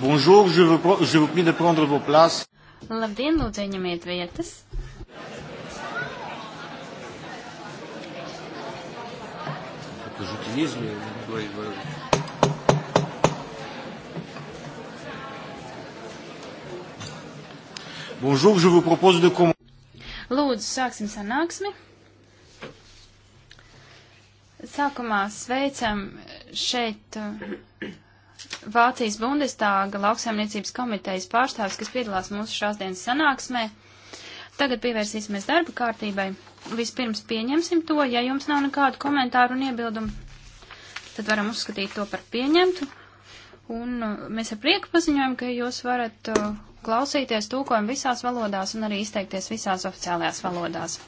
Bonjour, je vous, je vous prie de prendre vos places. Labdien, lūdzu, ņemiet vietas. Bonjour, je vous propose de commencer. Lūdzu, sāksim sanāksmi. Sākumā sveicam šeit Vācijas Bundestāga lauksaimniecības komitejas pārstāvis, kas piedalās mūsu šāsdienas sanāksmē. Tagad pievērsīsimies darba kārtībai. Vispirms pieņemsim to, ja jums nav nekādu komentāru un iebildumu, tad varam uzskatīt to par pieņemtu. Un uh, mēs ar prieku paziņojam, ka jūs varat uh, klausīties tūkojumu visās valodās un arī izteikties visās oficiālajās valodās.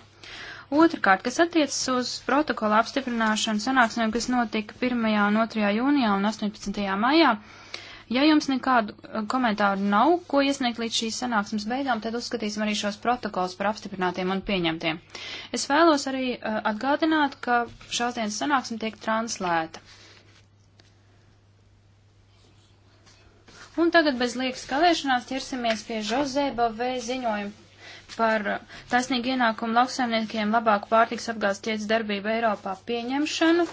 Otrakārt, kas attiecas uz protokola apstiprināšanu sanāksmēm, kas notika 1. un 2. jūnijā un 18. maijā, ja jums nekādu uh, komentāru nav, ko iesniegt līdz šīs sanāksmes beigām, tad uzskatīsim arī šos protokols par apstiprinātiem un pieņemtiem. Es vēlos arī uh, atgādināt, ka šās dienas sanāksme tiek translēta. Un tagad bez liekas kavēšanās ķersimies pie Žozeba V ziņojuma par taisnīgu ienākumu lauksaimniekiem labāku pārtiks apgādes tiec darbību Eiropā pieņemšanu.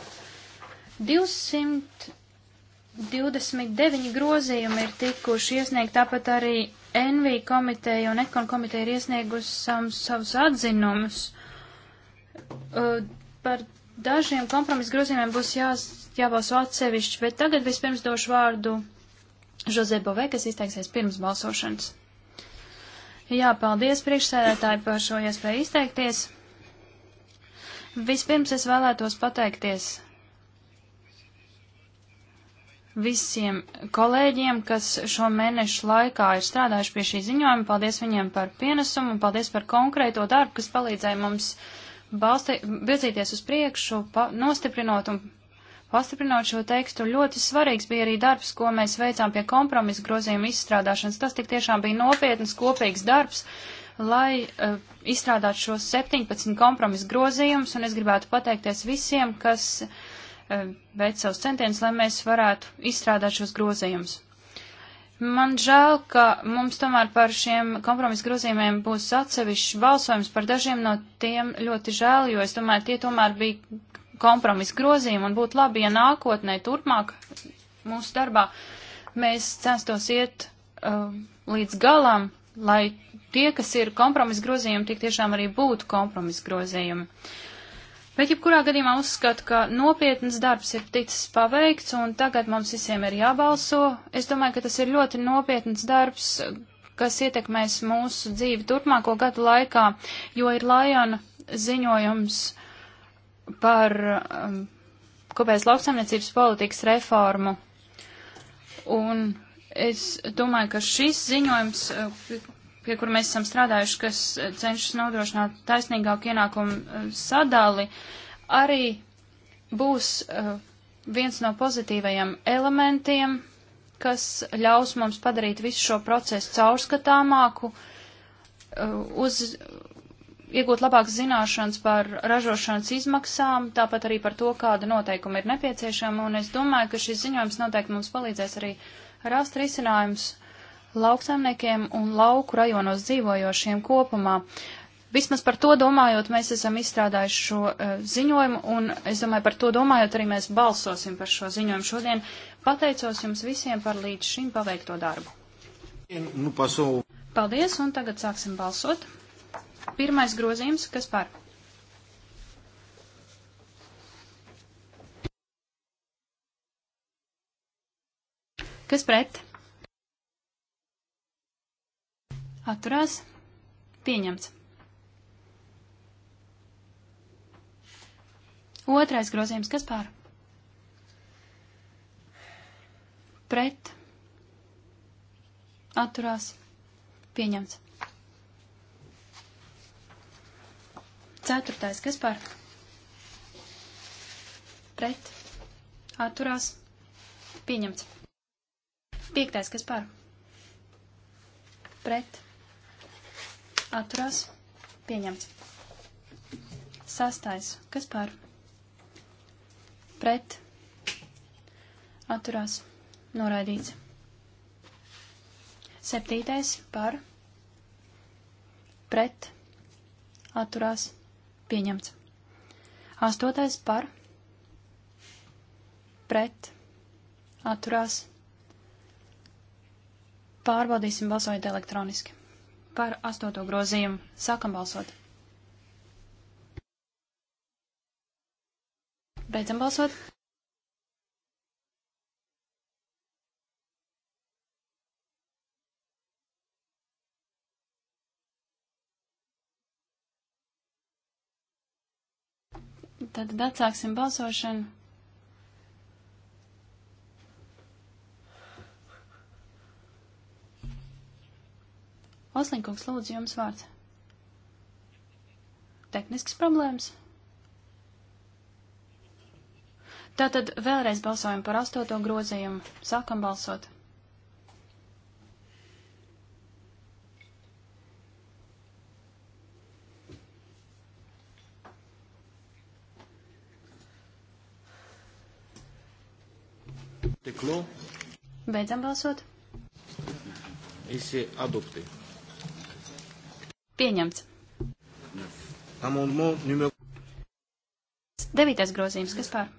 229 grozījumi ir tikuši iesniegt, tāpat arī NV komiteja un Ekon komiteja ir iesniegusi savus, savus atzinumus. Uh, par dažiem kompromisu grozījumiem būs jā, jābalso atsevišķi, bet tagad vispirms došu vārdu Žozē Bovē, kas izteiksies pirms balsošanas. Jā, paldies priekšsēdētāji par šo iespēju izteikties. Vispirms es vēlētos pateikties visiem kolēģiem, kas šo mēnešu laikā ir strādājuši pie šī ziņojuma. Paldies viņiem par pienesumu un paldies par konkrēto darbu, kas palīdzēja mums balsti, virzīties uz priekšu, pa, nostiprinot un Pastiprinot šo tekstu, ļoti svarīgs bija arī darbs, ko mēs veicām pie kompromisa grozījuma izstrādāšanas. Tas tik tiešām bija nopietnas kopīgs darbs, lai uh, izstrādātu šos 17 kompromisa grozījumus, un es gribētu pateikties visiem, kas uh, veic savus centienus, lai mēs varētu izstrādāt šos grozījumus. Man žēl, ka mums tomēr par šiem kompromisu grozījumiem būs atsevišķs balsojums par dažiem no tiem ļoti žēl, jo es domāju, tie tomēr bija kompromisu grozījumu un būtu labi, ja nākotnē turpmāk mūsu darbā mēs censtos iet uh, līdz galam, lai tie, kas ir kompromisu grozījumi, tik tiešām arī būtu kompromisu grozījumi. Bet jebkurā gadījumā uzskatu, ka nopietnas darbs ir ticis paveikts un tagad mums visiem ir jābalso. Es domāju, ka tas ir ļoti nopietnas darbs, kas ietekmēs mūsu dzīvi turpmāko gadu laikā, jo ir Lajona ziņojums uh, par um, kopējas lauksaimniecības politikas reformu. Un es domāju, ka šis ziņojums, uh, pie kur mēs esam strādājuši, kas uh, cenšas nodrošināt taisnīgāku ienākumu uh, sadali, arī būs uh, viens no pozitīvajiem elementiem, kas ļaus mums padarīt visu šo procesu caurskatāmāku, uh, uz, iegūt labākas zināšanas par ražošanas izmaksām, tāpat arī par to, kāda noteikuma ir nepieciešama, un es domāju, ka šis ziņojums noteikti mums palīdzēs arī rast risinājums lauksaimniekiem un lauku rajonos dzīvojošiem kopumā. Vismaz par to domājot, mēs esam izstrādājuši šo uh, ziņojumu, un es domāju, par to domājot arī mēs balsosim par šo ziņojumu šodien. Pateicos jums visiem par līdz šim paveikto darbu. Nu, Paldies, un tagad sāksim balsot. Pirmais grozījums, kas par? Kas pret? Atturās. Pieņemts. Otrais grozījums, kas pār? Pret. Atturās. Pieņemts. Ceturtais, kas par? Pret. Atturās. Pieņemts. Piektais, kas par? Pret. Atturās. Pieņemts. Sastais, kas par? Pret. Atturās. Noraidīts. Septītais par. Pret. Atturās. Pieņemts. Astotais par. Pret. Atturās. Pārbaudīsim balsojot elektroniski. Par astoto grozījumu. Sākam balsot. Beidzam balsot. Tad atsāksim balsošanu. Oslinkungs, lūdzu, jums vārds. Tehnisks problēmas. Tātad vēlreiz balsojam par astoto grozījumu. Sākam balsot. Tiklu. Beidzam balsot. Visi adopti. Pieņemts. Amendment numéro. Devītais grozījums, kas pār?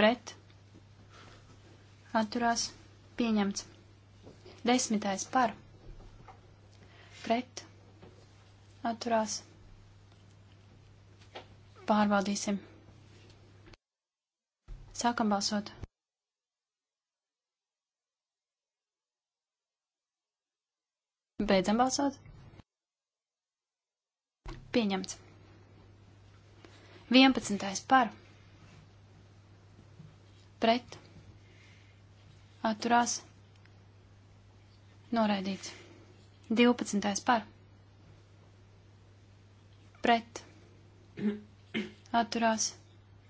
Pret. Atturās. Pieņemts. Desmitais par. Pret. Atturās. Pārbaudīsim. Sākam balsot. Beidzam balsot. Pieņemts. 11. par. Pret. Atturās. Noraidīts. 12. par. Pret. Atturās.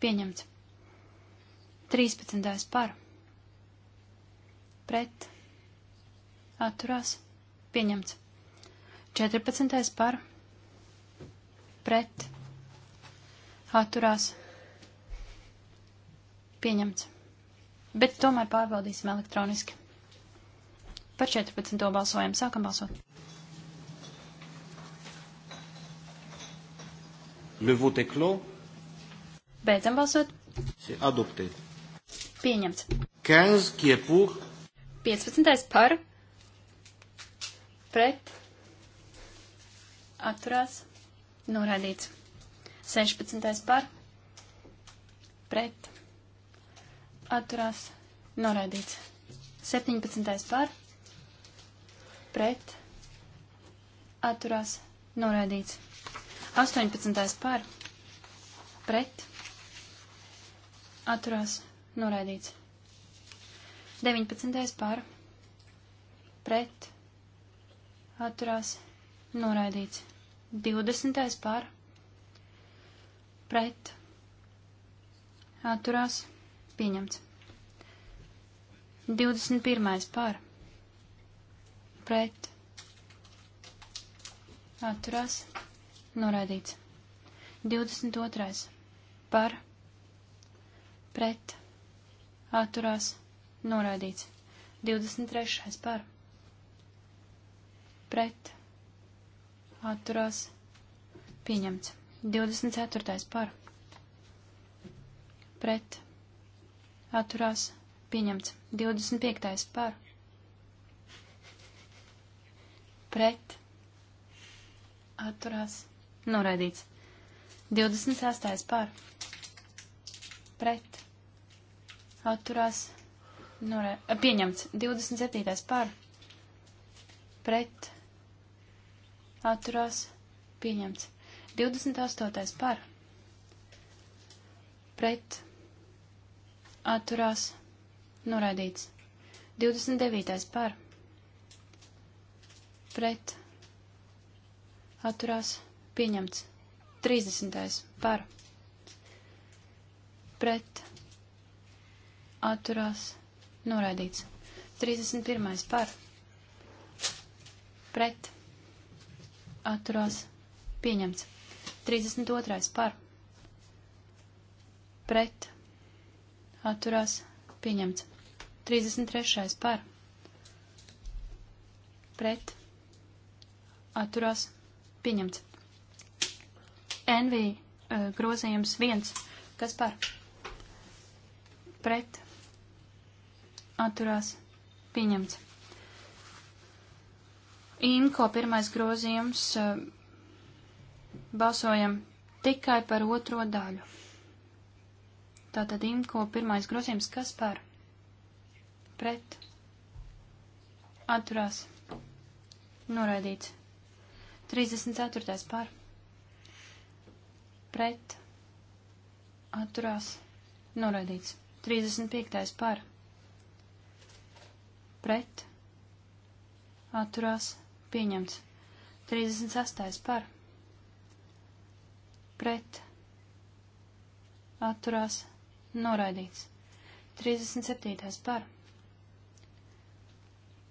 Pieņemts. 13. par. Pret. Atturās. Pieņemts. 14. par pret atturās. Pieņemts. Bet tomēr pārbaudīsim elektroniski. Par 14. balsojam. Sākam balsot. Le vote est clos. Beidzam balsot. C'est adopté. Pieņemts. 15 qui est pour. 15. par pret, atturās, norādīts. 16. par, pret, atturās, norādīts. 17. par, pret, atturās, norādīts. 18. par, pret, atturās, norādīts. 19. par, pret, atturās noraidīts. 20. par pret atturās pieņemts. 21. par pret atturās noraidīts. 22. par pret atturās noraidīts. 23. par pret pret, atturās, pieņemts. 24. par, pret, atturās, pieņemts. 25. par, pret, atturās, noraidīts. 26. par, pret, atturās, norē, pieņemts. 27. par, pret, atturās pieņemts. 28. par pret atturās noraidīts. 29. par pret atturās pieņemts. 30. par pret atturās noraidīts. 31. par pret atturās pieņemts. 32. par pret atturās pieņemts. 33. par pret atturās pieņemts. NV uh, eh, grozījums 1. Kas par pret atturās pieņemts. Inko pirmais grozījums eh, balsojam tikai par otro daļu. Tātad Inko pirmais grozījums kas par? Pret. Atturās. Noraidīts. 34. par. Pret. Atturās. Noraidīts. 35. par. Pret. Atturās pieņemts. 36. par pret atturās noraidīts. 37. par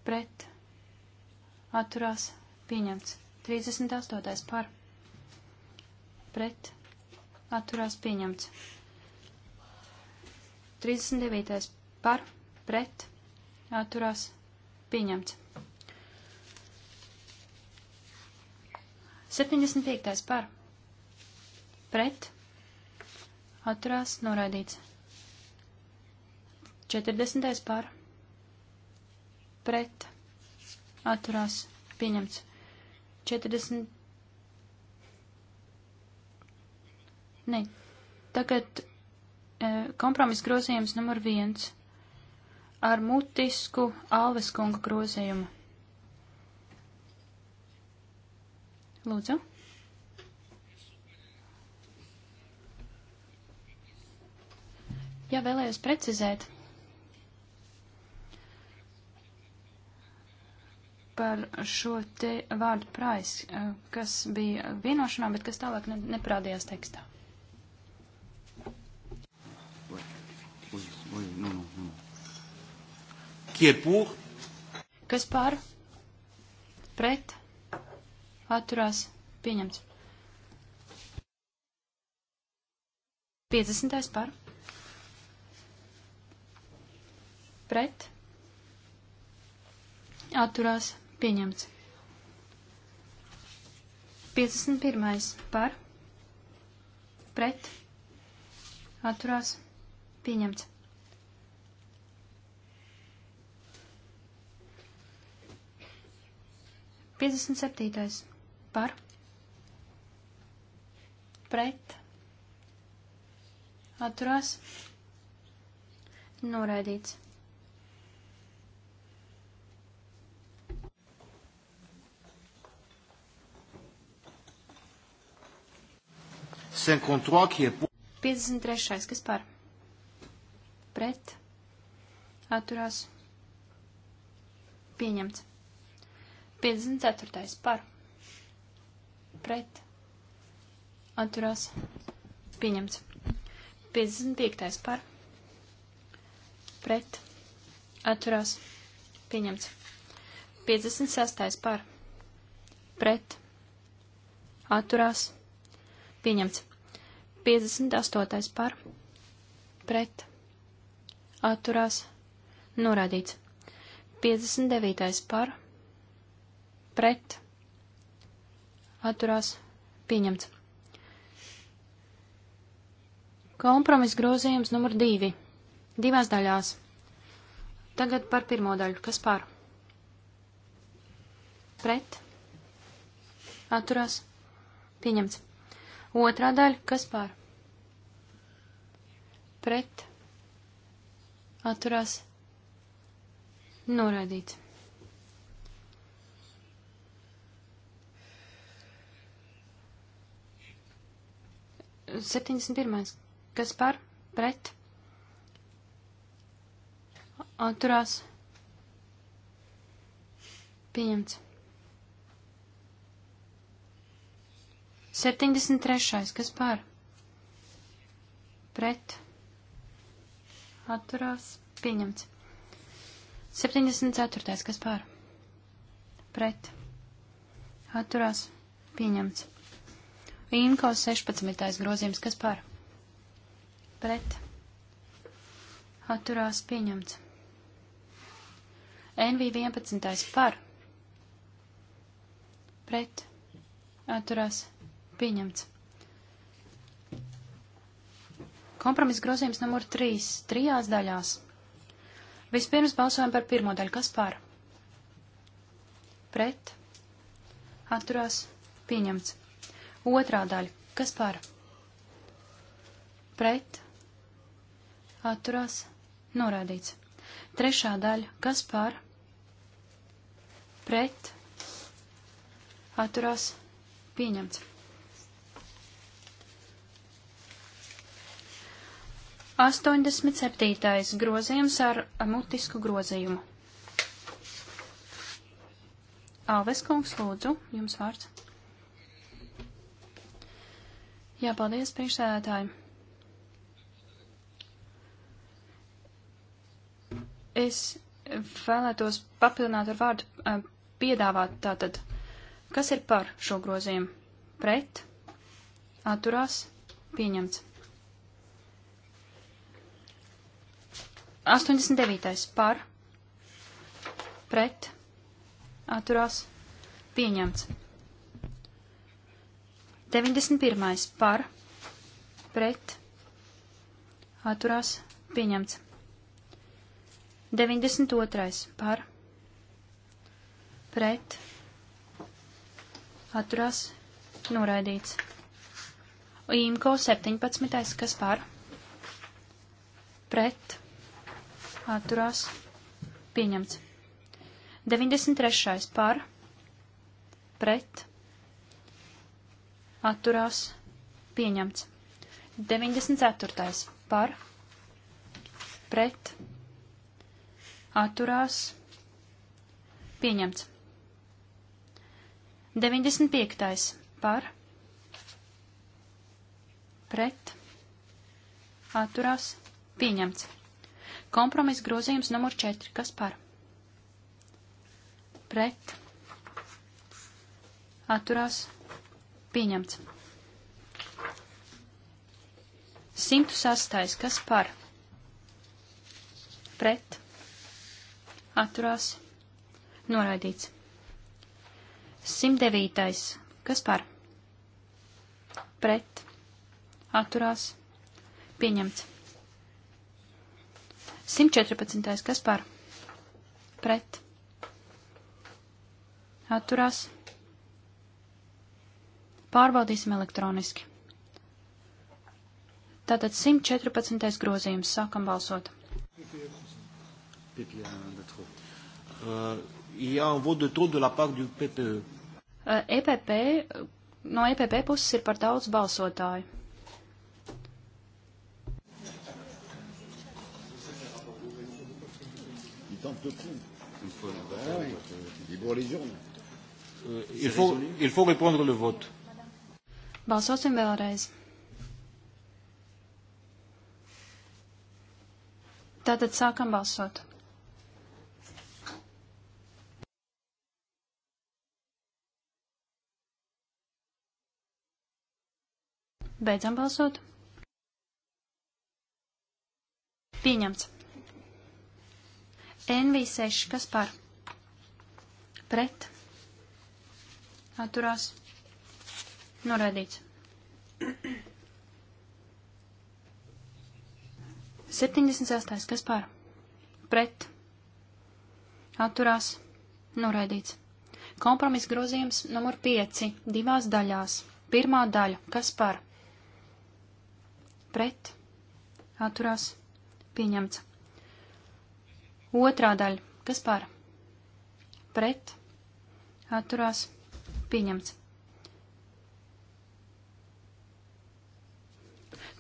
pret atturās pieņemts. 38. par pret atturās pieņemts. 39. par pret atturās pieņemts. 75. par pret atturās noraidīts. 40. par pret atturās pieņemts. 40. Nē, tagad e, kompromisa grozījums numur viens ar mutisku Alves kunga grozījumu. Lūdzu. Jā, vēlējos precizēt par šo te vārdu price, eh, kas bija vienošanā, bet kas tālāk ne, neprādījās tekstā. Qui est pour? Kas par? Pret? atturās pieņemts. 50. par pret atturās pieņemts. 51. par pret atturās pieņemts. 57 par pret atturās noraidīts. Qui est pour... 53. Kas par? Pret. Atturās. Pieņemts. 54. Par pret, atturās, pieņemts. 55. par, pret, atturās, pieņemts. 56. par, pret, atturās, pieņemts. 58. par, pret, atturās, norādīts. 59. par, pret, atturās pieņemts. Kompromis grozījums numur divi. Divās daļās. Tagad par pirmo daļu. Kas pār? Pret. Atturās. Pieņemts. Otrā daļa. Kas pār? Pret. Atturās. Noraidīts. 71. Kas par? Pret? Atturās. Pieņemts. 73. Kas par? Pret? Atturās. Pieņemts. 74. Kas par? Pret? Atturās. Pieņemts. Inko 16. grozījums, kas par? Pret. Atturās pieņemts. NV 11. par. Pret. Atturās pieņemts. Kompromiss grozījums numur 3. Trijās daļās. Vispirms balsojam par pirmo daļu. Kas par? Pret. Atturās. Pieņemts. Otrā daļa. Kas par? Pret. Atturās. Norādīts. Trešā daļa. Kas par? Pret. Atturās. Pieņemts. Astoņdesmit septītais grozījums ar mutisku grozījumu. Alves kungs, lūdzu, jums vārds. Jā, paldies, priekšsēdētāji. Es vēlētos papildināt ar vārdu piedāvāt tātad, kas ir par šo grozījumu? Pret, atturās, pieņemts. 89. par, pret, atturās, pieņemts. 91. par, pret, atturās, pieņemts. 92. par, pret, atturās, noraidīts. Īmko 17. kas par pret atturās pieņemts. 93. par pret atturās, pieņemts. 94. par, pret, atturās, pieņemts. 95. par, pret, atturās, pieņemts. Kompromiss grozījums numur 4. Kas par? Pret, atturās, pieņemts Pieņemts. 106. Kas par? Pret. Atturās. Noraidīts. 109. Kas par? Pret. Atturās. Pieņemts. 114. Kas par? Pret. Atturās. Pārbaudīsim elektroniski. Tātad 114. grozījums. Sākam balsot. Uh, EPP, e. uh, e uh, no EPP puses ir par daudz balsotāju. tente de coup. Il faut, ah, oui. il faut les urnes. Euh, il, faut, il faut répondre le vote. Balsosim vēlreiz. Tātad sākam balsot. Beidzam balsot. Pieņemts. NV6, kas par? Pret. Atturās. Noraidīts. 76. Kas par? Pret. Atturās. Noraidīts. Kompromiss grozījums numur 5. Divās daļās. Pirmā daļa. Kas par? Pret. Atturās. Pieņemts. Otrā daļa. Kas par? Pret. Atturās. Pieņemts.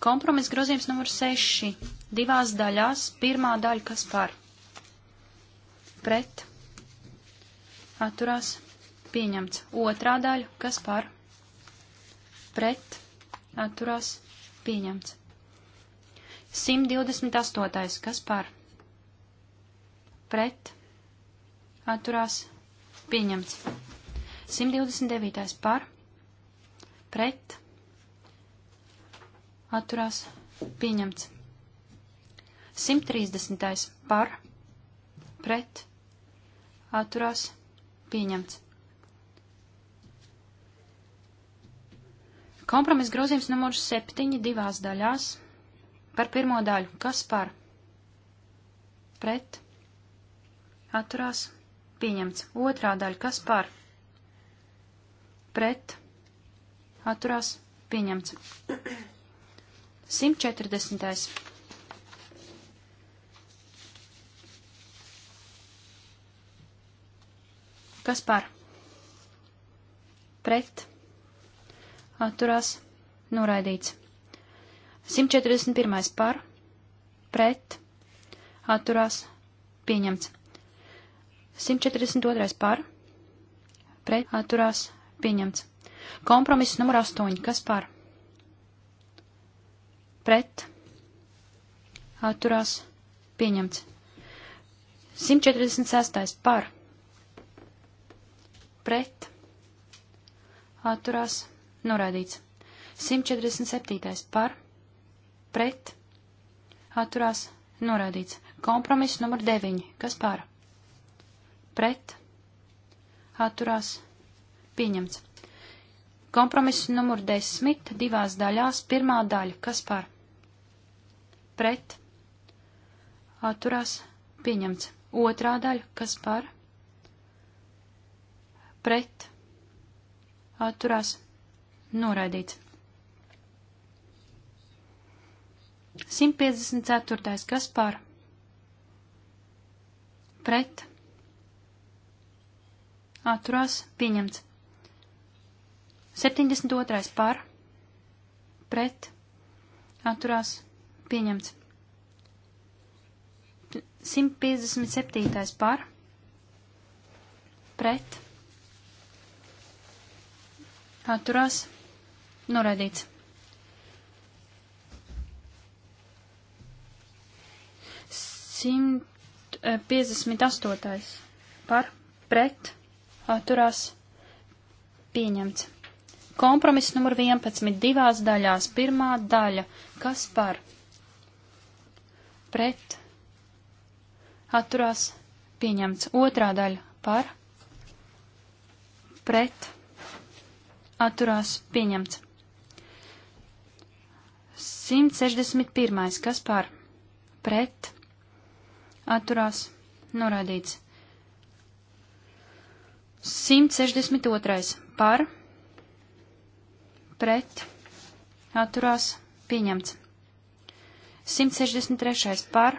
Kompromiss grozījums numur 6. Divās daļās. Pirmā daļa, kas par? Pret. Atturās. Pieņemts. Otrā daļa, kas par? Pret. Atturās. Pieņemts. 128. Kas par? Pret. Atturās. Pieņemts. 129. Par. Pret atturās pieņemts. 130. par, pret, atturās pieņemts. Kompromiss grozījums numurs 7 divās daļās. Par pirmo daļu, kas par, pret, atturās pieņemts. Otrā daļa, kas par, pret, atturās pieņemts. 140. Kas par? Pret. Atturās. Noraidīts. 141. par. Pret. Atturās. Pieņemts. 142. par. Pret. Atturās. Pieņemts. Kompromiss numur 8. Kas par? pret, atturās, pieņemts. 146. par, pret, atturās, norādīts. 147. par, pret, atturās, norādīts. Kompromiss numur 9. Kas par? Pret, atturās, pieņemts. Kompromiss numur 10. divās daļās. Pirmā daļa. Kas par? pret, atturās, pieņemts. Otrā daļa, kas par, pret, atturās, noraidīts. 154. kas par, pret, atturās, pieņemts. 72. par, pret, atturās, pieņemts Pieņemts. 157. par. Pret. Atturās. Noraidīts. 158. par pret atturās pieņemts. Kompromiss numur 11 divās daļās. Pirmā daļa. Kas par? pret, atturās, pieņemts. Otrā daļa par, pret, atturās, pieņemts. 161. kas par, pret, atturās, norādīts. 162. par, pret, atturās, pieņemts. 163. par,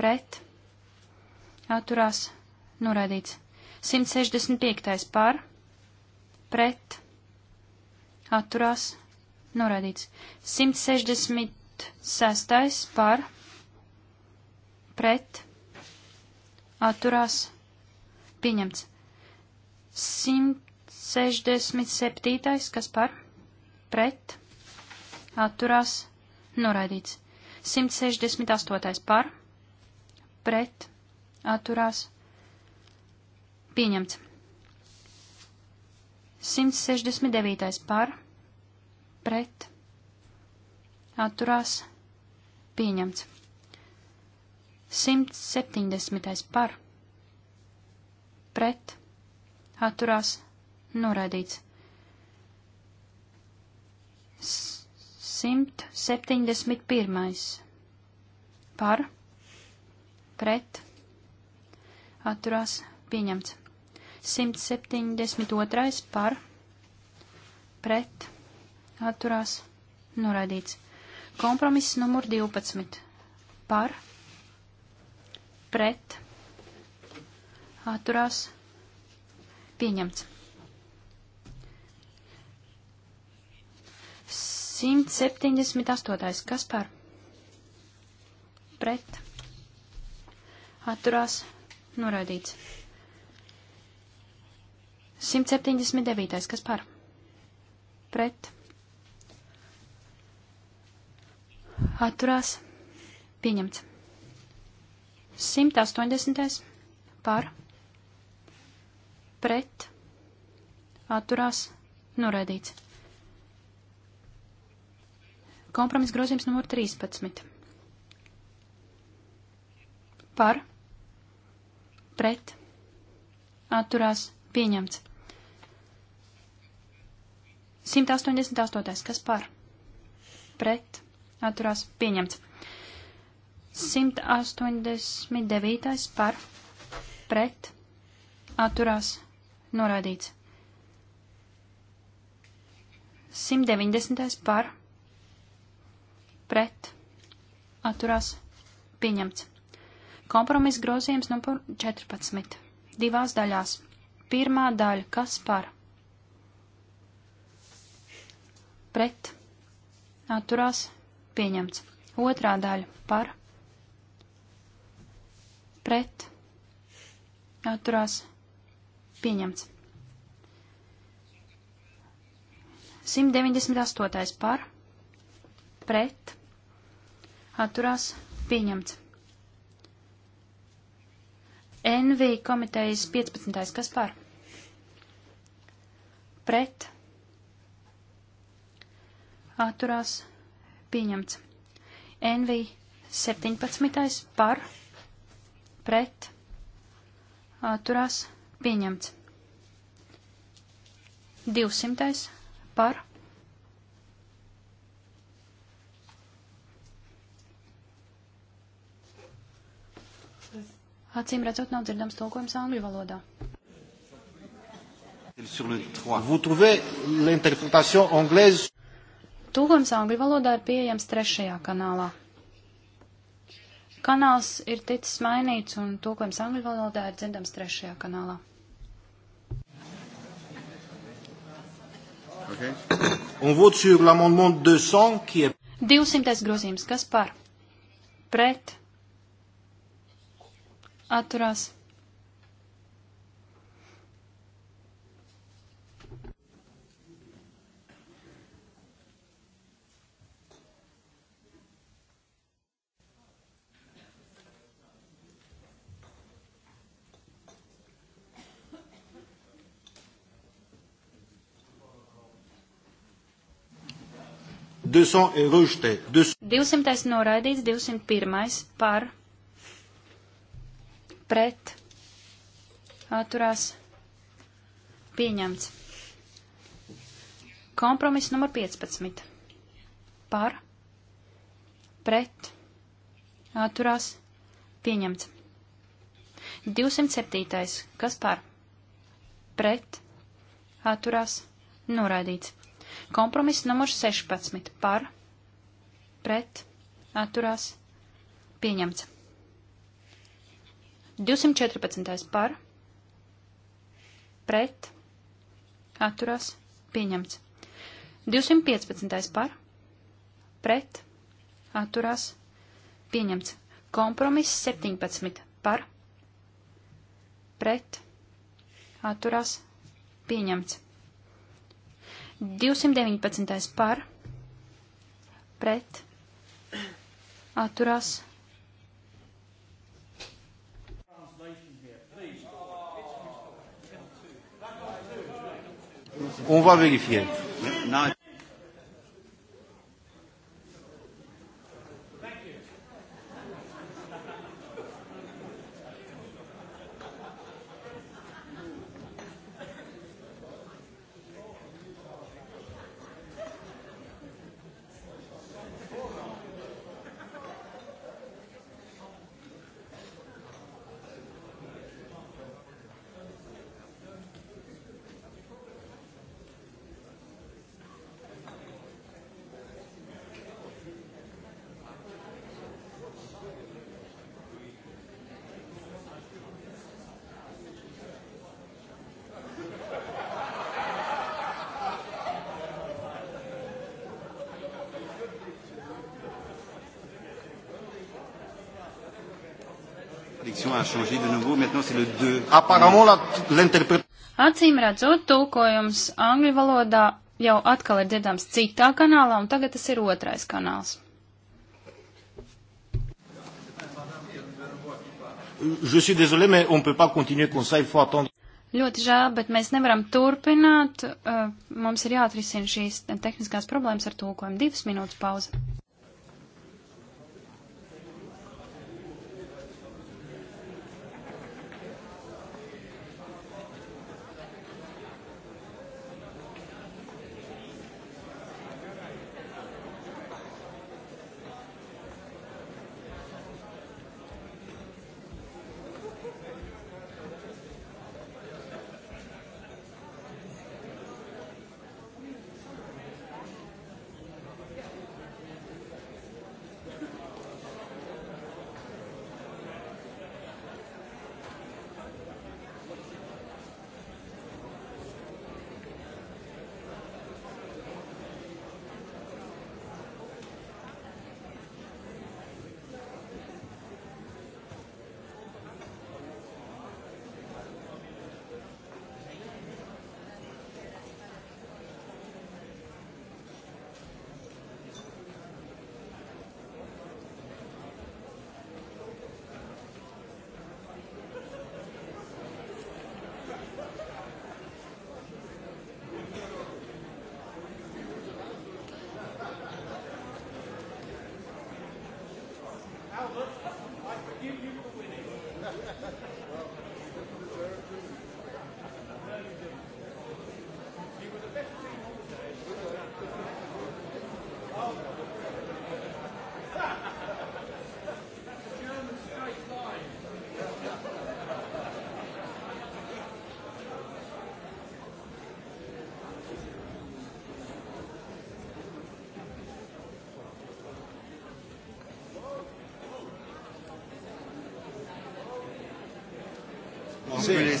pret, atturās, noraidīts. 165. par, pret, atturās, noraidīts. 166. par, pret, atturās, pieņemts. 167. kas par, pret, atturās, noraidīts. 168. par, pret, atturās, pieņemts. 169. par, pret, atturās, pieņemts. 170. par, pret, atturās, noraidīts. 171. Par, pret, atturās, pieņemts. 172. Par, pret, atturās, noraidīts. Kompromiss numur 12. Par, pret, atturās, pieņemts. 178. Kas par? Pret. Atturās. Noraidīts. 179. Kas par? Pret. Atturās. Pieņemts. 180. Par. Pret. Atturās. Noraidīts. Kompromis grozījums numur 13. Par, pret, atturās, pieņemts. 188. Kas par? Pret, atturās, pieņemts. 189. par, pret, atturās, norādīts. 190. par, pret pret, atturās, pieņemts. Kompromiss grozījums numur 14. Divās daļās. Pirmā daļa, kas par? Pret, atturās, pieņemts. Otrā daļa, par? Pret, atturās, pieņemts. 198. par? pret, atturās, pieņemts. NV komitejas 15. kas par? Pret, atturās, pieņemts. NV 17. par, pret, atturās, pieņemts. 200. par, Acīm redzot, nav dzirdams tulkojums angļu valodā. Tulkojums angļu valodā ir pieejams trešajā kanālā. Kanāls ir ticis mainīts un tulkojums angļu valodā ir dzirdams trešajā kanālā. Okay. On vote sur l'amendement 200 qui est 200. grozījums, kas par? Pret atturās. Divsimtais noraidīts, divsimt pirmais par pret, atturās, pieņemts. Kompromiss numur 15. Par, pret, atturās, pieņemts. 207. Kas par? Pret, atturās, noraidīts. Kompromiss numur 16. Par, pret, atturās, pieņemts. 214. par, pret, atturās, pieņemts. 215. par, pret, atturās, pieņemts. Kompromiss 17. par, pret, atturās, pieņemts. 219. par, pret, atturās, pieņemts On va vérifier. Non. a changé de nouveau. Maintenant, c'est le 2. Apparemment, l'interprétation. Acīm redzot, tulkojums angļu valodā jau atkal ir dzirdams citā kanālā, un tagad tas ir otrais kanāls. Je suis désolé, mais on ne peut pas continuer comme ça, il faut attendre. Ļoti žēl, bet mēs nevaram turpināt. Uh, mums ir jāatrisina šīs tehniskās problēmas ar tulkojumu. Divas minūtes pauze.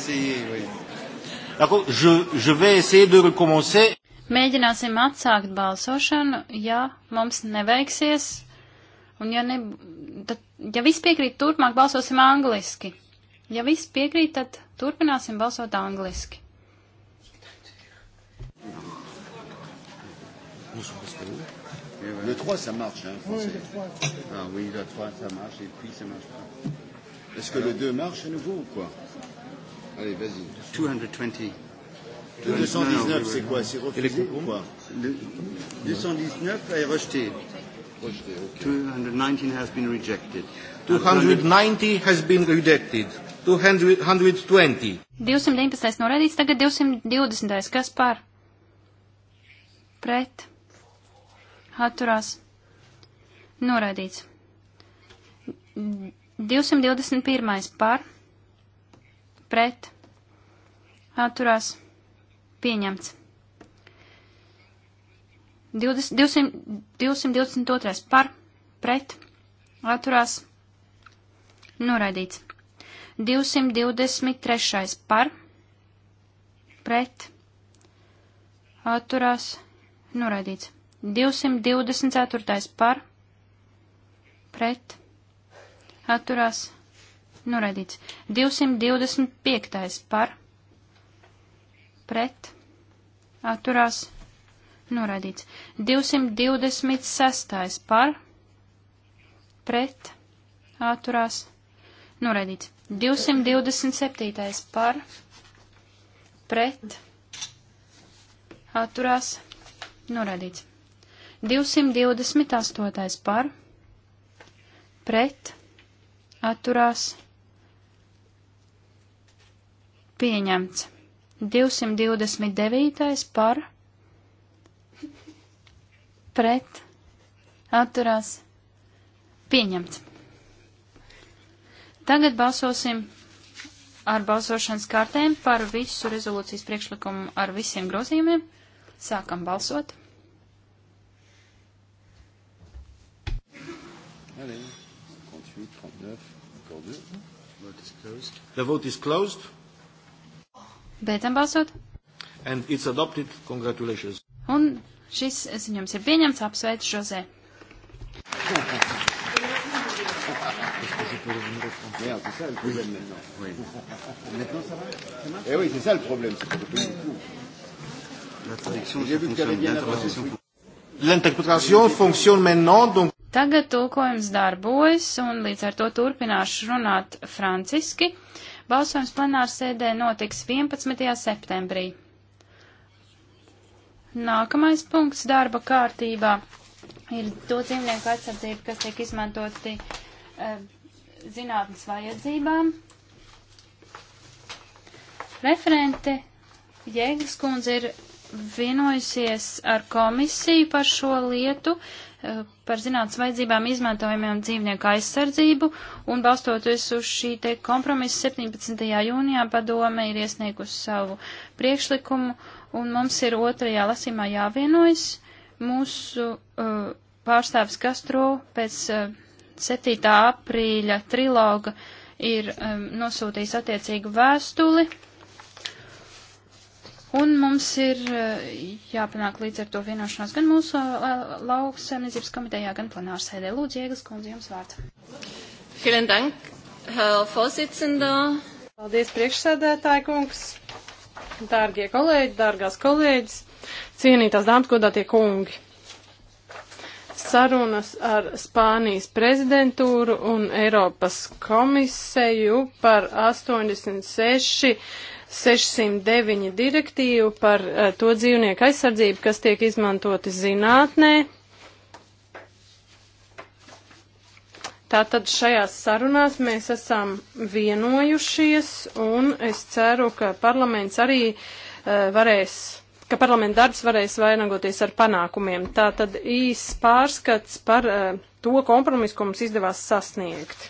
si, oui. je, je vais essayer de recommencer. Mēģināsim atsākt balsošanu, ja mums neveiksies, un ja, ne, tad, ja viss piekrīt, turpmāk balsosim angliski. Ja viss piekrīt, tad turpināsim balsot angliski. Le 3, ça marche, hein, français. Oui, le 3. Ah oui, le 3, ça marche, et puis ça marche pas. Est-ce que Alors... le 2 marche à nouveau ou quoi Allez, vas-y. 220. 219, c'est quoi C'est refusé ou quoi le, 219 est rejeté. Rejeté, ok. 219 has been rejected. 290 ah, has been rejected. 220. 219 norādīts, tagad 220. Kas par? Pret. Atturās. Norādīts. 221. par pret, atturās, pieņemts. 20, 200, 222 par, pret, atturās, noraidīts. 223 par, pret, atturās, noraidīts. 224 par, pret, atturās, noraidīts noraidīts. 225. par, pret, atturās, noraidīts. 226. par, pret, atturās, noraidīts. 227. par, pret, atturās, noraidīts. 228. par, pret, atturās, noraidīts pieņemts. 229. par pret atturās pieņemts. Tagad balsosim ar balsošanas kārtēm par visu rezolūcijas priekšlikumu ar visiem grozījumiem. Sākam balsot. The vote is closed. Beidzam balsot. And it's adopted. Congratulations. Un šis ziņojums ir pieņemts. Apsveic Žozē. Merde, c'est ça le problème maintenant. Oui. Maintenant ça va, ça marche Eh oui, c'est ça le problème, c'est qu'on ne peut plus du tout. L'interpretation fonctionne maintenant, donc. Tagad tulkojums darbojas, un līdz ar to turpināšu runāt franciski. Uh, Balsojums plenārsēdē notiks 11. septembrī. Nākamais punkts darba kārtībā ir to dzīvnieku aizsardzība, kas tiek izmantoti e, zinātnes vajadzībām. Referente Jēgas kundze ir vienojusies ar komisiju par šo lietu. Uh, par zinātnes vajadzībām izmantojamiem dzīvnieku aizsardzību, un balstoties uz šī te kompromisa 17. jūnijā padome ir iesniegusi savu priekšlikumu, un mums ir otrajā lasīmā jāvienojas mūsu uh, pārstāvis Kastro pēc uh, 7. aprīļa triloga ir um, nosūtījis attiecīgu vēstuli Un mums ir eh, jāpanāk līdz ar to vienošanās gan mūsu eh, lauksaimniecības komitejā, gan plenārsēdē. Lūdzu, Jēgas kundze, jums vārds. Vielen dank, Herr Vorsitzender. Paldies, priekšsēdētāji kungs, dārgie kolēģi, dārgās kolēģis, cienītās dāmas, godātie kungi. Sarunas ar Spānijas prezidentūru un Eiropas komiseju par 86 609 direktīvu par uh, to dzīvnieku aizsardzību, kas tiek izmantoti zinātnē. Tātad šajās sarunās mēs esam vienojušies un es ceru, ka parlaments arī uh, varēs ka parlamenta darbs varēs vainagoties ar panākumiem. Tā tad īsts pārskats par uh, to kompromisu, ko mums izdevās sasniegt.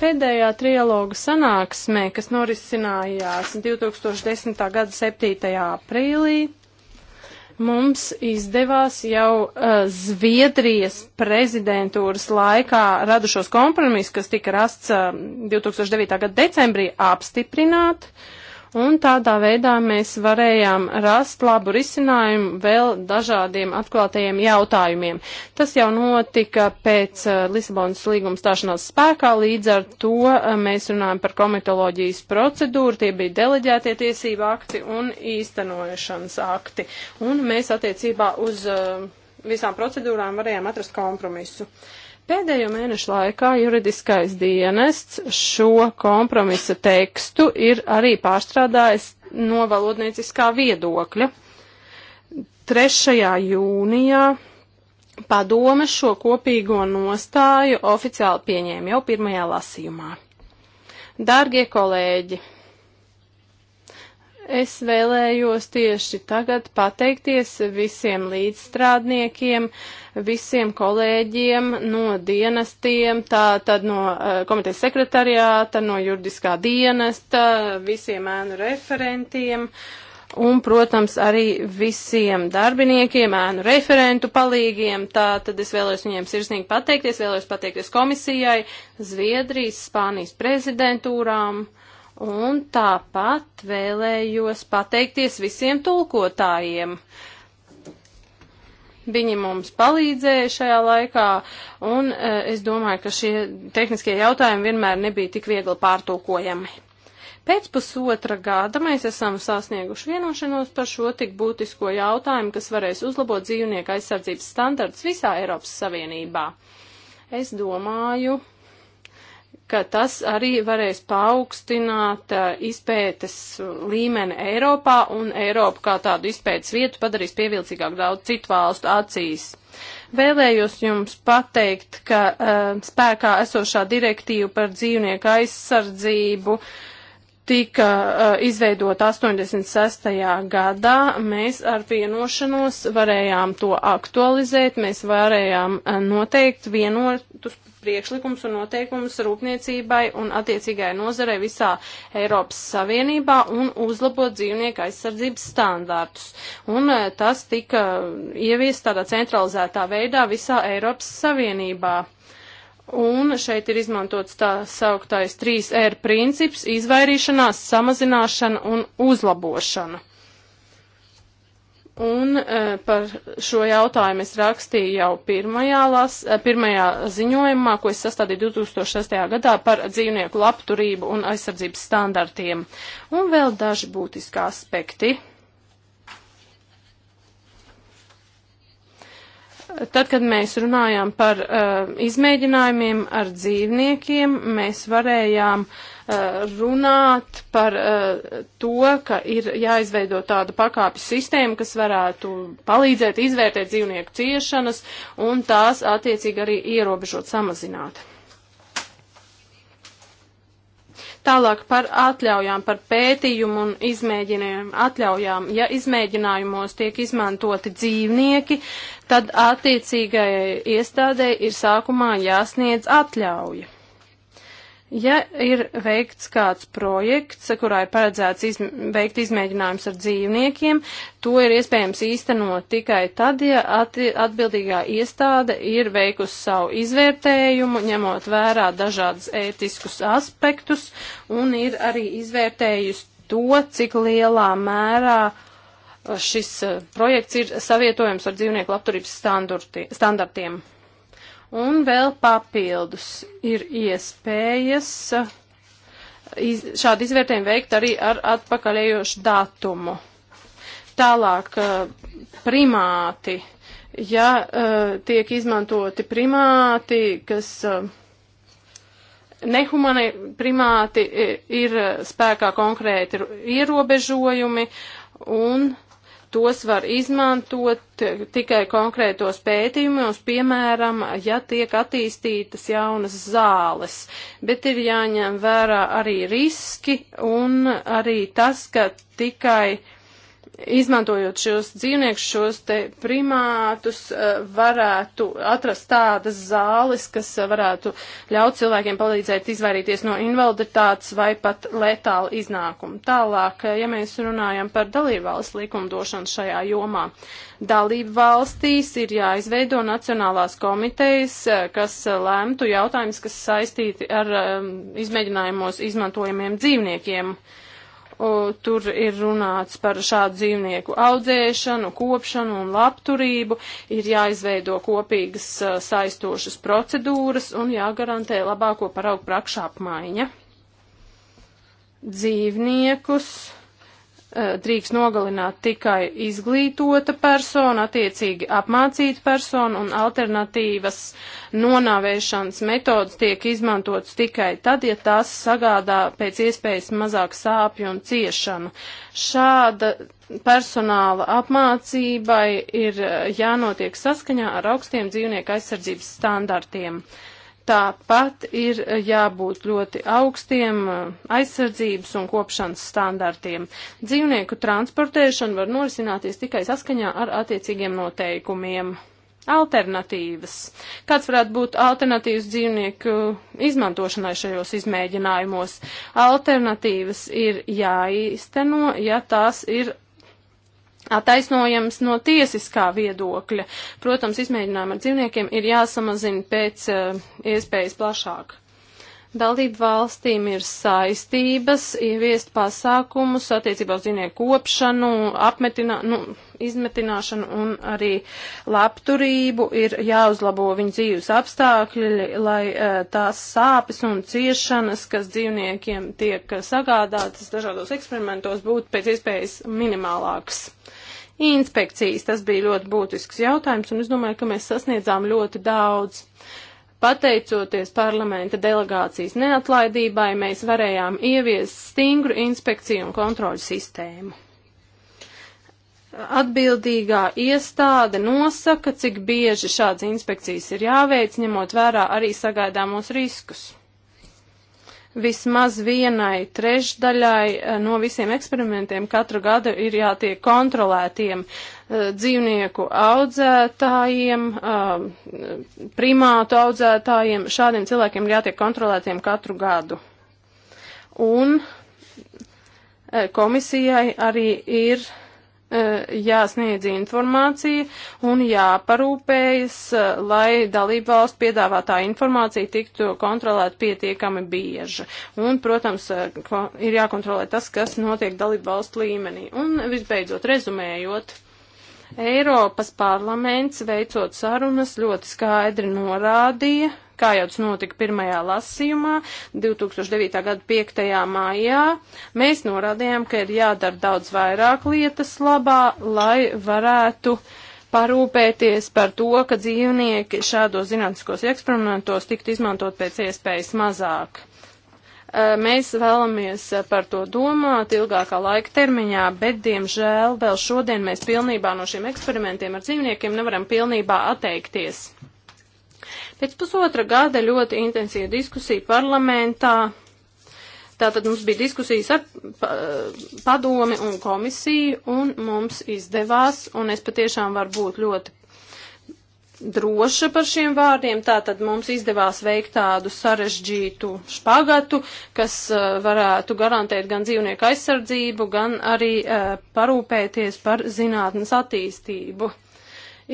Pēdējā trialoga sanāksmē, kas norisinājās 2010. gada 7. aprīlī, mums izdevās jau uh, Zviedrijas prezidentūras laikā radušos kompromisus, kas tika rasts uh, eh, 2009. gada decembrī, apstiprināt. Uh, un tādā veidā mēs varējām rast labu risinājumu vēl dažādiem atklātajiem jautājumiem. Tas jau notika pēc eh, Lisabonas līguma stāšanās spēkā, līdz ar to eh, mēs runājam par komitoloģijas procedūru, tie bija deleģētie tiesību akti un īstenošanas akti. Un mēs attiecībā uz eh, visām procedūrām varējām atrast kompromisu. Uh, Pēdējo mēnešu laikā juridiskais dienests šo kompromisa tekstu ir arī pārstrādājis no valodnieciskā viedokļa. 3. jūnijā padome šo kopīgo nostāju oficiāli pieņēma jau pirmajā lasījumā. Dārgie kolēģi, es vēlējos tieši tagad pateikties visiem līdzstrādniekiem, uh, visiem kolēģiem no dienestiem, tā tad no uh, komitejas sekretariāta, no juridiskā dienesta, visiem ēnu referentiem un, protams, arī visiem darbiniekiem, ēnu referentu palīgiem. Tā tad es vēlos viņiem sirsnīgi pateikties, vēlos pateikties komisijai, Zviedrijas, Spānijas prezidentūrām. Un tāpat vēlējos pateikties visiem tulkotājiem. Uh, Viņi mums palīdzēja šajā laikā, un e, es domāju, ka šie tehniskie jautājumi vienmēr nebija tik viegli pārtulkojami. Pēc pusotra gada mēs esam sasnieguši vienošanos par šo tik būtisko jautājumu, kas varēs uzlabot dzīvnieku aizsardzības standarts visā Eiropas Savienībā. Es domāju, ka tas arī varēs paaugstināt izpētes līmeni Eiropā un Eiropu kā tādu izpētes vietu padarīs pievilcīgāk daudz citu valstu acīs. Vēlējos jums pateikt, ka uh, spēkā esošā direktīva par dzīvnieku aizsardzību tika uh, izveidota 86. gadā. Mēs ar vienošanos varējām to aktualizēt, mēs varējām uh, noteikt vienotus priekšlikums un noteikums rūpniecībai un attiecīgai nozarei visā Eiropas Savienībā un uzlabot dzīvnieku aizsardzības standārtus. Un eh, tas tika eh, ieviest tādā centralizētā veidā visā Eiropas Savienībā. Un šeit ir izmantots tā sauktais 3R princips - izvairīšanās, samazināšana un uzlabošana. Un e, par šo jautājumu es rakstīju jau pirmajā, las, eh, pirmajā ziņojumā, ko es sastādīju 2006. gadā par dzīvnieku labturību un aizsardzības standartiem. Un vēl daži būtiski aspekti. Tad, kad mēs runājām par uh, e, izmēģinājumiem ar dzīvniekiem, mēs varējām uh, Eh, runāt par eh, to, ka ir jāizveido tāda pakāpju sistēma, kas varētu palīdzēt izvērtēt dzīvnieku ciešanas un tās attiecīgi arī ierobežot, samazināt. Tālāk par atļaujām, par pētījumu un izmēģinājumu atļaujām. Ja izmēģinājumos tiek izmantoti dzīvnieki, tad attiecīgai iestādē ir sākumā jāsniedz atļauja. Ja ir veikts kāds projekts, kurā ir paredzēts izm veikt izmēģinājums ar dzīvniekiem, to ir iespējams īstenot tikai tad, ja atbildīgā iestāde ir veikusi savu izvērtējumu, ņemot vērā dažādas ētiskus aspektus un ir arī izvērtējusi to, cik lielā mērā uh, šis uh, projekts ir savietojams ar dzīvnieku labturības standartiem. Un vēl papildus ir iespējas eh, iz, šādu izvērtējumu veikt arī ar atpakaļējošu datumu. Tālāk eh, primāti, ja eh, tiek izmantoti primāti, kas nehumani primāti ir spēkā konkrēti ierobežojumi un tos var izmantot tikai konkrētos pētījumos, piemēram, ja tiek attīstītas jaunas zāles, bet ir jāņem vērā arī riski un arī tas, ka tikai izmantojot šos dzīvniekus, šos te primātus, eh, varētu atrast tādas zāles, kas eh, varētu ļaut cilvēkiem palīdzēt izvairīties no invaliditātes vai pat letāla iznākuma. Tālāk, eh, ja mēs runājam par dalībvalsts likumdošanu šajā jomā, dalībvalstīs ir jāizveido nacionālās komitejas, kas lēmtu jautājumus, kas saistīti ar um, izmēģinājumos izmantojamiem dzīvniekiem. Uh, O, tur ir runāts par šādu dzīvnieku audzēšanu, kopšanu un labturību, ir jāizveido kopīgas a, saistošas procedūras un jāgarantē labāko paraugu prakšāpmaiņa. Dzīvniekus Eh, drīkst nogalināt tikai izglītota persona, attiecīgi apmācīta persona, un alternatīvas nonāvēšanas metodas tiek izmantotas tikai tad, ja tās sagādā pēc iespējas mazāk sāpju un ciešanu. Šāda personāla apmācībai ir eh, jānotiek saskaņā ar augstiem dzīvnieku aizsardzības standartiem. Uh, Tāpat ir eh, jābūt ļoti augstiem eh, aizsardzības un kopšanas standartiem. Dzīvnieku transportēšana var norisināties tikai saskaņā ar attiecīgiem noteikumiem. Alternatīvas. Kāds varētu būt alternatīvas dzīvnieku izmantošanai šajos izmēģinājumos? Alternatīvas ir jāīsteno, ja tās ir attaisnojams no tiesiskā viedokļa. Protams, izmēģinājumi ar dzīvniekiem ir jāsamazina pēc uh, iespējas plašāk. Dalību valstīm ir saistības ieviest pasākumus attiecībā uz dzīvnieku kopšanu, apmetina, nu, izmetināšanu un arī labturību, ir jāuzlabo viņu dzīves apstākļi, lai eh, tās sāpes un ciešanas, kas dzīvniekiem tiek sagādātas dažādos eksperimentos, būtu pēc iespējas minimālākas inspekcijas. Tas bija ļoti būtisks jautājums, un es domāju, ka mēs sasniedzām ļoti daudz. Pateicoties parlamenta delegācijas neatlaidībai, mēs varējām ieviest stingru inspekciju un kontroļu sistēmu atbildīgā iestāde nosaka, cik bieži šādas inspekcijas ir jāveic, ņemot vērā arī sagaidāmos riskus. Vismaz vienai trešdaļai eh, no visiem eksperimentiem katru gadu ir jātiek kontrolētiem eh, dzīvnieku audzētājiem, eh, primātu audzētājiem. Šādiem cilvēkiem ir jātiek kontrolētiem katru gadu. Un komisijai arī ir E, jāsniedz informācija un jāparūpējas, e, lai dalībvalstu piedāvātā informācija tiktu kontrolēta pietiekami bieži. Un, protams, e, ir jākontrolē tas, kas notiek dalībvalstu līmenī. Un, visbeidzot, rezumējot. Eiropas parlaments veicot sarunas ļoti skaidri norādīja, kā jau tas notika pirmajā lasījumā 2009. gada 5. maijā. Mēs norādījām, ka ir jādara daudz vairāk lietas labā, lai varētu parūpēties par to, ka dzīvnieki šādos zinātniskos eksperimentos tiktu izmantot pēc iespējas mazāk mēs vēlamies par to domāt ilgākā laika termiņā, bet, diemžēl, vēl šodien mēs pilnībā no šiem eksperimentiem ar dzīvniekiem nevaram pilnībā atteikties. Pēc pusotra gada ļoti intensīva diskusija parlamentā. Tātad mums bija diskusijas ar padomi un komisiju, un mums izdevās, un es patiešām varu būt ļoti droša par šiem vārdiem, tātad mums izdevās veikt tādu sarežģītu špagatu, kas uh, varētu garantēt gan dzīvnieku aizsardzību, gan arī uh, parūpēties par zinātnes attīstību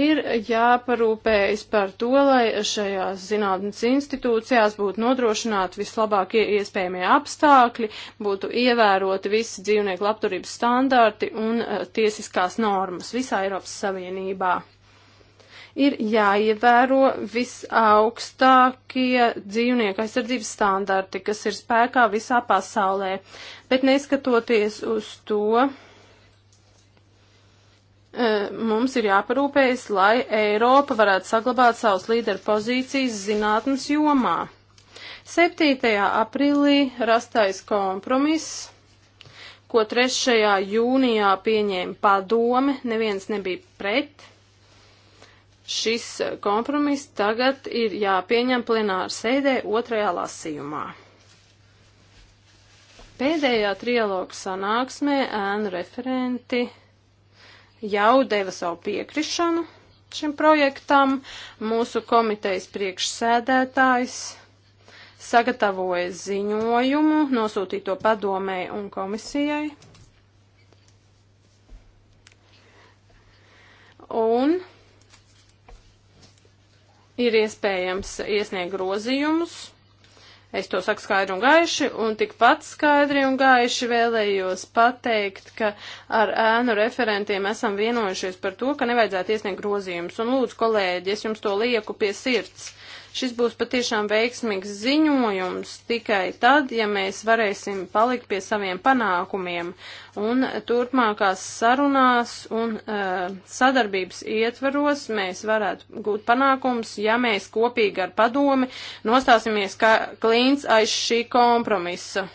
ir jāparūpējas par to, lai šajās zinātnes institūcijās būtu nodrošināti vislabākie iespējamie apstākļi, būtu ievēroti visi dzīvnieku labturības standarti un uh, tiesiskās normas visā Eiropas Savienībā. Ir jāievēro visaugstākie dzīvnieku aizsardzības standarti, kas ir spēkā visā pasaulē, bet neskatoties uz to, E, mums ir jāparūpējas, lai Eiropa varētu saglabāt savus līderu pozīcijas zinātnes jomā. 7. aprīlī rastais kompromiss, ko 3. jūnijā pieņēma padome, neviens nebija pret. Šis kompromiss tagad ir jāpieņem plenāra sēdē otrajā lasījumā. Pēdējā trialoga sanāksmē ēnu referenti jau deva savu piekrišanu šim projektam. Mūsu komitejas priekšsēdētājs sagatavoja ziņojumu, nosūtīja to padomēji un komisijai. Un ir iespējams iesniegt grozījumus Es to saku skaidri un gaiši, un tikpat skaidri un gaiši vēlējos pateikt, ka ar ēnu referentiem esam vienojušies par to, ka nevajadzētu iesniegt grozījumus. Un lūdzu, kolēģi, es jums to lieku pie sirds. Šis būs patiešām veiksmīgs ziņojums tikai tad, ja mēs varēsim palikt pie saviem panākumiem un turpmākās sarunās un uh, sadarbības ietvaros mēs varētu gūt panākums, ja mēs kopīgi ar padomi nostāsimies kā klīns aiz šī kompromisa.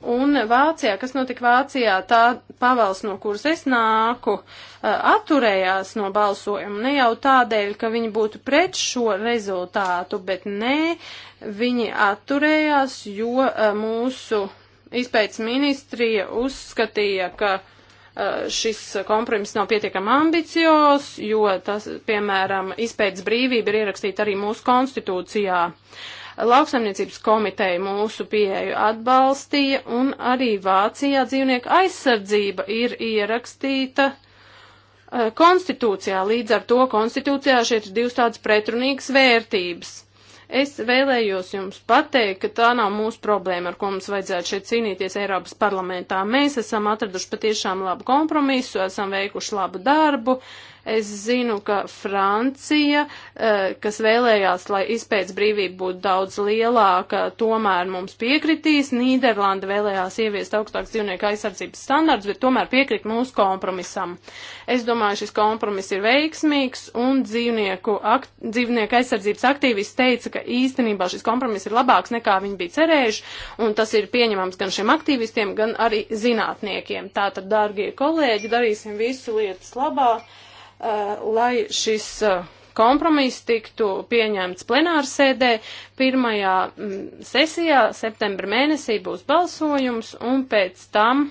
Un Vācijā, kas notika Vācijā, tā pavalsts, no kuras es nāku, eh, atturējās no balsojuma. Ne jau tādēļ, ka viņi būtu pret šo rezultātu, bet nē, viņi atturējās, jo eh, mūsu izpētes ministrija uzskatīja, ka eh, šis kompromiss nav pietiekami ambicios, jo tas, piemēram, izpētes brīvība ir ierakstīta arī mūsu konstitūcijā. Uh, Lauksaimniecības komiteja mūsu pieeju atbalstīja un arī Vācijā dzīvnieku aizsardzība ir ierakstīta eh, konstitūcijā. Līdz ar to konstitūcijā šeit ir divas tādas pretrunīgas vērtības. Es vēlējos jums pateikt, ka tā nav mūsu problēma, ar ko mums vajadzētu šeit cīnīties Eiropas parlamentā. Mēs esam atraduši patiešām labu kompromisu, esam veikuši labu darbu, Es zinu, ka Francija, eh, kas vēlējās, lai izpēc brīvība būtu daudz lielāka, tomēr mums piekritīs. Nīderlanda vēlējās ieviest augstāks dzīvnieku aizsardzības standarts, bet tomēr piekrīt mūsu kompromisam. Es domāju, šis kompromiss ir veiksmīgs, un dzīvnieku, akt, dzīvnieku aizsardzības aktīvis teica, ka īstenībā šis kompromiss ir labāks nekā viņi bija cerējuši, un tas ir pieņemams gan šiem aktīvistiem, gan arī zinātniekiem. Tātad, dārgie kolēģi, darīsim visu lietas labā. Eh, lai šis eh, kompromiss tiktu pieņemts plenārsēdē. Pirmajā mm, sesijā septembra mēnesī būs balsojums un pēc tam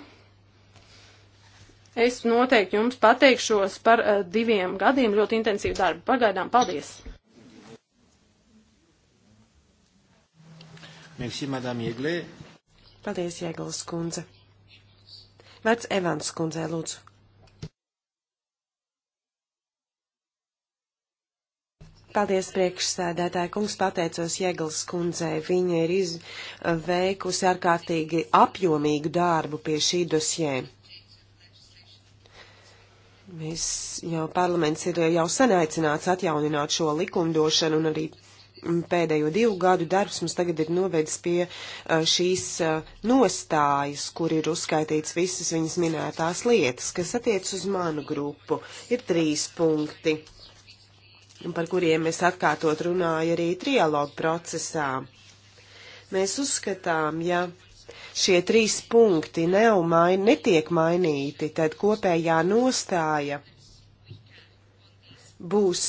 es noteikti jums pateikšos par eh, diviem gadiem ļoti intensīvu darbu. Pagaidām, paldies! Merci, Madame Jēglē. Paldies, Jēglas kundze. Vec Evans kundzei lūdzu. Paldies, priekšsēdētāji. Kungs pateicos Jēglas kundzei. Viņa ir izveikusi ārkārtīgi apjomīgu darbu pie šī dosjē. Mēs jau parlaments ir jau sen aicināts atjaunināt šo likumdošanu un arī pēdējo divu gadu darbs mums tagad ir novedis pie šīs nostājas, kur ir uzskaitīts visas viņas minētās lietas, kas attiec uz manu grupu. Ir trīs punkti par kuriem es atkārtot runāju arī trialogu procesā. Mēs uzskatām, ja šie trīs punkti nav maini, netiek mainīti, tad kopējā nostāja būs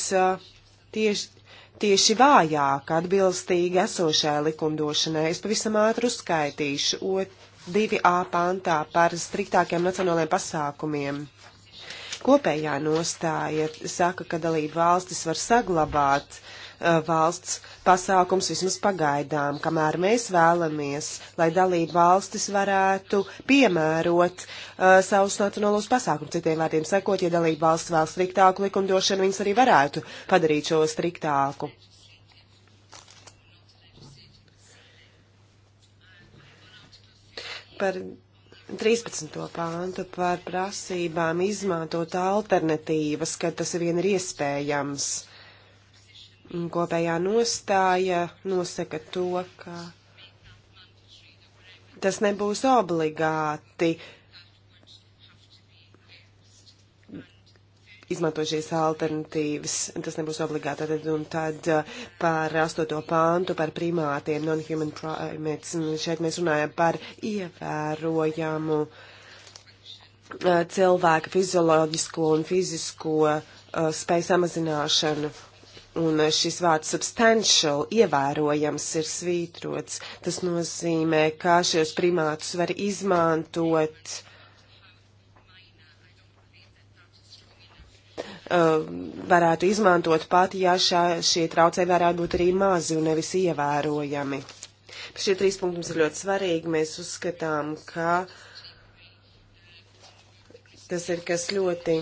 tieši, tieši vājāk atbilstīgi esošai likumdošanai. Es pavisam ātri uzskaitīšu 2a pantā par striktākiem nacionālajiem pasākumiem. Kopējā nostāja saka, ka dalība valstis var saglabāt uh, valsts pasākums vismaz pagaidām, kamēr mēs vēlamies, lai dalība valstis varētu piemērot uh, savus nacionālos pasākumus. Citiem vārdiem sakot, ja dalība valsts vēl striktāku likumdošanu, viņas arī varētu padarīt šo striktāku. par 13. pāntu par prasībām izmantot alternatīvas, kad tas vien ir iespējams. Kopējā nostāja nosaka to, ka tas nebūs obligāti. Uh, izmanto šīs alternatīvas. Tas nebūs obligāti. Tad, un tad uh, par astoto pāntu, par primātiem, non-human primates. Šeit mēs runājam par ievērojamu uh, cilvēka fizioloģisko un fizisko uh, spēju samazināšanu un uh, šis vārds substantial, ievērojams, ir svītrots. Tas nozīmē, ka šos primātus var izmantot Uh, varētu izmantot pat, ja šā, šie traucēji varētu būt arī mazi un nevis ievērojami. Šie trīs punkti mums ir ļoti svarīgi. Mēs uzskatām, ka tas ir kas ļoti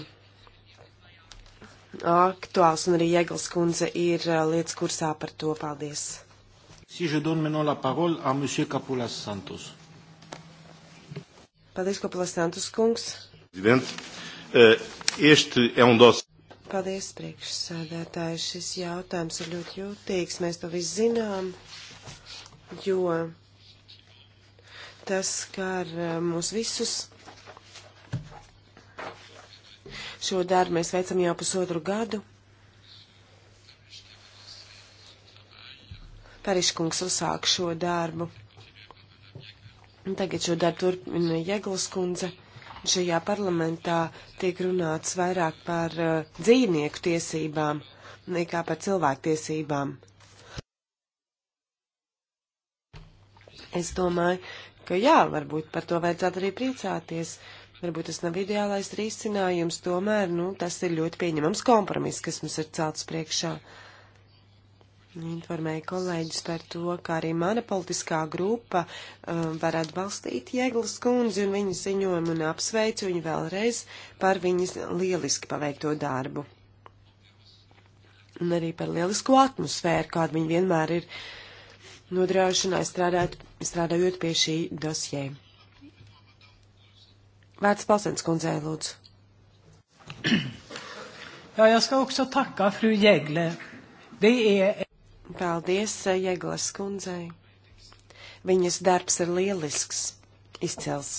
aktuāls, un arī Jēglas kundze ir uh, lietas kursā par to. Paldies! Si je donne maintenant la parole à Monsieur Capulas Santos. Paldies, Capulas Santos kungs. Presidente, eh, este é um dossiê. Paldies, priekšsēdētāji. Šis jautājums ir ļoti jūtīgs. Mēs to visu zinām, jo tas skar eh, mūs visus. Šo darbu mēs veicam jau pusotru gadu. Periškungs uzsāk šo darbu. Tagad šo darbu turpina Jeglas kundze šajā parlamentā tiek runāts vairāk par uh, dzīvnieku tiesībām nekā par cilvēktiesībām. Es domāju, ka jā, varbūt par to vajadzētu arī priecāties. Varbūt tas nav ideālais risinājums, tomēr, nu, tas ir ļoti pieņemams kompromiss, kas mums ir celts priekšā. Uh, informēju kolēģis par to, ka arī mana politiskā grupa um, var atbalstīt Jēglas kundzi un viņas ziņojumu un apsveicu viņu vēlreiz par viņas lieliski paveikto darbu. Un arī par lielisko atmosfēru, kādu viņa vienmēr ir nodrošinājusi strādāt, strādājot pie šī dosjē. Vērts Palsens kundzei, lūdzu. Jā, ja, jag ska också tacka fru Jägle. Det är... Paldies eh, Jēglas kundzei. Viņas darbs ir lielisks, izcels.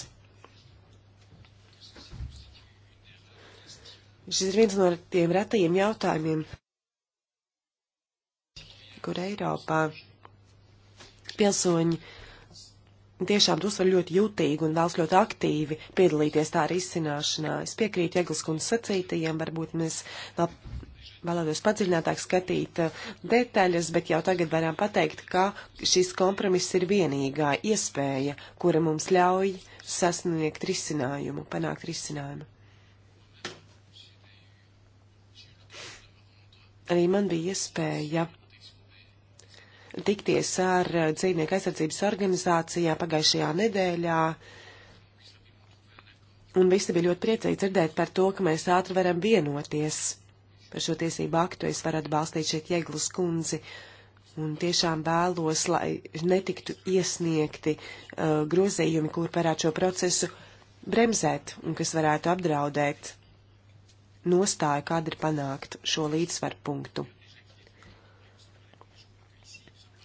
Šis ir viens no tiem retajiem jautājumiem, kur Eiropā pilsoņi tiešām uztver ļoti jūtīgi un vēlas ļoti aktīvi piedalīties tā arī izcināšanā. Es piekrītu Jēglas kundzes sacītajiem, varbūt mēs vēl vēlētos padziļinātāk skatīt eh, detaļas, bet jau tagad varam pateikt, ka šis kompromiss ir vienīgā iespēja, kura mums ļauj sasniegt risinājumu, panākt risinājumu. Arī man bija iespēja tikties ar eh, dzīvnieku aizsardzības organizācijā pagājušajā nedēļā. Un visi bija ļoti priecīgi dzirdēt par to, ka mēs ātri varam vienoties par šo tiesību aktu. Es varu atbalstīt šeit Jēglas kundzi. Un tiešām vēlos, lai netiktu iesniegti uh, grozījumi, kur varētu šo procesu bremzēt un kas varētu apdraudēt nostāju, kāda ir panākt šo līdzsvaru punktu.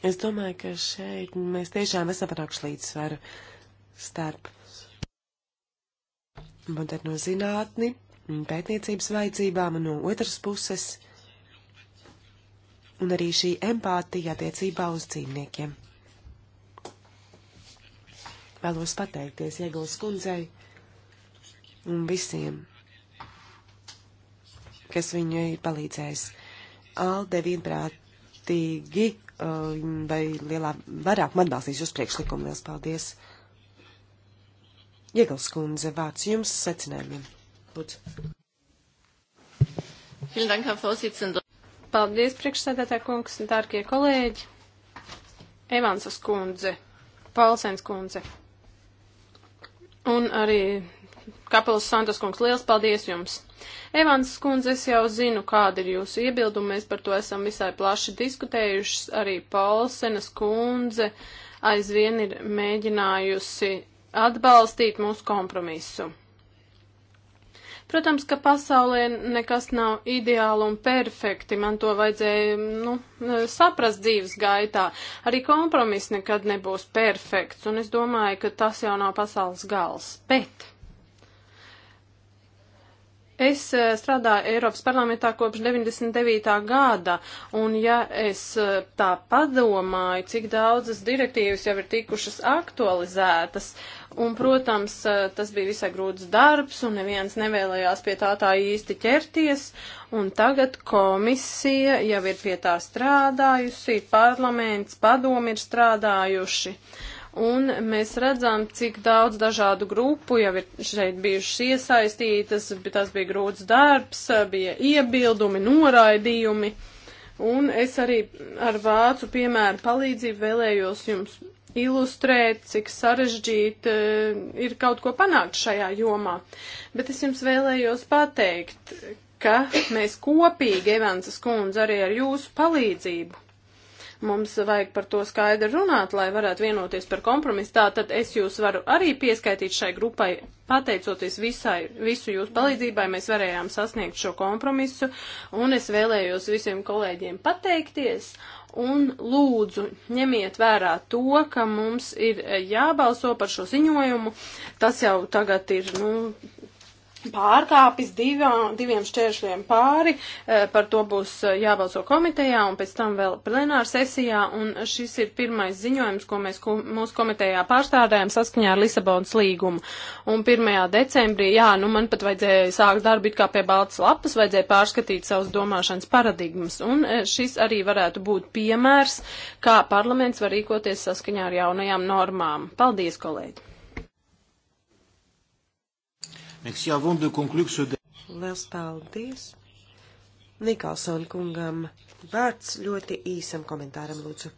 Es domāju, ka šeit mēs tiešām esam panākuši līdzsvaru starp moderno zinātni Mm, pētniecības vajadzībām, un no otras puses un arī šī empātija attiecībā uz dzīvniekiem. Vēlos pateikties Ieglas kundzei un visiem, kas viņai palīdzēs. Alde vienprātīgi um, vai lielā vairāk man balstīs uz priekšlikumu. Liels paldies! Ieglas kundze, vārds jums secinājumiem! Lūdzu. Paldies, priekšsēdētāj kungs, dārgie kolēģi. Evansas kundze, Palsens kundze. Un arī Kapelas Santos kungs, liels paldies jums! Evans kundze, es jau zinu, kāda ir jūsu iebilduma, mēs par to esam visai plaši diskutējuši, arī Paulsenas kundze aizvien ir mēģinājusi atbalstīt mūsu kompromisu. Protams, ka pasaulē nekas nav ideāli un perfekti. Man to vajadzēja nu, saprast dzīves gaitā. Arī kompromiss nekad nebūs perfekts, un es domāju, ka tas jau nav pasaules gals. Bet Es eh, strādāju Eiropas parlamentā kopš 99. gada, un ja es eh, tā padomāju, cik daudzas direktīvas jau ir tikušas aktualizētas, Un, protams, eh, tas bija visai grūts darbs, un neviens nevēlējās pie tā tā īsti ķerties. Un tagad komisija jau ir pie tā strādājusi, parlaments, padomi ir strādājuši. Un mēs redzam, cik daudz dažādu grupu jau ir šeit bijušas iesaistītas, tas bija grūts darbs, bija iebildumi, noraidījumi. Un es arī ar vācu piemēru palīdzību vēlējos jums ilustrēt, cik sarežģīti eh, ir kaut ko panākt šajā jomā. Bet es jums vēlējos pateikt, ka mēs kopīgi, Evansas kundze, arī ar jūsu palīdzību mums vajag par to skaidri runāt, lai varētu vienoties par kompromisu. Tātad es jūs varu arī pieskaitīt šai grupai, pateicoties visai, visu jūsu palīdzībai, mēs varējām sasniegt šo kompromisu, un es vēlējos visiem kolēģiem pateikties, un lūdzu ņemiet vērā to, ka mums ir eh, jābalso par šo ziņojumu. Tas jau tagad ir, nu, pārkāpis divā, diviem šķēršļiem pāri, eh, par to būs eh, jābalso komitejā un pēc tam vēl plenāra sesijā, un šis ir pirmais ziņojums, ko mēs mūsu komitejā pārstādājam saskaņā ar Lisabonas līgumu. Un 1. decembrī, jā, nu man pat vajadzēja sākt darbu it kā pie baltas lapas, vajadzēja pārskatīt savus domāšanas paradigmas, un eh, šis arī varētu būt piemērs, kā parlaments var rīkoties saskaņā ar jaunajām normām. Paldies, kolēģi! Merci avant de conclure ce Liels paldies! Nikolsona kungam vārds ļoti īsam komentāram, lūdzu.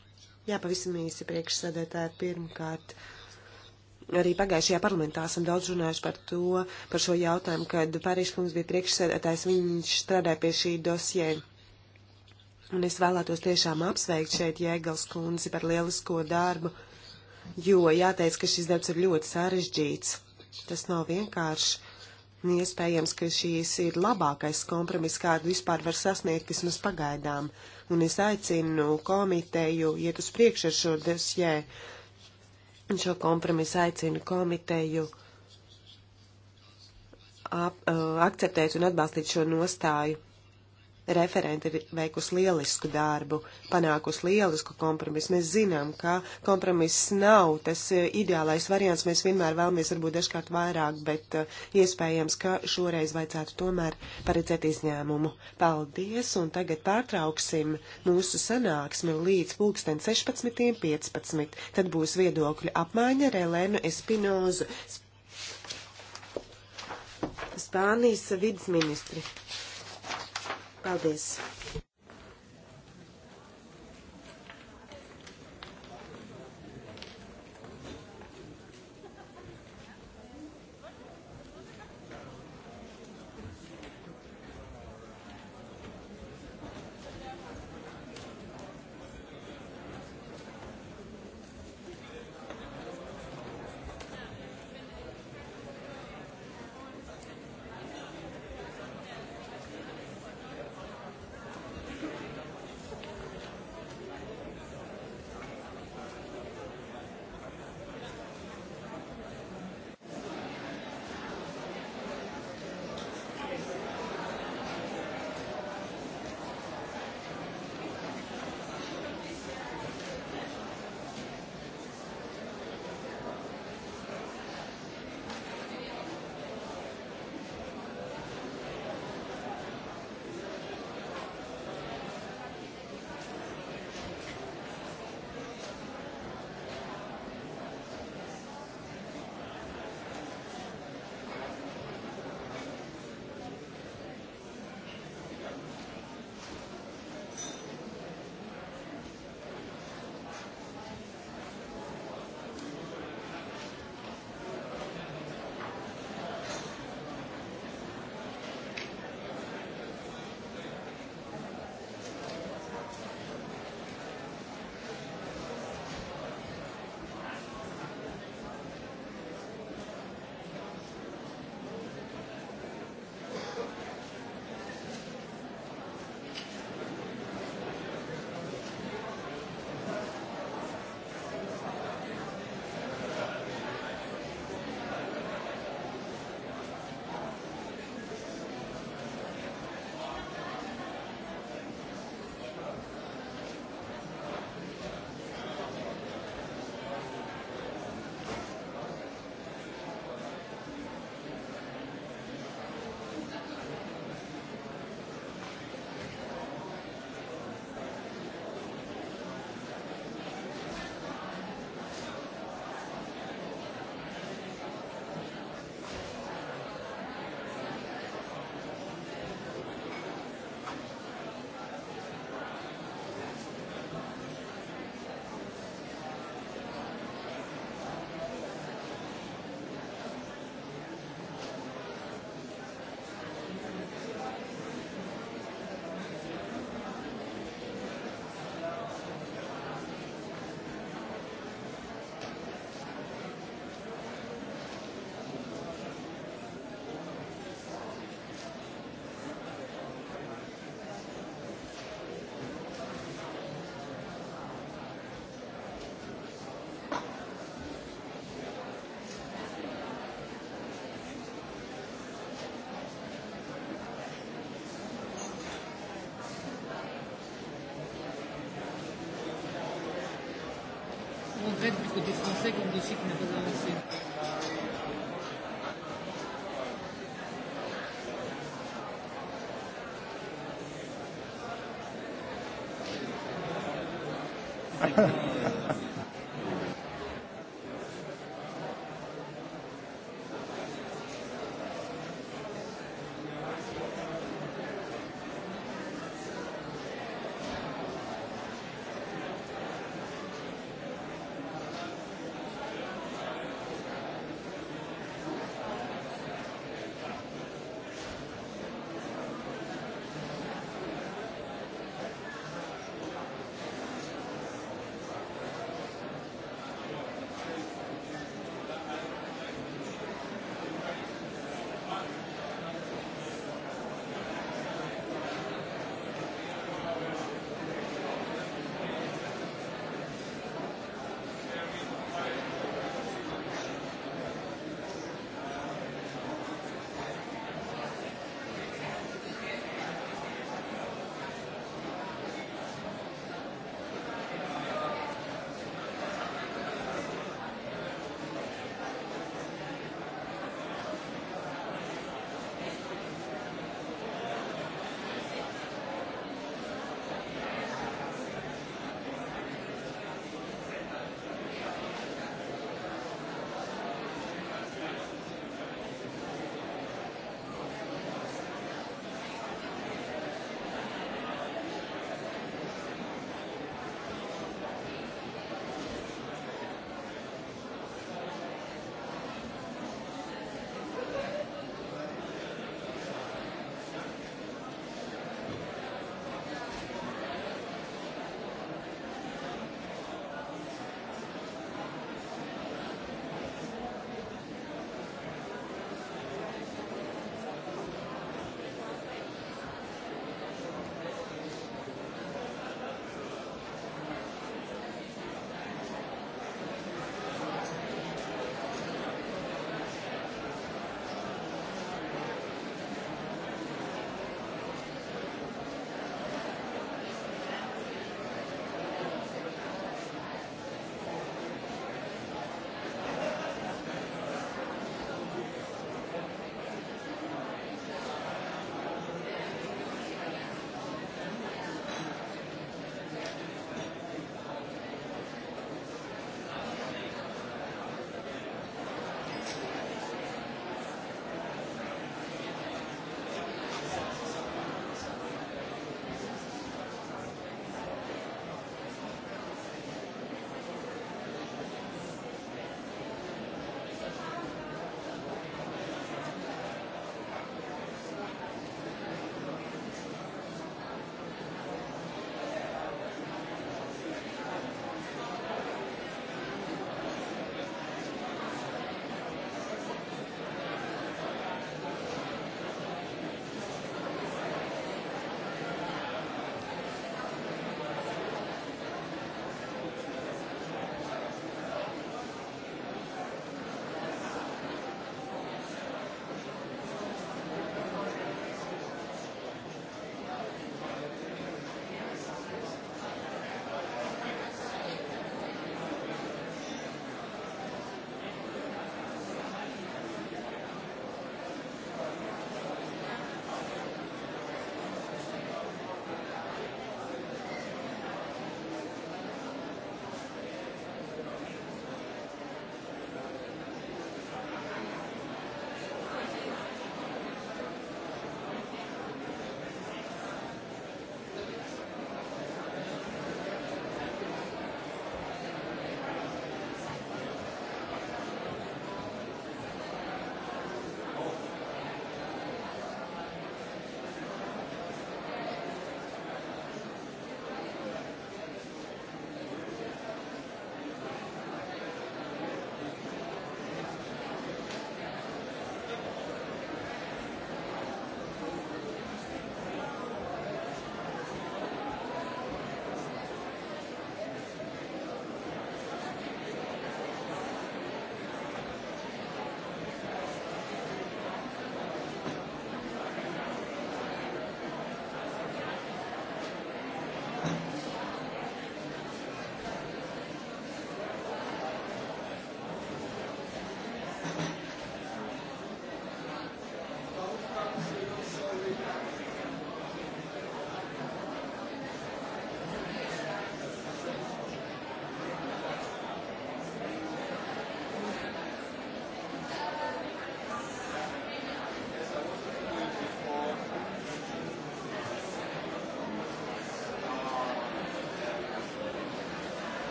Jā, pavisam īsi priekšsēdētāji pirmkārt. Arī pagājušajā parlamentā esam daudz runājuši par to, par šo jautājumu, kad Pārīšs kungs bija priekšsēdētājs, viņš strādāja pie šī dosjē. Un es vēlētos tiešām apsveikt šeit Jēgals kundzi par lielisko darbu, jo jāteic, ka šis darbs ir ļoti sarežģīts. Tas nav vienkārši Iespējams, ka šīs ir labākais kompromiss, kādu vispār var sasniegt vismaz pagaidām, un es aicinu komiteju iet uz priekšu ar šo dosjē. Un šo kompromisu aicinu komiteju ap, uh, akceptēt un atbalstīt šo nostāju referenti ir veikusi lielisku darbu, panākusi lielisku kompromisu. Mēs zinām, ka kompromiss nav tas eh, ideālais variants. Mēs vienmēr vēlamies varbūt dažkārt vairāk, bet eh, iespējams, ka šoreiz vajadzētu tomēr paredzēt izņēmumu. Paldies, un tagad pārtrauksim mūsu sanāksmi līdz pulksten 16.15. Tad būs viedokļu apmaiņa ar Elēnu Espinozu. Spānijas vidas ministri. Paldies! pensais qu'on me dit qu'on n'a pas avancé. Thank you.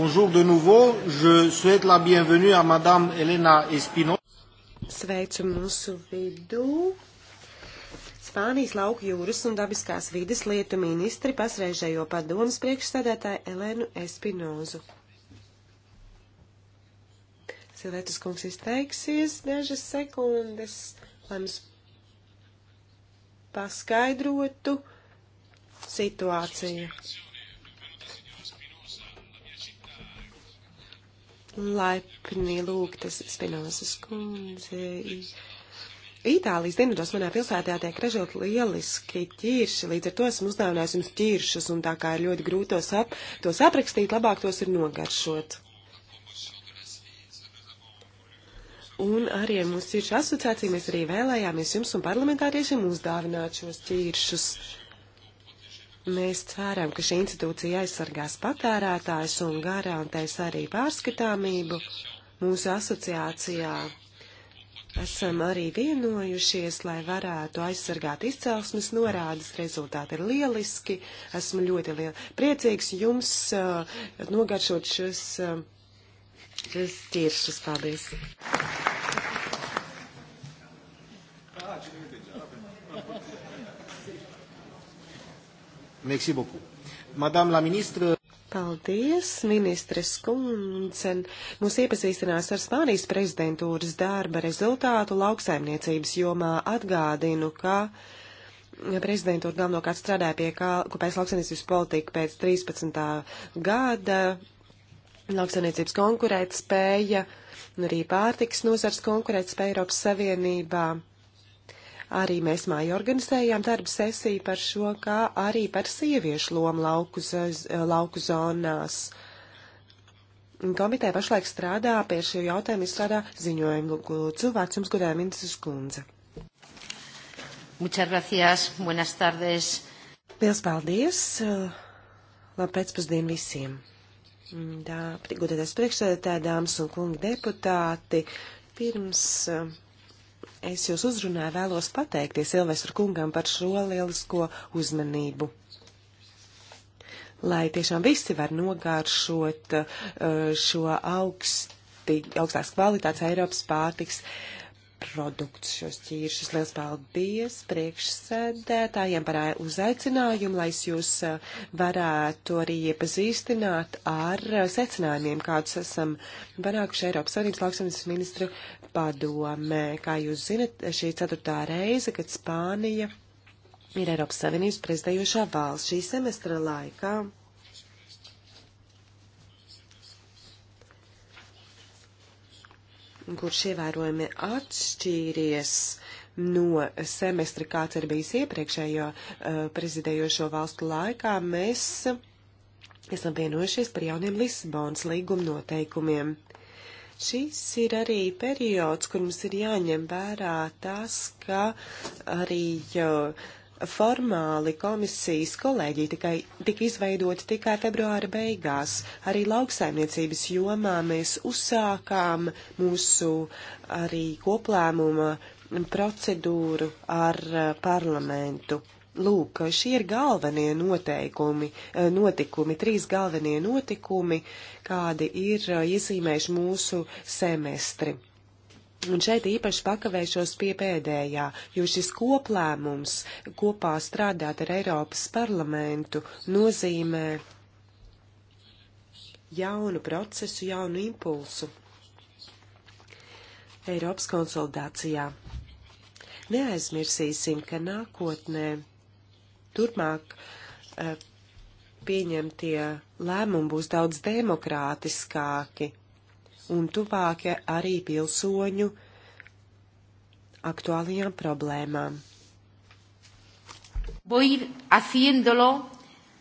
Bonjour de nouveau. Je souhaite la bienvenue à Madame Elena Espinosa. Sveicu mūsu vidū. Spānijas lauku jūras un dabiskās vides lietu ministri pasreizējo padomas priekšsēdētāju Elēnu Espinozu. Silvētas kungs izteiksies dažas sekundes, lai mums paskaidrotu situāciju. Laipni lūgtas Spinozas kundze. Itālijas dienvidos manā pilsētā tiek ražot lieliski ķirši, līdz ar to esmu uzdāvinājis jums ķiršus, un tā kā ir ļoti grūti tos, ap, tos aprakstīt, labāk tos ir nogaršot. Un arī ar mūsu ķiršu asociāciju mēs arī vēlējāmies jums un parlamentāriešiem uzdāvināt šos ķiršus. Mēs ceram, ka šī institūcija aizsargās patērētājs un garantēs arī pārskatāmību mūsu asociācijā. Esam arī vienojušies, lai varētu aizsargāt izcelsmes norādes. Rezultāti ir lieliski. Esmu ļoti liel... priecīgs jums uh, nogaršot šis, uh, šis ķiršus. Paldies! Merci beaucoup. Madame la ministre. Paldies, ministres kundzen. Mūs iepazīstinās ar Spānijas prezidentūras darba rezultātu lauksaimniecības jomā. Atgādinu, ka prezidentūra galvenokārt strādāja pie kopējas lauksaimniecības politika pēc 13. gada. Lauksaimniecības konkurētspēja un arī pārtiks nozars konkurētspēja Eiropas Savienībā. Arī mēs māju organizējām darba sesiju par šo, kā arī par sieviešu lomu lauku, lauku zonās. Komiteja pašlaik strādā pie šī jautājuma, izstrādā ziņojumu. Lūdzu, vārds jums godēja ministrs Kundze. Muchas gracias, buenas tardes. Pils paldies. Labu pēcpusdienu visiem. Tā, godētais priekšsēdētāji, dāmas un kungi deputāti, pirms uh, es jūs uzrunāju, vēlos pateikties Ilvestru kungam par šo lielisko uzmanību. Lai tiešām visi var nogāršot eh, šo augsti, augstās kvalitātes Eiropas pārtiks uh, produktus, šos ķīršus. Liels paldies priekšsēdētājiem par uzaicinājumu, lai es jūs varētu arī iepazīstināt ar secinājumiem, kādus esam panākuši Eiropas Savienības lauksaimniecības ministru padomē. Kā jūs zinat, šī ceturtā reize, kad Spānija ir Eiropas Savienības prezidējošā valsts šī semestra laikā. kurš ievērojami atšķīries no semestra, kāds ir bijis iepriekšējo uh, prezidējošo valstu laikā, mēs esam vienojušies par jauniem Lisabonas līguma noteikumiem. Šis ir arī periods, kur mums ir jāņem vērā tas, ka arī uh, formāli komisijas kolēģija tikai, tika izveidota tikai februāra beigās. Arī lauksaimniecības jomā mēs uzsākām mūsu arī koplēmuma procedūru ar eh, parlamentu. Lūk, šie ir galvenie noteikumi, eh, notikumi, trīs galvenie notikumi, kādi ir eh, iezīmējuši mūsu semestri. Un šeit īpaši pakavēšos pie pēdējā, jo šis koplēmums kopā strādāt ar Eiropas parlamentu nozīmē jaunu procesu, jaunu impulsu Eiropas konsolidācijā. Neaizmirsīsim, ka nākotnē turpmāk eh, pieņemtie lēmumi būs daudz demokrātiskāki un tuvāk arī pilsoņu aktuālajām problēmām.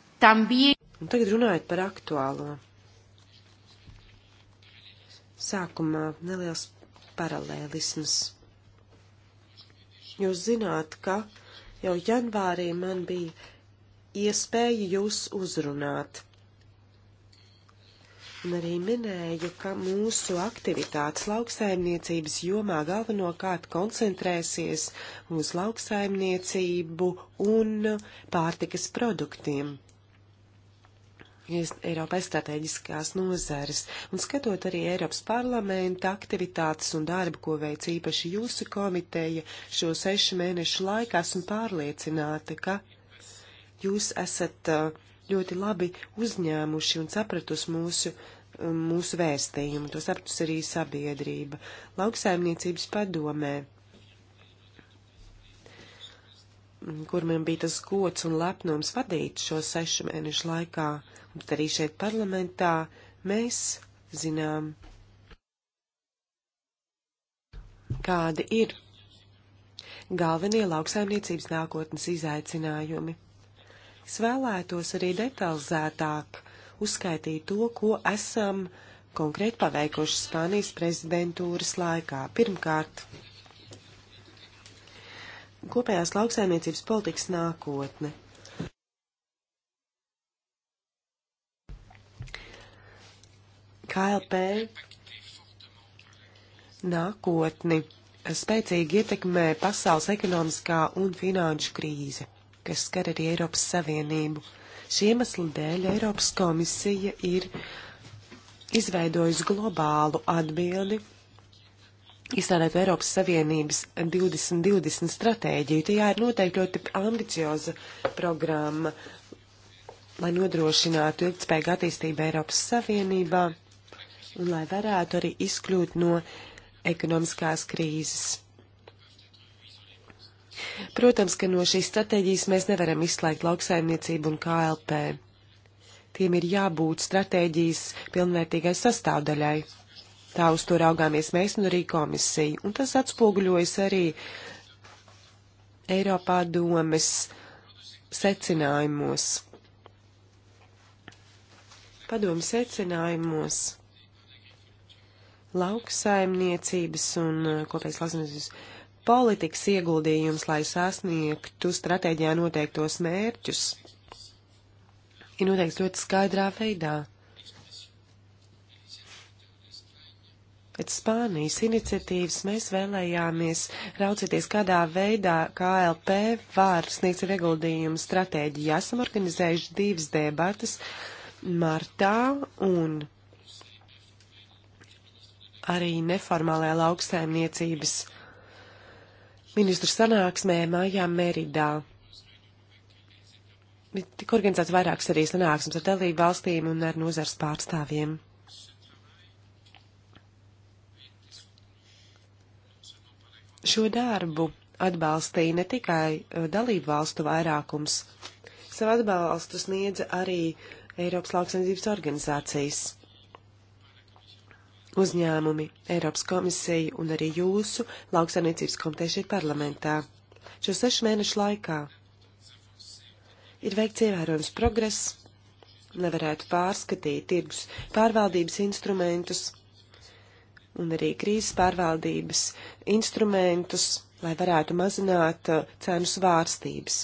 Un tagad runājot par aktuālo. Sākumā neliels paralēlisms. Jūs zināt, ka jau janvārī man bija iespēja jūs uzrunāt Un arī minēja, ka mūsu aktivitātes lauksaimniecības jomā galvenokārt koncentrēsies uz lauksaimniecību un pārtikas produktiem. Eiropai strateģiskās nozares, un skatot arī Eiropas parlamenta aktivitātes un darbu, ko veic īpaši jūsu komiteja šo sešu mēnešu laikā, esmu pārliecināta, ka jūs esat uh, ļoti labi uzņēmuši un sapratusi mūsu mūsu vēstījumu, to sapratus arī sabiedrība, lauksaimniecības padomē, kur man bija tas gods un lepnums vadīt šo sešu mēnešu laikā, un tad arī šeit parlamentā mēs zinām, kādi ir galvenie lauksaimniecības nākotnes izaicinājumi. Es vēlētos arī detalizētāk uzskaitīt to, ko esam konkrēti paveikuši Spānijas prezidentūras laikā. Pirmkārt, kopējās lauksaimniecības politikas nākotne. KLP nākotni spēcīgi ietekmē pasaules ekonomiskā un finanšu krīze, kas skar arī Eiropas Savienību. Šī iemesla dēļ Eiropas komisija ir izveidojusi globālu atbildi izstrādāt Eiropas Savienības 2020 stratēģiju. Tajā ir noteikti ļoti ambicioza programma, lai nodrošinātu ilgspējīgu attīstību Eiropas Savienībā un lai varētu arī izkļūt no ekonomiskās krīzes. Protams, ka no šīs stratēģijas mēs nevaram izslēgt lauksaimniecību un KLP. Tiem ir jābūt stratēģijas pilnvērtīgai sastāvdaļai. Tā uz to raugāmies mēs un arī komisija, un tas atspoguļojas arī Eiropā domes secinājumos. Padomu secinājumos lauksaimniecības un eh, kopējas lauksaimniecības politikas ieguldījums, lai sasniegtu stratēģijā noteiktos mērķus, ir noteikts ļoti skaidrā veidā. Pēc Spānijas iniciatīvas mēs vēlējāmies raucīties, kādā veidā KLP var sniegt ieguldījumu stratēģiju. Esam organizējuši divas debatas martā un arī neformālajā lauksaimniecības ministru sanāksmē mājā Meridā. Tik organizēts vairākas arī sanāksmes ar dalību valstīm un ar nozars pārstāvjiem. Šo darbu atbalstīja ne tikai uh, dalību valstu vairākums, savu atbalstu sniedza arī Eiropas lauksaimniecības organizācijas uzņēmumi, Eiropas komisija un arī jūsu lauksaimniecības komiteja šeit parlamentā. Šo sešu mēnešu laikā ir veikts ievērojams progress, nevarētu pārskatīt tirgus pārvaldības instrumentus un arī krīzes pārvaldības instrumentus, lai varētu mazināt uh, cenu svārstības.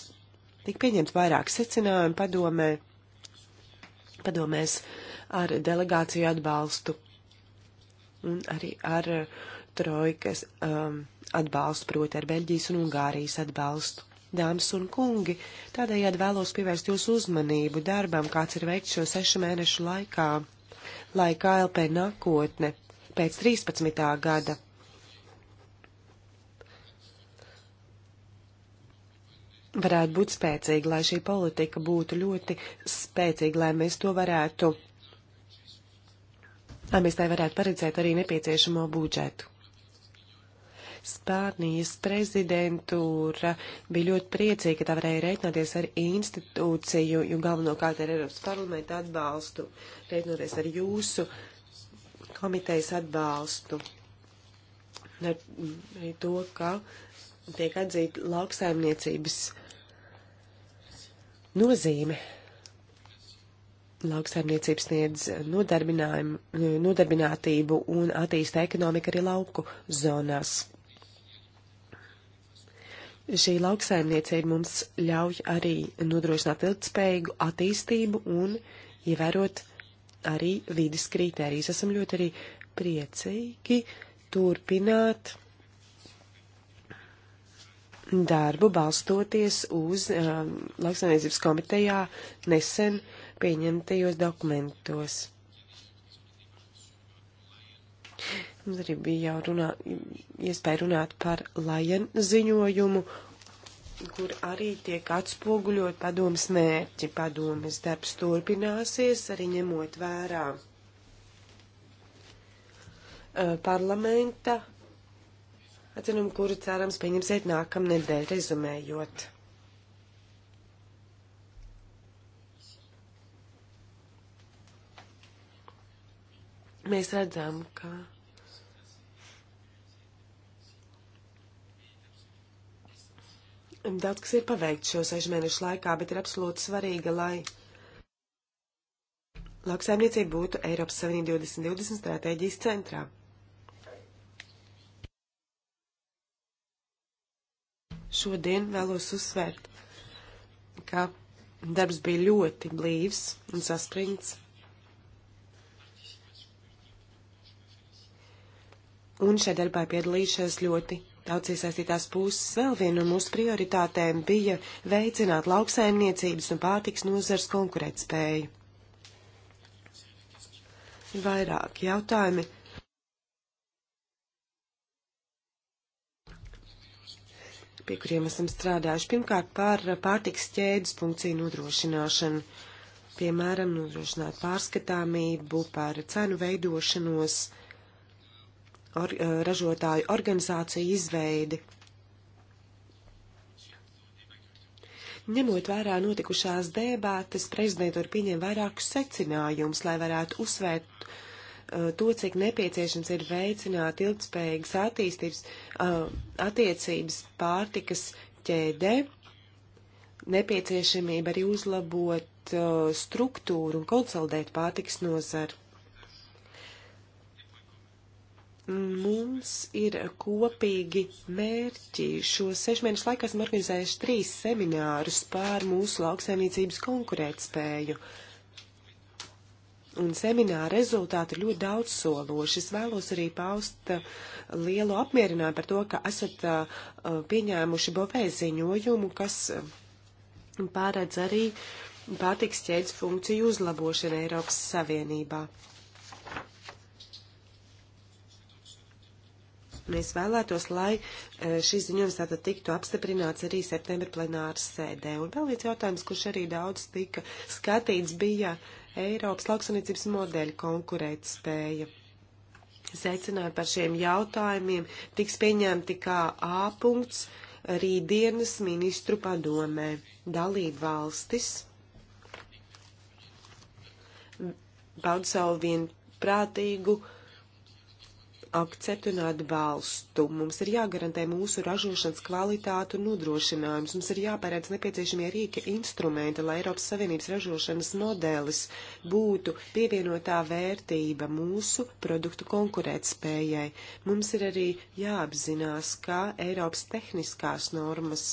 Tik pieņemt vairāk secinājumu padomē, padomēs ar delegāciju atbalstu un arī ar eh, trojkas um, atbalstu, proti ar Beļģijas un Ungārijas atbalstu. Dāmas un kungi, tādējādi vēlos pievērst jūsu uzmanību darbam, kāds ir veikts šo sešu mēnešu laikā, lai KLP nākotne pēc 13. gada. Varētu būt spēcīga, lai šī politika būtu ļoti spēcīga, lai mēs to varētu lai mēs tai varētu paredzēt arī nepieciešamo budžetu. Spānijas prezidentūra bija ļoti priecīga, ka tā varēja rēķināties ar institūciju, jo galvenokārt ar Eiropas parlamentu atbalstu, rēķinoties ar jūsu komitejas atbalstu. Ar to, ka tiek atzīta lauksaimniecības nozīme lauksaimniecības sniedz nodarbinātību un attīsta ekonomiku arī lauku zonās. Šī lauksaimniecība mums ļauj arī nodrošināt ilgspējīgu attīstību un ievērot arī vidas kritērijas. Esam ļoti arī priecīgi turpināt darbu balstoties uz um, lauksaimniecības komitejā nesen uh, pieņemtajos dokumentos. Mums arī bija jau runā, iespēja runāt par Lajan ziņojumu, kur arī tiek atspoguļot padomas mērķi. Padomas darbs turpināsies, arī ņemot vērā parlamenta atzinumu, kuru cerams pieņemsiet nākamnedēļ rezumējot. Mēs redzam, ka daudz kas ir paveikts šo sešu mēnešu laikā, bet ir absolūti svarīgi, lai lauksaimniecība būtu Eiropas Savienība 2020 stratēģijas centrā. Šodien vēlos uzsvērt, ka darbs bija ļoti blīvs un saspringts. Un šajā darbā piedalījušās ļoti daudz iesaistītās puses. Vēl viena no mūsu prioritātēm bija veicināt lauksaimniecības un pārtiks nozars konkurētspēju. Vairāk jautājumi. pie kuriem esam strādājuši. Pirmkārt, par pārtiks ķēdes funkciju nodrošināšanu. Piemēram, nodrošināt pārskatāmību par cenu veidošanos, uh, or, uh, ražotāju organizāciju izveidi. Ņemot vērā notikušās debātes, prezidentūra pieņem vairākus secinājumus, lai varētu uzsvērt uh, to, cik nepieciešams ir veicināt ilgspējīgas attīstības uh, attiecības pārtikas ķēdē, nepieciešamība arī uzlabot uh, struktūru un konsolidēt pārtikas nozaru. Mums ir kopīgi mērķi. Šo sešu mēnešu laikā esam organizējuši trīs seminārus pār mūsu lauksaimniecības konkurētspēju. Un semināra rezultāti ir ļoti daudz sološi. Es vēlos arī paust uh, lielu apmierinājumu par to, ka esat uh, uh, pieņēmuši Bovē ziņojumu, kas pārēdz arī pārtiks ķēdes funkciju uzlabošanu Eiropas Savienībā. Mēs vēlētos, lai e, šis ziņojums tātad tiktu apstiprināts arī septembra plenāras sēdē. Un vēl viens jautājums, kurš arī daudz tika skatīts, bija Eiropas lauksanīcības modeļa konkurētspēja. Secinājumi par šiem jautājumiem tiks pieņemti kā A punkts rītdienas ministru padomē. Dalība valstis bauda savu vienprātīgu uh, akceptu un atbalstu. Mums ir jāgarantē mūsu ražošanas kvalitātu un nodrošinājums. Mums ir jāpērēdz nepieciešamie rīka instrumenti, lai Eiropas Savienības ražošanas modelis būtu pievienotā vērtība mūsu produktu konkurētspējai. Mums ir arī jāapzinās, kā Eiropas tehniskās normas.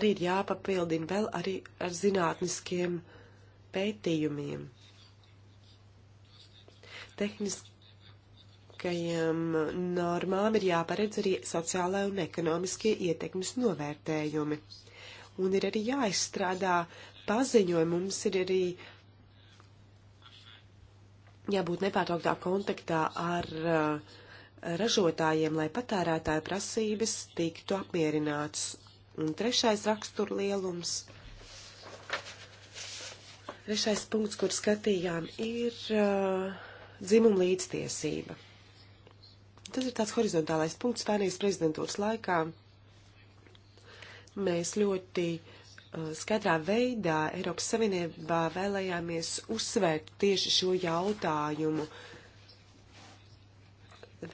Arī ir jāpapildina vēl arī ar zinātniskiem uh, pētījumiem, tehniskajām normām ir jāparedz arī sociālai un ekonomiskie ietekmes novērtējumi. Un ir arī jāizstrādā paziņojumi, mums ir arī jābūt nepārtrauktā kontaktā ar uh, ražotājiem, lai patērētāja prasības tiktu apmierināts. Un trešais raksturlielums Trešais punkts, kur skatījām, ir uh, dzimuma līdztiesība. Tas ir tāds horizontālais punkts Spānijas prezidentūras laikā. Mēs ļoti uh, skaidrā veidā Eiropas Savienībā vēlējāmies uzsvērt tieši šo jautājumu.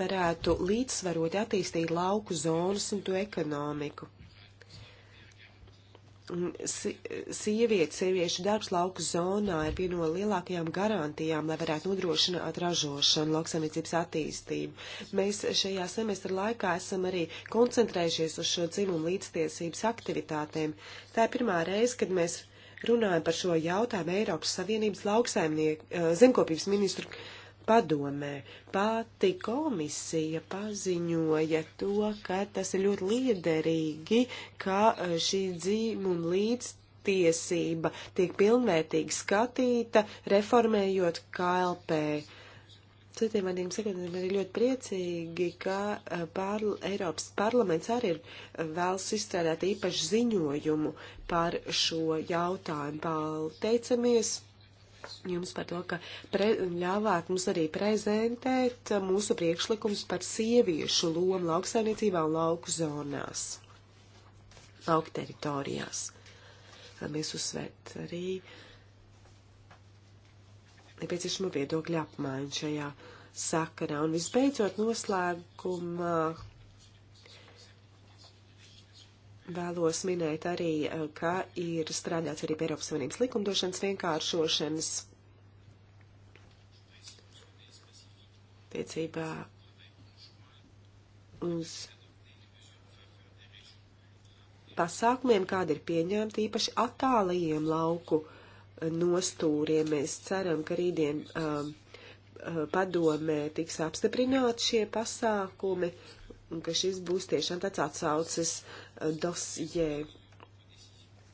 Varētu līdzsvaroti attīstīt lauku zonas un to ekonomiku sievietes, sieviešu darbs lauku zonā ir viena no lielākajām garantijām, lai varētu nodrošināt ražošanu, lauksaimniecības attīstību. Mēs šajā semestra laikā esam arī koncentrējušies uz šo dzimumu līdztiesības aktivitātēm. Tā ir pirmā reize, kad mēs runājam par šo jautājumu Eiropas Savienības lauksaimnieku eh, zemkopības ministru padomē. Pati komisija paziņoja to, ka tas ir ļoti liederīgi, ka e, šī dzīvuma līdztiesība tiek pilnvērtīgi skatīta, reformējot KLP. Citiem vārdiem sakot, mēs ļoti priecīgi, ka e, pār, Eiropas parlaments arī ir e, vēlas izstrādāt īpašu ziņojumu par šo jautājumu. Palteicamies! jums par to, ka pre, ļāvāt mums arī prezentēt mūsu priekšlikums par sieviešu lomu lauksaimniecībā un lauku zonās, lauku teritorijās. Mēs uzsvērt arī nepieciešamo viedokļu apmaiņu šajā sakarā. Un visbeidzot noslēgumā Vēlos minēt arī, eh, ka ir strādāts arī pie Eiropas Savienības likumdošanas vienkāršošanas tiecībā uz pasākumiem, kādi ir pieņemti īpaši attālajiem lauku eh, nostūriem. Mēs ceram, ka rītdien um, padomē tiks apstiprināti šie pasākumi un ka šis būs tiešām tāds atsauces uh, dosjē.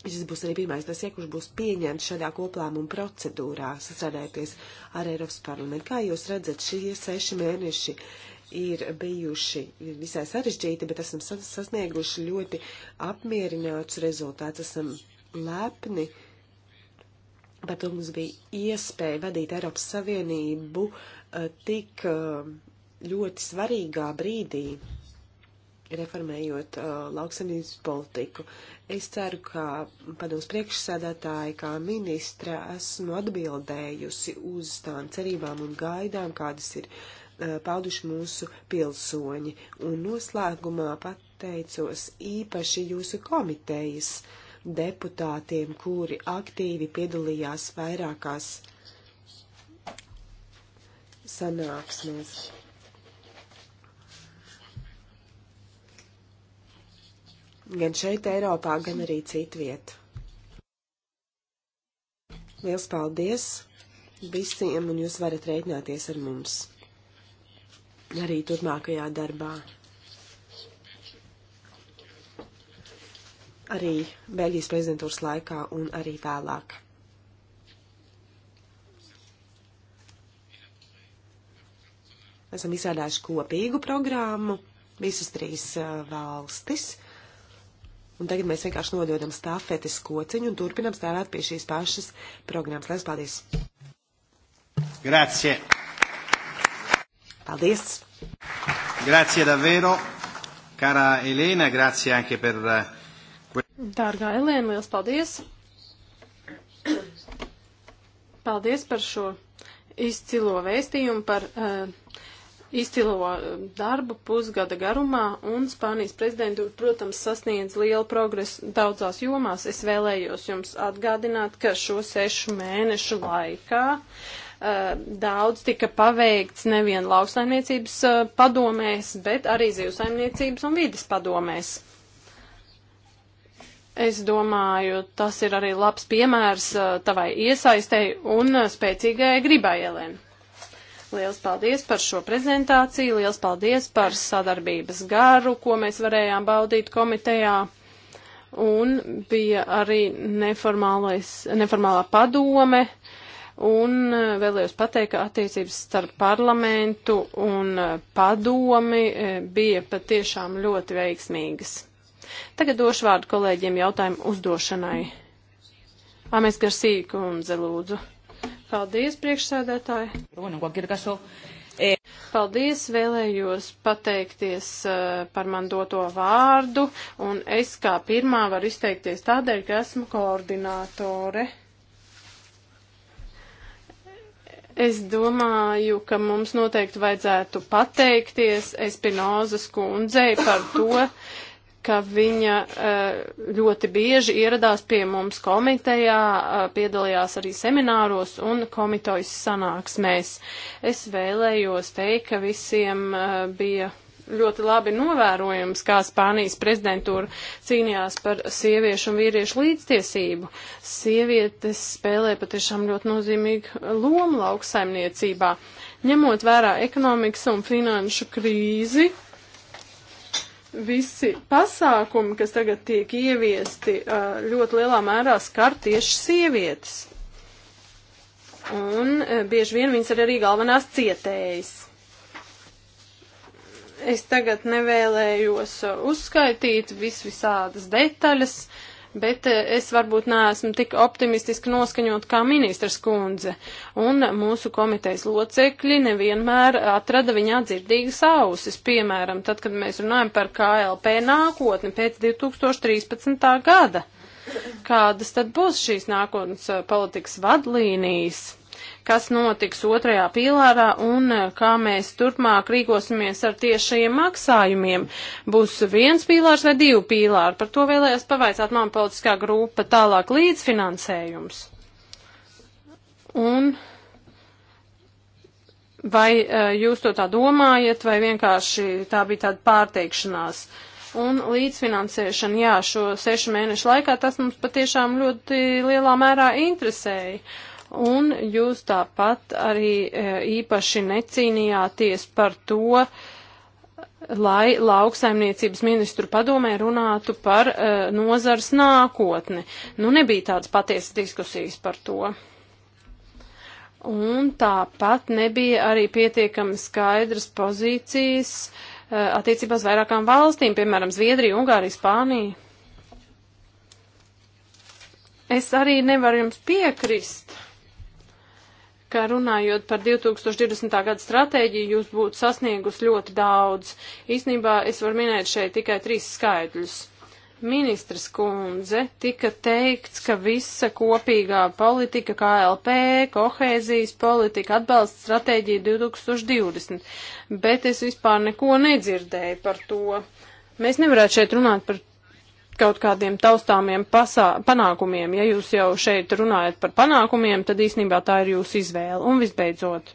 Šis būs arī pirmais dosie, kurš būs pieņemts šādā koplēmuma procedūrā, sastrādājoties ar Eiropas parlamentu. Kā jūs redzat, šie seši mēneši ir bijuši visai sarežģīti, bet esam sasnieguši ļoti apmierināts rezultāts. Esam lepni par to mums bija iespēja vadīt Eiropas Savienību eh, tik eh, ļoti svarīgā brīdī reformējot uh, lauksanības politiku. Es ceru, ka padoms priekšsēdētāji, kā ministra, esmu atbildējusi uz tām cerībām un gaidām, kādas ir uh, pauduši mūsu pilsoņi. Un noslēgumā pateicos īpaši jūsu komitejas deputātiem, kuri aktīvi piedalījās vairākās sanāksmēs. gan šeit, Eiropā, gan arī citviet. Liels paldies visiem, un jūs varat rēķināties ar mums arī turpmākajā darbā. Arī Beļģijas prezidentūras laikā un arī vēlāk. Esam izstrādājuši kopīgu programmu, visas trīs uh, valstis. Un tagad mēs vienkārši nododam stāfetes kociņu un turpinam strādāt pie šīs pašas programmas. Lielas paldies! Grazie! Paldies! Grazie davvero, cara Elena, grazie anche per... Eh, Dārgā Elēna, liels paldies! Paldies par šo izcilo vēstījumu par uh, izcilo um, darbu pusgada garumā, un Spānijas prezidentūra, protams, sasniedz lielu progresu daudzās jomās. Es vēlējos jums atgādināt, ka šo sešu mēnešu laikā uh, daudz tika paveikts nevien lauksaimniecības uh, padomēs, bet arī zivsaimniecības un vides padomēs. Es domāju, tas ir arī labs piemērs uh, tavai iesaistēji un spēcīgajai gribai, Elēna. Liels paldies par šo prezentāciju, liels paldies par sadarbības garu, ko mēs varējām baudīt komitejā. Un bija arī neformālā padome. Un eh, vēlējos pateikt, ka attiecības starp parlamentu un eh, padomi eh, bija patiešām ļoti veiksmīgas. Tagad došu vārdu kolēģiem jautājumu uzdošanai. Amies Garsī kundze, lūdzu. Paldies, priekšsēdētāji. Eh, Paldies, vēlējos pateikties uh, par man doto vārdu, un es kā pirmā varu izteikties tādēļ, ka esmu koordinātore. Es domāju, ka mums noteikti vajadzētu pateikties Espinozas kundzei par to, ka viņa eh, ļoti bieži ieradās pie mums komitejā, eh, piedalījās arī semināros un komitojas sanāksmēs. Es vēlējos teikt, ka visiem eh, bija ļoti labi novērojams, kā Spānijas prezidentūra cīnījās par sieviešu un vīriešu līdztiesību. Sievietes spēlē patiešām ļoti nozīmīgu lomu lauksaimniecībā. Ņemot vērā ekonomikas un finanšu krīzi, visi pasākumi, kas tagad tiek ieviesti, ļoti lielā mērā skar tieši sievietes. Un bieži vien viņas ir arī galvenās cietējas. Es tagad nevēlējos uzskaitīt vis visādas detaļas, uh, bet eh, es varbūt neesmu tik optimistiski noskaņot kā ministras kundze, un mūsu komitejas locekļi nevienmēr atrada viņā dzirdīgas ausis, piemēram, tad, kad mēs runājam par KLP nākotni pēc 2013. gada. Kādas tad būs šīs nākotnes eh, politikas vadlīnijas? kas notiks otrajā pīlārā un eh, kā mēs turpmāk rīkosimies ar tiešajiem maksājumiem. Būs viens pīlārs vai divi pīlāri. Par to vēlējos pavaicāt man politiskā grupa tālāk līdzfinansējums. Un vai eh, jūs to tā domājat, vai vienkārši tā bija tāda pārteikšanās? un līdzfinansēšana, jā, šo sešu mēnešu laikā tas mums patiešām ļoti lielā mērā interesēja un jūs tāpat arī e, īpaši necīnījāties par to, lai lauksaimniecības ministru padomē runātu par e, nozars nākotni. Nu, nebija tādas patiesas diskusijas par to. Un tāpat nebija arī pietiekami skaidras pozīcijas e, attiecībā uz vairākām valstīm, piemēram, Zviedriju, Ungāriju, Spāniju. Es arī nevaru jums piekrist ka runājot par 2020. gada stratēģiju, jūs būtu sasniegus ļoti daudz. Īsnībā es varu minēt šeit tikai trīs skaidrļus. Ministras kundze tika teikts, ka visa kopīgā politika, KLP, kohēzijas politika atbalsta stratēģiju 2020, bet es vispār neko nedzirdēju par to. Mēs nevarētu šeit runāt par kaut kādiem taustāmiem pasā, panākumiem. Ja jūs jau šeit runājat par panākumiem, tad īstenībā tā ir jūsu izvēle. Un visbeidzot,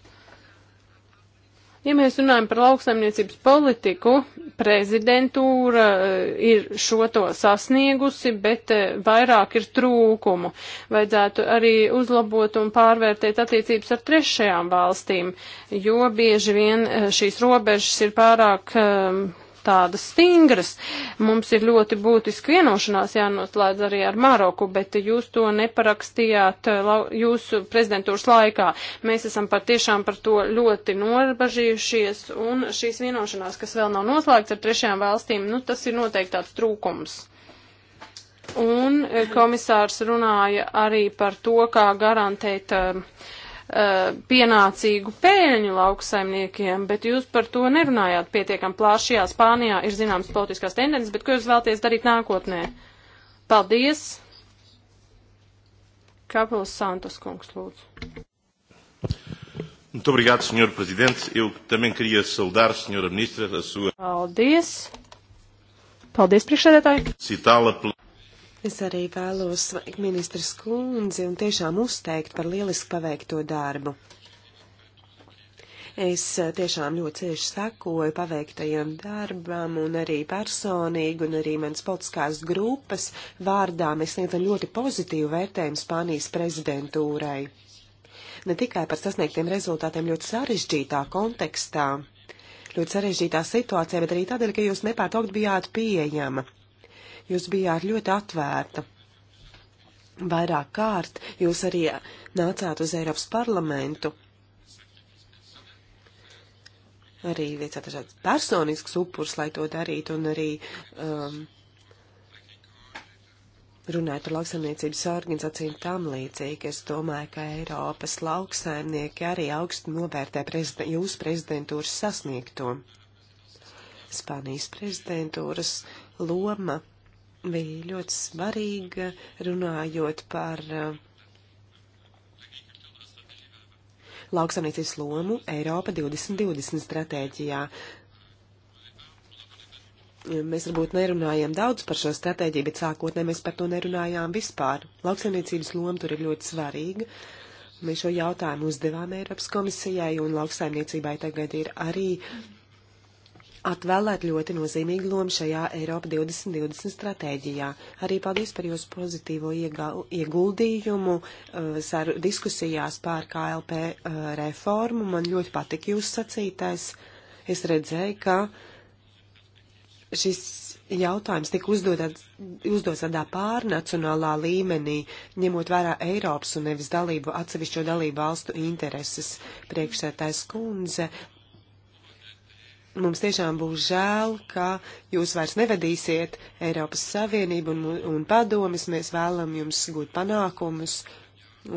ja mēs runājam par lauksaimniecības politiku, prezidentūra eh, ir šo to sasniegusi, bet eh, vairāk ir trūkumu. Vajadzētu arī uzlabot un pārvērtēt attiecības ar trešajām valstīm, jo bieži vien eh, šīs robežas ir pārāk. Um, tādas stingras. Mums ir ļoti būtiski vienošanās jānoslēdz arī ar Maroku, bet jūs to neparakstījāt eh, jūsu prezidentūras laikā. Mēs esam patiešām par to ļoti norbažījušies, un šīs vienošanās, kas vēl nav noslēgts ar trešajām valstīm, nu, tas ir noteikti tāds trūkums. Un eh, komisārs runāja arī par to, kā garantēt uh, Eh, pienācīgu pēļņu lauksaimniekiem, bet jūs par to nerunājāt pietiekam plaši. Jā, Spānijā ir zināmas politiskās tendences, bet ko jūs vēlties darīt nākotnē? Paldies! Kapelas Santos kungs, lūdzu. Muito obrigado, Sr. Presidente. Eu também queria saudar, Sra. Ministra, a sua. Paldies. Paldies, priekšsēdētāji. Citāla. Es arī vēlos sveikt ministras kundzi un tiešām uzteikt par lieliski paveikto darbu. Es eh, tiešām ļoti cieši sekoju paveiktajam darbam un arī personīgi un arī manas politiskās grupas vārdā mēs sniedzam ļoti pozitīvu vērtējumu Spānijas prezidentūrai. Ne tikai par sasniegtiem rezultātiem ļoti sarežģītā kontekstā, ļoti sarežģītā situācijā, bet arī tādēļ, ka jūs nepārtraukt bijāt pieejama. Jūs bijāt ļoti atvērta. Vairāk kārt jūs arī nācāt uz Eiropas parlamentu. Arī viecāt dažādas personiskas upurs, lai to darītu, un arī um, runāt par lauksaimniecības organizācijām tam līdzīgi. Es domāju, ka Eiropas lauksaimnieki arī augstu novērtē prezident, jūsu prezidentūras sasniegto. Spānijas prezidentūras loma bija ļoti svarīga runājot par uh, lauksaimniecības lomu Eiropa 2020 stratēģijā. Mēs varbūt nerunājam daudz par šo stratēģiju, bet sākotnē mēs par to nerunājām vispār. Lauksaimniecības loma tur ir ļoti svarīga. Mēs šo jautājumu uzdevām Eiropas komisijai, un lauksaimniecībai tagad ir arī mm atvēlēt ļoti nozīmīgu lomu šajā Eiropa 2020 stratēģijā. Arī paldies par jūsu pozitīvo ieguldījumu uh, diskusijās pār KLP uh, eh, reformu. Man ļoti patika jūsu sacītais. Es redzēju, ka šis jautājums tika uzdots tādā pārnacionālā līmenī, ņemot vērā Eiropas un nevis dalību atsevišķo dalību valstu intereses. Priekšsētājs kundze, Mums tiešām būs žēl, ka jūs vairs nevedīsiet Eiropas Savienību un, un padomis. Mēs vēlam jums gūt panākumus.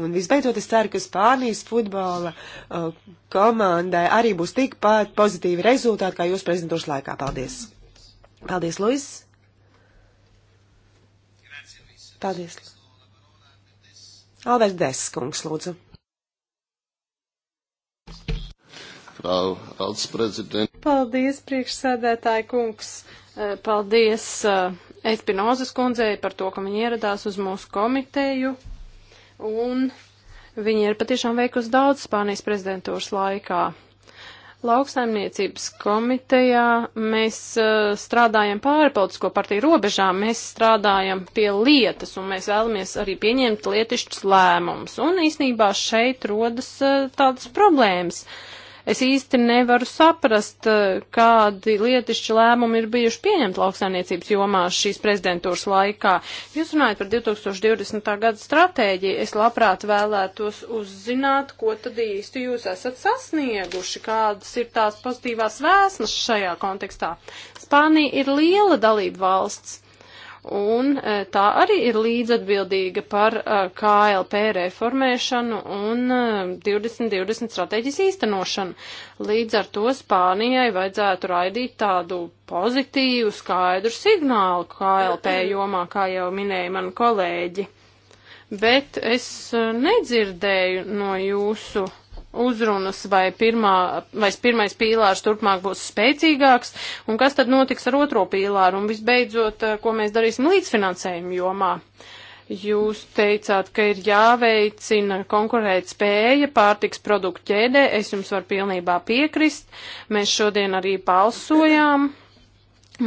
Un visbeidzot, es ceru, ka Spānijas futbola uh, komandai arī būs tikpat pozitīvi rezultāti, kā jūs prezidentūras laikā. Paldies! Paldies, Luis! Paldies! Alvērs Deskungs, lūdzu! Frau Altspräsident. Paldies, priekšsēdētāji kungs. Eh, paldies eh, Espinozes kundzei par to, ka viņa ieradās uz mūsu komiteju. Un viņa ir patiešām veikusi daudz Spānijas prezidentūras laikā. Lauksaimniecības komitejā mēs uh, strādājam pāri politisko partiju robežām, mēs strādājam pie lietas un mēs vēlamies arī pieņemt lietišķus lēmumus. Un īsnībā šeit rodas uh, tādas problēmas. Uh, Es īsti nevaru saprast, eh, kādi lietišķi lēmumi ir bijuši pieņemti lauksainiecības jomā šīs prezidentūras laikā. Jūs runājat par 2020. gada stratēģiju. Es labprāt vēlētos uzzināt, ko tad īsti jūs esat sasnieguši, kādas ir tās pozitīvās vēsmas šajā kontekstā. Spānija ir liela dalība valsts un e, tā arī ir līdzatbildīga par e, KLP reformēšanu un 2020 e, stratēģijas īstenošanu. Līdz ar to Spānijai vajadzētu raidīt tādu pozitīvu, skaidru signālu KLP jomā, kā jau minēja mani kolēģi. Bet es nedzirdēju no jūsu uzrunas, vai, pirmā, vai pirmais pīlārs turpmāk būs spēcīgāks, un kas tad notiks ar otro pīlāru, un visbeidzot, eh, ko mēs darīsim līdzfinansējumu jomā. Jūs teicāt, ka ir jāveicina konkurēt spēja pārtiks produktu ķēdē, es jums varu pilnībā piekrist, mēs šodien arī balsojām.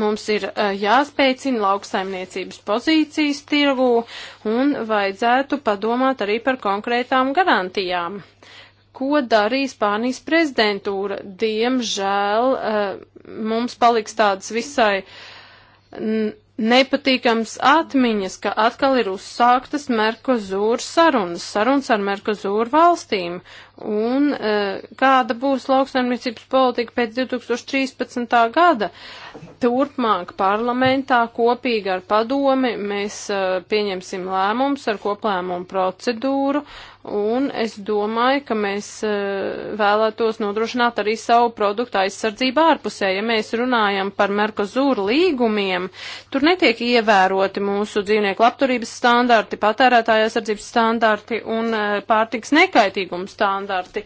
Mums ir eh, jāspēcina lauksaimniecības pozīcijas tirgū un vajadzētu padomāt arī par konkrētām garantijām. Uh, ko darīs Spānijas prezidentūra. Diemžēl eh, mums paliks tādas visai nepatīkams atmiņas, ka atkal ir uzsāktas Merkozūra sarunas, sarunas ar Merkozūra valstīm, Un e, kāda būs lauksaimniecības politika pēc 2013. gada? Turpmāk parlamentā kopīgi ar padomi mēs e, pieņemsim lēmums ar koplēmumu procedūru, un es domāju, ka mēs e, vēlētos nodrošināt arī savu produktu aizsardzību ārpusē. Ja mēs runājam par Merkozūru līgumiem, tur netiek ievēroti mūsu dzīvnieku labturības standarti, patērētāja aizsardzības standarti un pārtiks nekaitīgums standarti standarti.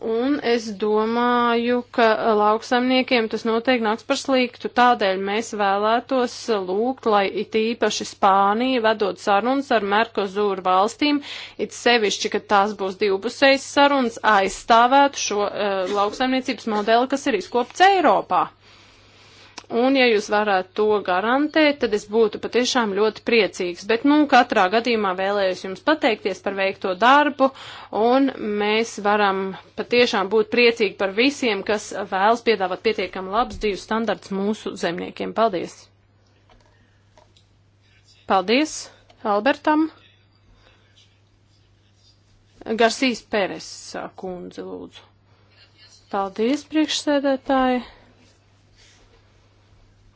Un es domāju, ka lauksaimniekiem tas noteikti nāks par sliktu. Tādēļ mēs vēlētos lūgt, lai it īpaši Spānija vedot sarunas ar Merkozūru valstīm, it sevišķi, ka tās būs divpusējas sarunas, aizstāvētu šo uh, lauksaimniecības modeli, kas ir izkopts Eiropā. Un, ja jūs varētu to garantēt, tad es būtu patiešām ļoti priecīgs. Bet, nu, katrā gadījumā vēlējos jums pateikties par veikto darbu, un mēs varam patiešām būt priecīgi par visiem, kas vēlas piedāvāt pietiekam labs dzīves standarts mūsu zemniekiem. Paldies! Paldies Albertam! Garsīs Pēres kundze, lūdzu. Paldies, priekšsēdētāji!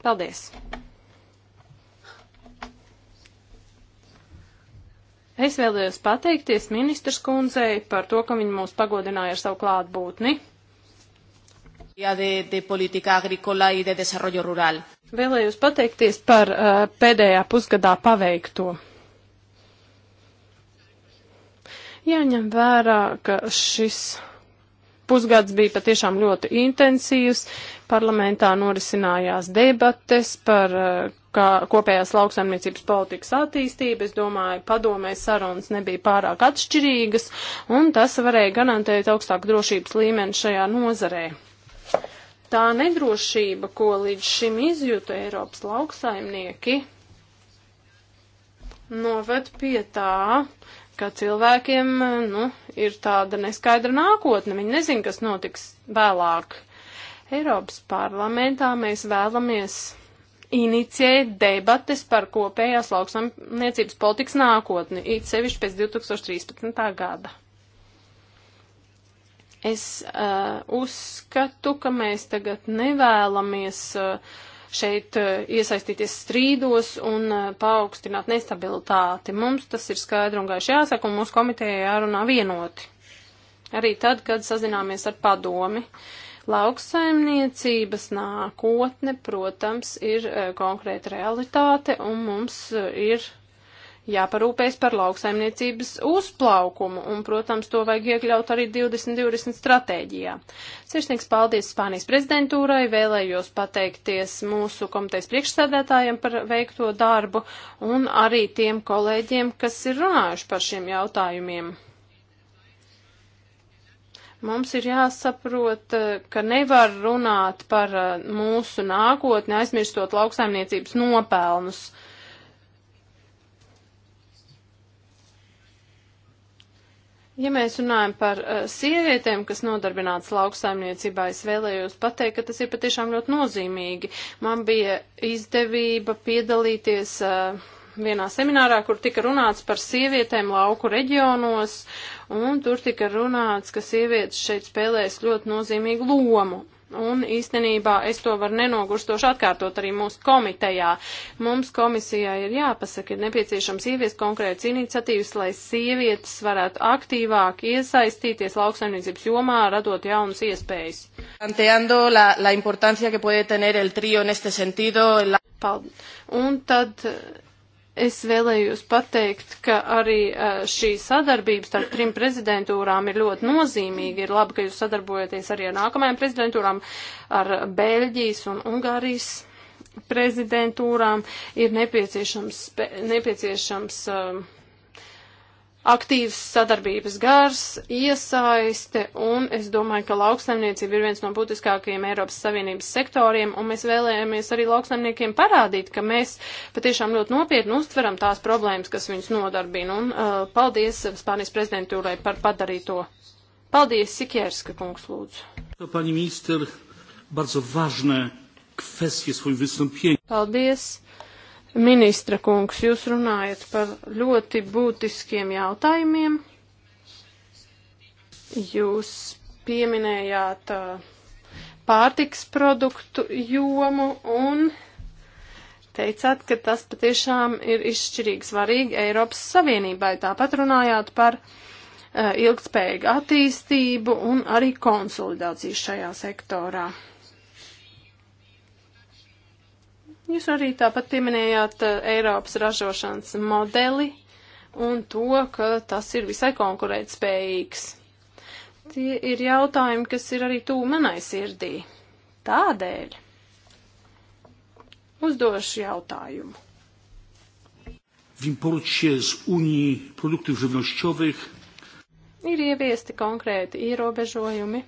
Paldies! Es vēlējos pateikties ministrs kundzei par to, ka viņa mūs pagodināja ar savu klātbūtni. De, de politika agricola y de desarrollo rural. Vēlējos pateikties par uh, pēdējā pusgadā paveikto. Jāņem vērā, ka šis pusgads bija patiešām ļoti intensīvs, Parlamentā norisinājās debates par eh, kā kopējās lauksaimniecības politikas attīstība, es domāju, padomē sarunas nebija pārāk atšķirīgas, un tas varēja garantēt augstāku drošības līmeni šajā nozarē. Tā nedrošība, ko līdz šim izjuta Eiropas lauksaimnieki, noved pie tā, ka cilvēkiem, nu, ir tāda neskaidra nākotne, viņi nezin, kas notiks vēlāk. Eiropas parlamentā mēs vēlamies inicijēt debates par kopējās lauksaimniecības politikas nākotni, it sevišķi pēc 2013. gada. Es uh, uzskatu, ka mēs tagad nevēlamies uh, šeit uh, iesaistīties strīdos un uh, paaugstināt nestabilitāti. Mums tas ir skaidri un gaiši jāsaka, un mūsu komitejai jārunā vienoti. Arī tad, kad sazināmies ar padomi. Uh, Lauksaimniecības nākotne, protams, ir eh, konkrēta realitāte un mums eh, ir jāparūpēs par lauksaimniecības uzplaukumu, un, protams, to vajag iekļaut arī 2020 stratēģijā. Sirsnīgs paldies Spānijas prezidentūrai, vēlējos pateikties mūsu komitejas priekšsēdētājiem par veikto darbu, un arī tiem kolēģiem, kas ir runājuši par šiem jautājumiem. Mums ir jāsaprot, eh, ka nevar runāt par eh, mūsu nākotni, aizmirstot lauksaimniecības nopelnus. Ja mēs runājam par uh, sievietēm, kas nodarbināts lauksaimniecībā, es vēlējos pateikt, ka tas ir patiešām ļoti nozīmīgi. Man bija izdevība piedalīties uh, vienā seminārā, kur tika runāts par sievietēm lauku reģionos, un tur tika runāts, ka sievietes šeit spēlēs ļoti nozīmīgu lomu. Un īstenībā es to varu nenogurstoši atkārtot arī mūsu komitejā. Mums komisijā ir jāpasaka, ir nepieciešams ieviest konkrētas iniciatīvas, lai sievietes varētu aktīvāk iesaistīties lauksaimniecības jomā, radot jaunas iespējas. La, la importancia que puede tener el trío en este sentido. La... Paldies. Un tad Es vēlējos pateikt, ka arī šī sadarbība starp trim prezidentūrām ir ļoti nozīmīga. Ir labi, ka jūs sadarbojaties arī ar nākamajām prezidentūrām, ar Beļģijas un Ungārijas prezidentūrām. Ir nepieciešams, nepieciešams uh, aktīvs sadarbības gars, iesaiste, un es domāju, ka lauksaimniecība ir viens no būtiskākajiem Eiropas Savienības sektoriem, un mēs vēlējāmies arī lauksaimniekiem parādīt, ka mēs patiešām ļoti nopietni uztveram tās problēmas, kas viņus nodarbina, un uh, paldies Spānijas prezidentūrai par padarīto. Paldies, Sikierska kungs, lūdzu. Pani minister, bardzo ważne kwestie swoim wystąpieniem. Paldies. Uh, Ministra kungs, jūs runājat par ļoti būtiskiem jautājumiem. Jūs pieminējāt pārtiks produktu jomu un teicāt, ka tas patiešām ir izšķirīgi svarīgi Eiropas Savienībai. Tāpat runājāt par ilgspējīgu attīstību un arī konsolidāciju šajā sektorā. Jūs arī tāpat pieminējāt eh, Eiropas ražošanas modeli un to, ka tas ir visai konkurētspējīgs. Tie ir jautājumi, kas ir arī tū manai sirdī. Tādēļ uzdošu jautājumu. W imporcie z Unii produktów żywnościowych ir ieviesti konkrēti ierobežojumi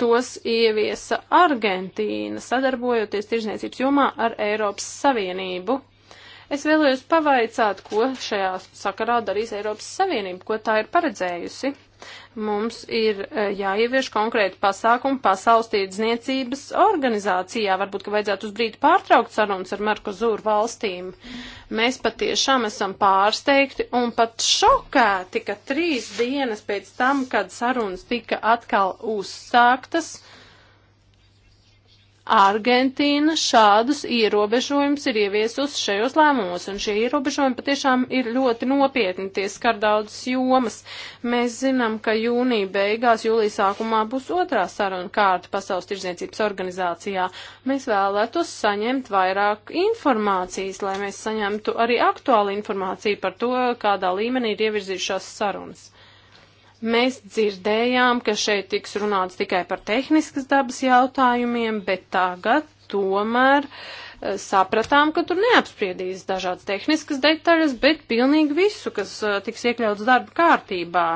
tos ieviesa Argentīna, sadarbojoties tirzniecības jomā ar Eiropas Savienību. Es vēlējos pavaicāt, ko šajā sakarā darīs Eiropas Savienība, ko tā ir paredzējusi. Mums ir e, jāievieš konkrēti pasākumi pasaules tirdzniecības organizācijā. Varbūt, ka vajadzētu uz brīdi pārtraukt sarunas ar Merkozūru valstīm. Mēs patiešām esam pārsteigti un pat šokēti, ka trīs dienas pēc tam, kad sarunas tika atkal uzsāktas, uh, Argentīna šādus ierobežojumus ir ieviesusi šajos lēmumos, un šie ierobežojumi patiešām ir ļoti nopietni, tie skar daudzas jomas. Mēs zinām, ka jūnija beigās, jūlija sākumā būs otrā saruna kārta Pasaules tirdzniecības organizācijā. Mēs vēlētos saņemt vairāk informācijas, lai mēs saņemtu arī aktuālu informāciju par to, kādā līmenī ir ievirzījušās sarunas. Mēs dzirdējām, ka šeit tiks runāts tikai par tehniskas dabas jautājumiem, bet tagad tomēr eh, sapratām, ka tur neapspriedīs dažādas tehniskas detaļas, bet pilnīgi visu, kas eh, tiks iekļauts darba kārtībā.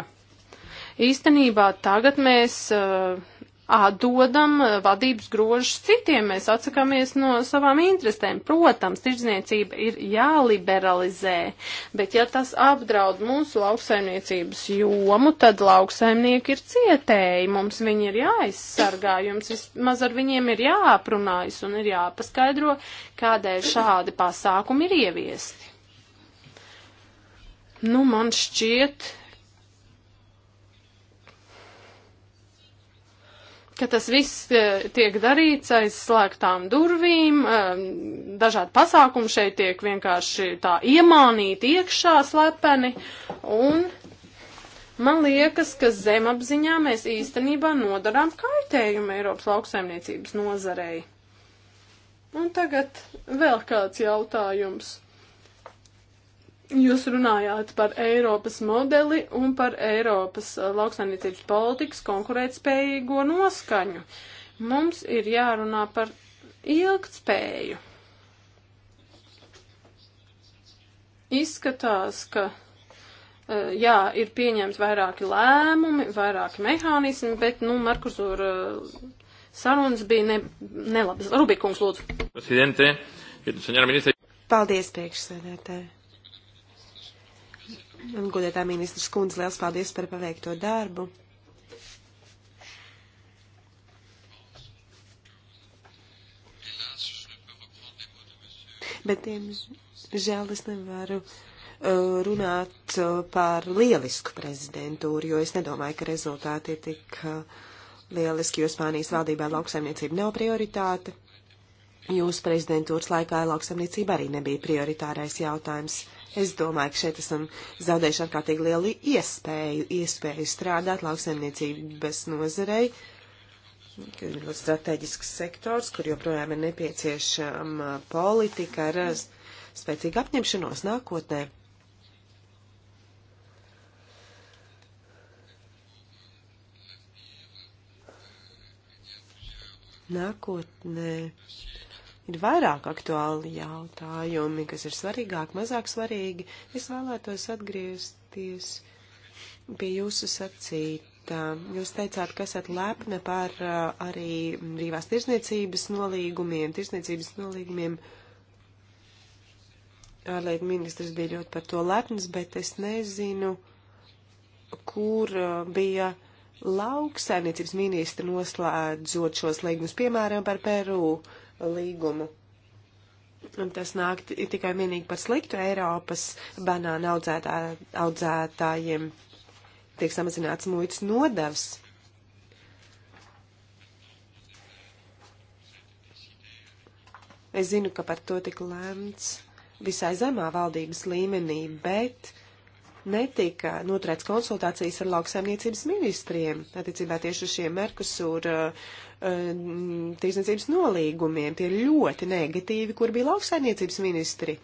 Īstenībā tagad mēs uh, atdodam eh, vadības grožus citiem, mēs atsakāmies no savām interesēm. Protams, tirdzniecība ir jāliberalizē, bet ja tas apdraud mūsu lauksaimniecības jomu, tad lauksaimnieki ir cietēji, mums viņi ir jāaizsargā, jums vismaz ar viņiem ir jāaprunājas un ir jāpaskaidro, kādēļ šādi pasākumi ir ieviesti. Nu, man šķiet, ka tas viss eh, tiek darīts aiz slēgtām durvīm, eh, dažādi pasākumi šeit tiek vienkārši tā iemānīti iekšā slepeni, un man liekas, ka zemapziņā mēs īstenībā nodarām kaitējumu Eiropas lauksaimniecības nozarei. Un tagad vēl kāds jautājums. Jūs runājāt par Eiropas modeli un par Eiropas uh, lauksaimniecības politikas konkurētspējīgo noskaņu. Mums ir jārunā par ilgtspēju. Izskatās, ka uh, jā, ir pieņemts vairāki lēmumi, vairāki mehānismi, bet, nu, Merkursur uh, sarunas bija ne, nelabas. Rubikungs, lūdzu. Paldies, priekšsēdētāji. Un, godētā ministrs Kundze, liels paldies par paveikto darbu. Bet, diemžēl, es nevaru uh, runāt uh, par lielisku prezidentūru, jo es nedomāju, ka rezultāti ir tik uh, lieliski, jo Spānijas valdībā lauksaimniecība nav prioritāte. Jūsu prezidentūras laikā lauksaimniecība arī nebija prioritārais jautājums. Es domāju, ka šeit esam zaudējuši ārkārtīgi lielu iespēju, iespēju strādāt lauksaimniecības nozarei, kur ir strateģisks sektors, kur joprojām ir nepieciešama politika ar spēcīgu apņemšanos nākotnē. Nākotnē ir vairāk aktuāli jautājumi, kas ir svarīgāk, mazāk svarīgi. Es vēlētos atgriezties pie jūsu sacītā. Jūs teicāt, ka esat lepna par uh, arī brīvās tirsniecības nolīgumiem, tirsniecības nolīgumiem. Ārlietu ministrs bija ļoti par to lepns, bet es nezinu, kur uh, bija lauksaimniecības ministri noslēdzot šos līgumus, piemēram, par Peru. Uh, līgumu. Un tas nāk tikai vienīgi par sliktu Eiropas banāna audzētā, audzētājiem. Tiek samazināts muitas nodevs. Es zinu, ka par to tik lēmts visai zemā valdības līmenī, bet netika noturēts konsultācijas ar lauksaimniecības ministriem attiecībā tieši uz šiem Merkusūra eh, tīrzniecības nolīgumiem. Tie ir ļoti negatīvi, kur bija lauksaimniecības ministri.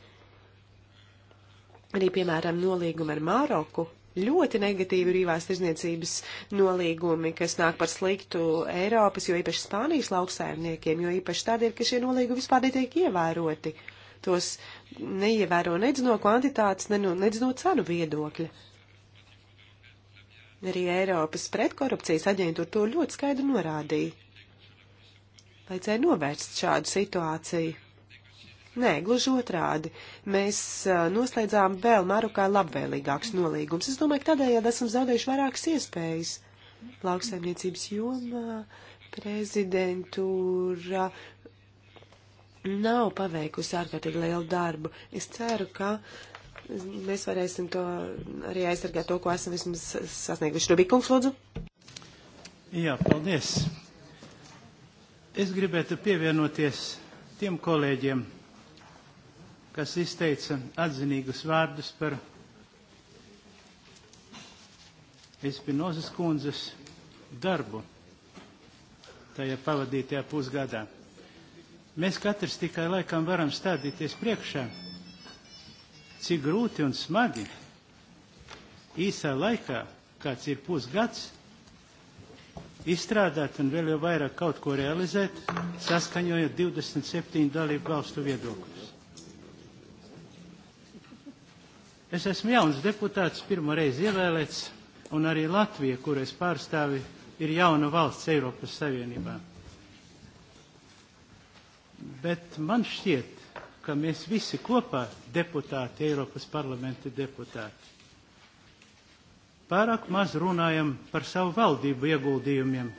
Arī, piemēram, nolīgumi ar Māroku. Ļoti negatīvi rīvās tirzniecības nolīgumi, kas nāk par sliktu Eiropas, jo īpaši Spānijas lauksaimniekiem, jo īpaši tādēļ, ka šie nolīgumi vispār netiek ievēroti. Uh, tos neievēro nedz no kvantitātes, ne no, nedz no cenu viedokļa. Arī Eiropas pretkorupcijas aģentūra to ļoti skaidri norādīja. Vajadzēja novērst šādu situāciju. Nē, gluži otrādi. Mēs noslēdzām vēl Marukā labvēlīgāks nolīgums. Es domāju, ka tādējādi esam zaudējuši vairākas iespējas. Lauksaimniecības jomā prezidentūra nav paveikusi ārkārtīgi lielu darbu. Es ceru, ka mēs varēsim to arī aizsargāt to, ko esam vismaz sasnieguši. Rubikungs, lūdzu. Jā, paldies. Es gribētu pievienoties tiem kolēģiem, kas izteica atzinīgus vārdus par Espinozas kundzes darbu tajā pavadītajā pusgadā. Mēs katrs tikai laikam varam stādīties priekšā, cik grūti un smagi īsā laikā, kāds ir pusgads, izstrādāt un vēl jau vairāk kaut ko realizēt, saskaņojot 27 dalību valstu viedokļus. Es esmu jauns deputāts, pirmo reizi ievēlēts, un arī Latvija, kur es pārstāvi, ir jauna valsts Eiropas Savienībā bet man šķiet, ka mēs visi kopā, deputāti, Eiropas parlamenta deputāti, pārāk maz runājam par savu valdību ieguldījumiem.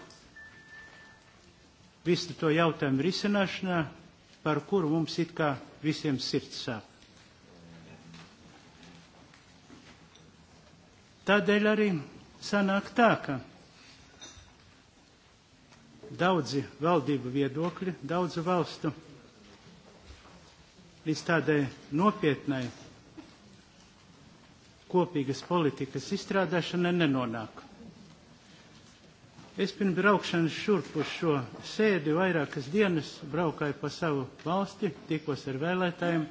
Visu to jautājumu risināšanā, par kuru mums it kā visiem sirds sāp. Tādēļ arī sanāk tā, ka daudzi valdību viedokļi, daudzu valstu līdz tādai nopietnai kopīgas politikas izstrādāšana nenonāk. Es pirms braukšanas šurp uz šo sēdi vairākas dienas braukāju pa savu valsti, tikos ar vēlētājiem.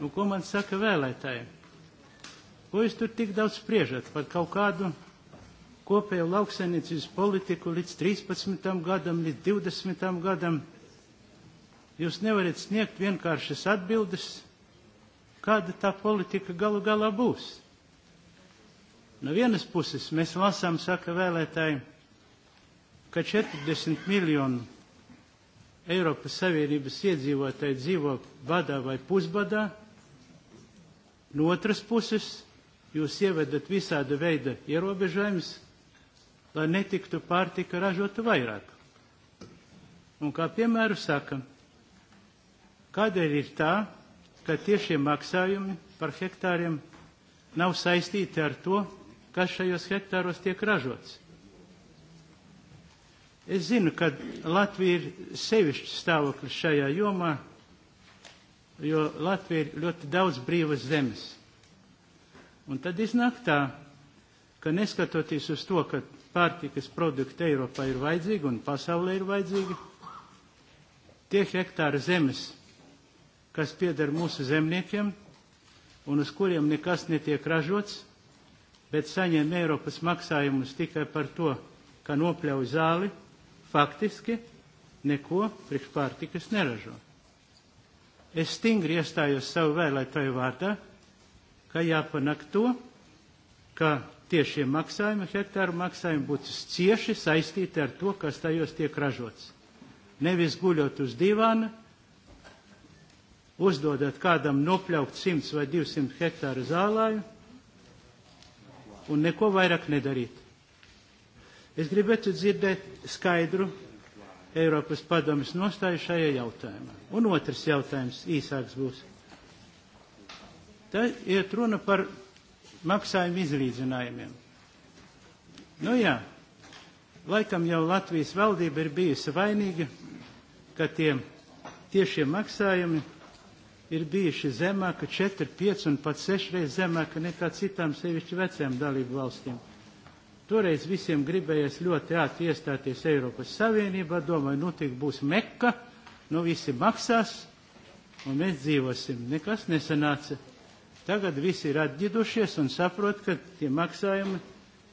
Nu, ko man saka vēlētāji? Ko jūs tur tik daudz spriežat par kaut kādu kopēju lauksainiecības politiku līdz 13. gadam, līdz 20. gadam? Jūs nevarat sniegt vienkāršas atbildes, kāda tā politika galu galā būs. No vienas puses mēs lasām, saka vēlētāji, ka 40 miljonu Eiropas Savienības iedzīvotāji dzīvo badā vai pusbadā. No otras puses jūs ievedat visāda veida ierobežojumus, lai netiktu pārtika ražota vairāk. Un kā piemēru sakam, Kādēļ ir tā, ka tiešie maksājumi par hektāriem nav saistīti ar to, kas šajos hektāros tiek ražots? Es zinu, ka Latvija ir sevišķs stāvoklis šajā jomā, jo Latvija ir ļoti daudz brīvas zemes. Un tad iznāk tā, ka neskatoties uz to, ka pārtikas produkti Eiropā ir vajadzīgi un pasaulē ir vajadzīgi, tie hektāri zemes, kas pieder mūsu zemniekiem un uz kuriem nekas netiek ražots, bet saņem Eiropas maksājumus tikai par to, ka nopļauj zāli, faktiski neko priekš pārtikas neražo. Es stingri iestājos savu vēlētāju vārdā, ka jāpanāk to, ka tiešie maksājumi, hektāru maksājumi būtu cieši saistīti ar to, kas tajos tiek ražots. Nevis guļot uz divāna, uzdodat kādam nopļaukt 100 vai 200 hektāru zālāju un neko vairāk nedarīt. Es gribētu dzirdēt skaidru Eiropas padomas nostāju šajā jautājumā. Un otrs jautājums īsāks būs. Tā iet runa par maksājumu izlīdzinājumiem. Nu jā, laikam jau Latvijas valdība ir bijusi vainīga, ka tie tiešie maksājumi ir bijuši zemāki 4, 5 un pat 6 reizes zemāki nekā citām sevišķi vecajām dalību valstīm. Toreiz visiem gribējies ļoti ātri iestāties Eiropas Savienībā, domāju, nu tik būs meka, nu visi maksās un mēs dzīvosim. Nekas nesanāca. Tagad visi ir atģidušies un saprot, ka tie maksājumi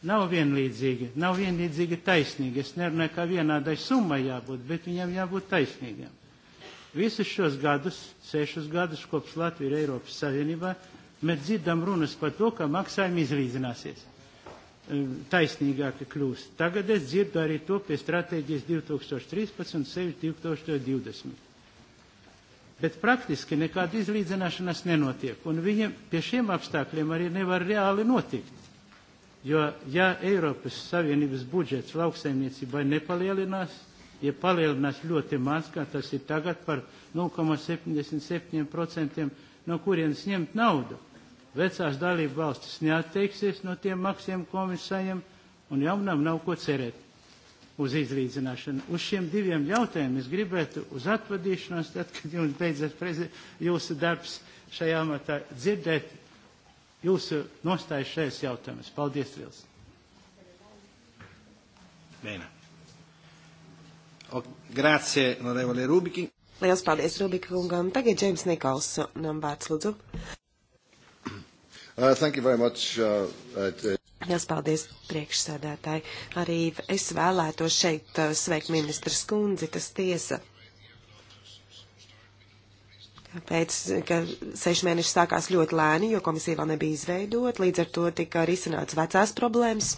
nav vienlīdzīgi, nav vienlīdzīgi taisnīgi. Es nerunāju, ka vienādai summai jābūt, bet viņam jābūt taisnīgiem. Visus šos gadus, sešus gadus, kopš Latvija ir Eiropas Savienībā, mēs dzirdam runas par to, ka maksājumi izlīdzināsies e, taisnīgāki kļūst. Tagad es dzirdu arī to pie stratēģijas 2013, sevišķi 2020. Bet praktiski nekāda izlīdzināšanās nenotiek, un viņiem pie šiem apstākļiem arī nevar reāli notikt. Jo, ja Eiropas Savienības budžets lauksaimniecībai nepalielinās, ir palielināts ļoti maz, kā tas ir tagad par 0,77%, no kurienes ņemt naudu. Vecās dalība valstis neatteiksies no tiem maksiem komisējiem, un jaunam nav ko cerēt uz izlīdzināšanu. Uz šiem diviem jautājumiem es gribētu uz atvadīšanos, tad, kad jums beidzas prezi, jūsu darbs šajā amatā, dzirdēt jūsu nostāju šajās jautājumus. Paldies, Vils. Bene. Grācie, Norevole Rubiki. Liels paldies Rubika kungam. Tagad Džeims Nikols, nam vārds lūdzu. Uh, thank you very much. Uh, uh, Liels paldies, priekšsēdētāji. Arī es vēlētos šeit uh, sveikt ministras kundzi, tas tiesa. Pēc, ka seši mēneši sākās ļoti lēni, jo komisija vēl nebija izveidot, līdz ar to tika risināts vecās problēmas.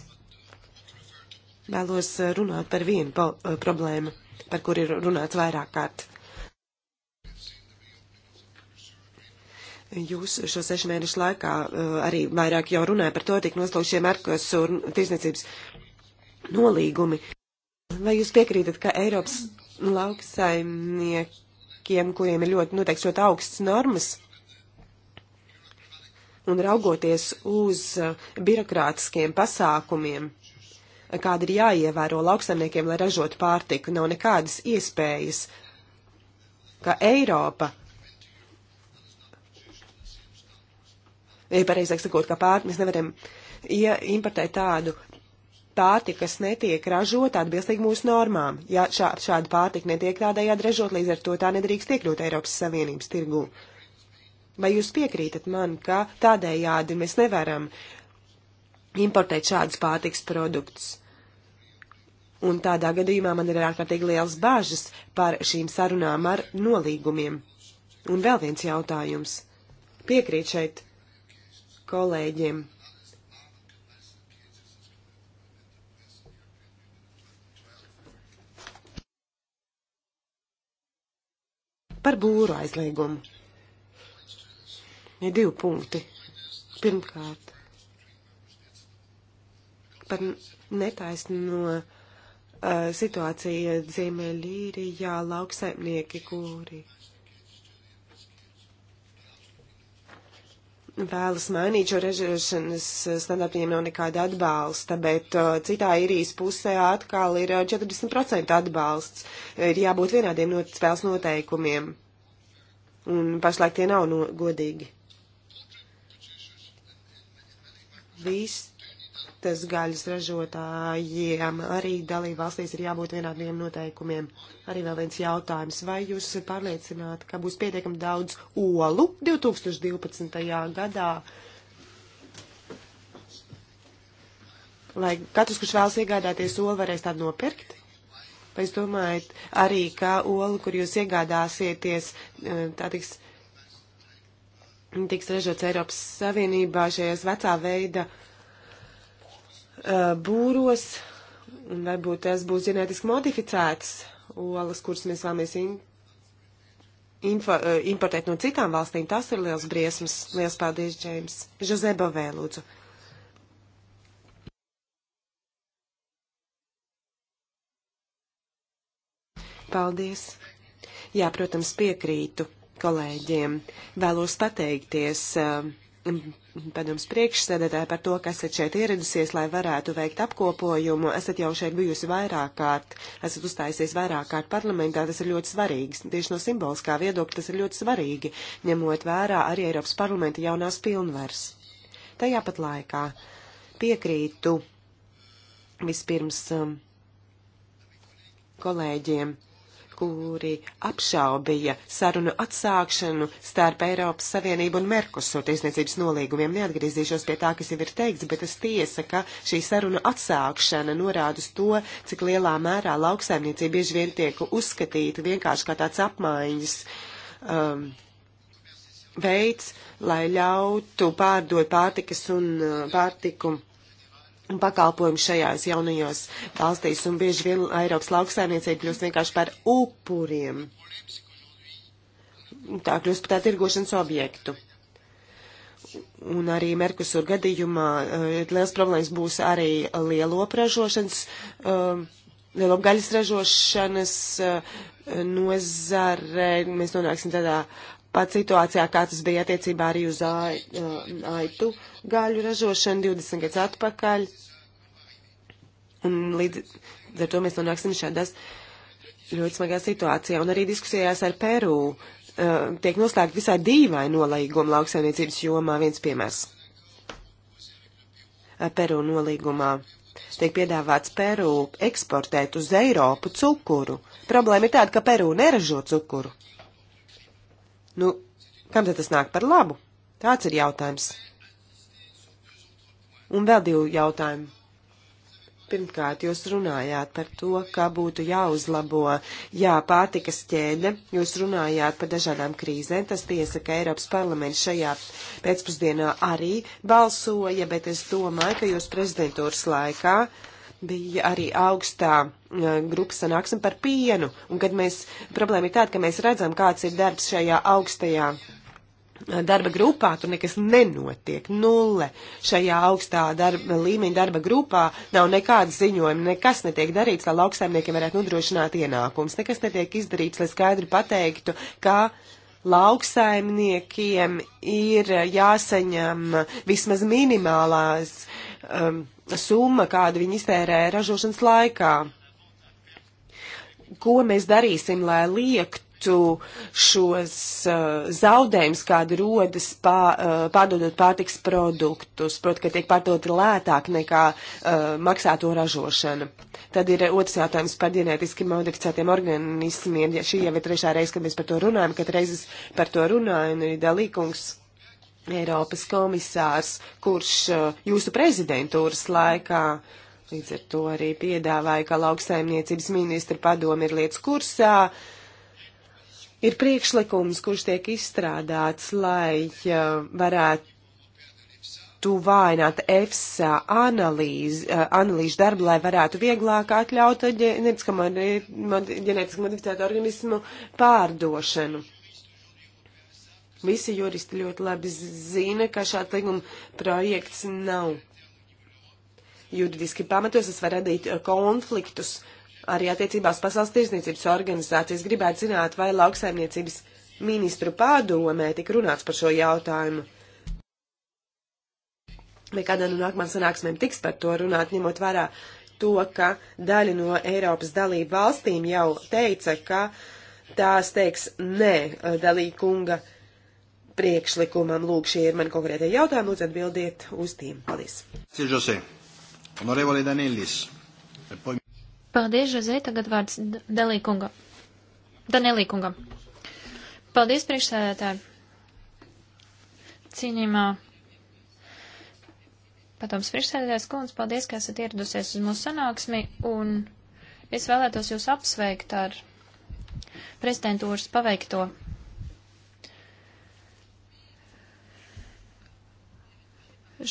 Vēlos eh, runāt par vienu eh, problēmu, par kur ir runāts vairāk kārt. Jūs šo sešu mēnešu laikā eh, arī vairāk jau runāja par to, tik noslaušie Merkos un tirsniecības nolīgumi. Vai jūs piekrītat, ka Eiropas lauksaimniekiem, kuriem ir ļoti, noteikti, ļoti augsts normas, un raugoties uz birokrātiskiem pasākumiem, kāda ir jāievēro lauksaimniekiem, lai ražotu pārtiku. Nav nekādas iespējas, ka Eiropa, ja eh, pareizāk sakot, ka pārtiku mēs nevaram importēt tādu pārtika, kas netiek ražota atbilstīgi mūsu normām. Ja šā, šāda pārtika netiek tādējādi ražot, līdz ar to tā nedrīkst iekļūt Eiropas Savienības tirgū. Vai jūs piekrītat man, ka tādējādi mēs nevaram importēt šādus pārtiks produktus. Un tādā gadījumā man ir ārkārtīgi liels bāžas par šīm sarunām ar nolīgumiem. Un vēl viens jautājums. Piekrīt šeit kolēģiem. Par būru aizliegumu. Ir divi punkti. Pirmkārt, par netaisno uh, situāciju Ziemeļīrijā lauksaimnieki, kuri vēlas mainīt šo režģēšanas standartu, viņiem nav nekāda atbalsta, bet uh, citā īrijas pusē atkal ir 40% atbalsts. Ir jābūt vienādiem not spēles noteikumiem. Un pašlaik tie nav no godīgi. Viss citas gaļas ražotājiem arī dalību valstīs ir jābūt vienādiem noteikumiem. Arī vēl viens jautājums. Vai jūs esat pārliecināti, ka būs pietiekami daudz olu 2012. gadā? Lai katrs, kurš vēlas iegādāties olu, varēs tādu nopirkt? Vai jūs domājat arī, ka olu, kur jūs iegādāsieties, e, tā tiks tiks ražots Eiropas Savienībā šajās vecā veida Uh, būros, un varbūt tas būs ģenētiski modificētas olas, kuras mēs vēlamies in, info, uh, importēt no citām valstīm. Tas ir liels briesmas. Liels paldies, Džeims. Žozebovē, lūdzu. Paldies. Jā, protams, piekrītu kolēģiem. Vēlos pateikties. Uh, padoms priekšsēdētāja par to, ka esat šeit ieradusies, lai varētu veikt apkopojumu. Esat jau šeit bijusi vairāk kārt, esat uzstājusies vairāk kārt parlamentā, tas ir ļoti svarīgs. Tieši no simboliskā viedokļa tas ir ļoti svarīgi, ņemot vērā arī Eiropas parlamenta jaunās pilnvars. Tajā pat laikā piekrītu vispirms um, kolēģiem kuri apšaubīja sarunu atsākšanu starp Eiropas Savienību un Merkusur tiesniecības nolīgumiem. Neatgriezīšos pie tā, kas jau ir teikts, bet es tiesa, ka šī sarunu atsākšana norāda uz to, cik lielā mērā lauksaimniecība bieži vien tiek uzskatīta vienkārši kā tāds apmaiņas. Um, veids, lai ļautu pārdot pārtikas un uh, pārtiku pakalpojumu šajās jaunajos valstīs, un bieži vien Eiropas lauksaimniecība kļūst vienkārši par upuriem. Tā kļūst par tā tirgošanas objektu un arī Merkusur gadījumā eh, liels problēmas būs arī lielo ražošanas, eh, lielo gaļas ražošanas eh, nozare. Mēs nonāksim tādā pat situācijā, kā tas bija attiecībā arī uz aitu gaļu ražošanu 20 gadus atpakaļ. Un līdz ar to mēs nonāksim šādās ļoti smagā situācijā. Un arī diskusijās ar Peru uh, tiek noslēgt visai dīvai nolīguma lauksaimniecības jomā viens piemērs. Peru nolīgumā tiek piedāvāts Peru eksportēt uz Eiropu cukuru. Problēma ir tāda, ka Peru neražo cukuru. Nu, kam tad tas nāk par labu? Tāds ir jautājums. Un vēl divi jautājumi. Pirmkārt, jūs runājāt par to, kā būtu jāuzlabo, jā, pārtikas ķēde, jūs runājāt par dažādām krīzēm, tas tiesa, ka Eiropas parlaments šajā pēcpusdienā arī balsoja, bet es domāju, ka jūs prezidentūras laikā uh, bija arī augstā uh, grupas sanāksme par pienu, un kad mēs, problēma ir tāda, ka mēs redzam, kāds ir darbs šajā augstajā uh, darba grupā, tur nekas nenotiek, nulle. Šajā augstā darba, līmeņa darba grupā nav nekādas ziņojuma, nekas netiek darīts, lai lauksaimniekiem varētu nodrošināt ienākums, nekas netiek izdarīts, lai skaidri pateiktu, kā ka lauksaimniekiem ir jāsaņem vismaz minimālās um, summa, kādu viņi iztērē ražošanas laikā. Ko mēs darīsim, lai liektu? izbeigtu šos uh, zaudējumus, kādi rodas pā, uh, pārdodot pārtiks produktus, proti, ka tiek pārdoti lētāk nekā uh, maksāto ražošana. Tad ir otrs jautājums par ģenētiski modificētiem organismiem. Ja šī jau ir trešā reize, kad mēs par to runājam, kad reizes par to runājam, ir dalīkums. Eiropas komisārs, kurš uh, jūsu prezidentūras laikā uh, Līdz ar to arī piedāvāja, ka lauksaimniecības ministra padomi ir lietas kursā, uh, Ir priekšlikums, kurš tiek izstrādāts, lai varētu tuvaināt EFSA analīzi, eh, analīžu darbu, lai varētu vieglāk atļaut ģenētiski modificētu organismu pārdošanu. Visi juristi ļoti labi zina, ka šāds līguma projekts nav juridiski pamatos, tas var radīt konfliktus arī attiecībās pasaules tirsniecības organizācijas. Gribētu zināt, vai lauksaimniecības ministru pārdomē tika runāts par šo jautājumu. Vai kādā no nākamām sanāksmēm tiks par to runāt, ņemot vērā to, ka daļa no Eiropas dalību valstīm jau teica, ka tās teiks nē eh, dalī kunga priekšlikumam. Lūk, šie ir man konkrētie jautājumi, lūdzu atbildiet uz tiem. Paldies. Jose, honorevole Danelis. E Paldies, Žozē, tagad vārds Delīkungam. Danelīkungam. Paldies, priekšsēdētāji. Cīnījumā. Patoms priekšsēdētājs kundze, paldies, ka esat ieradusies uz mūsu sanāksmi, un es vēlētos jūs apsveikt ar prezidentūras paveikto.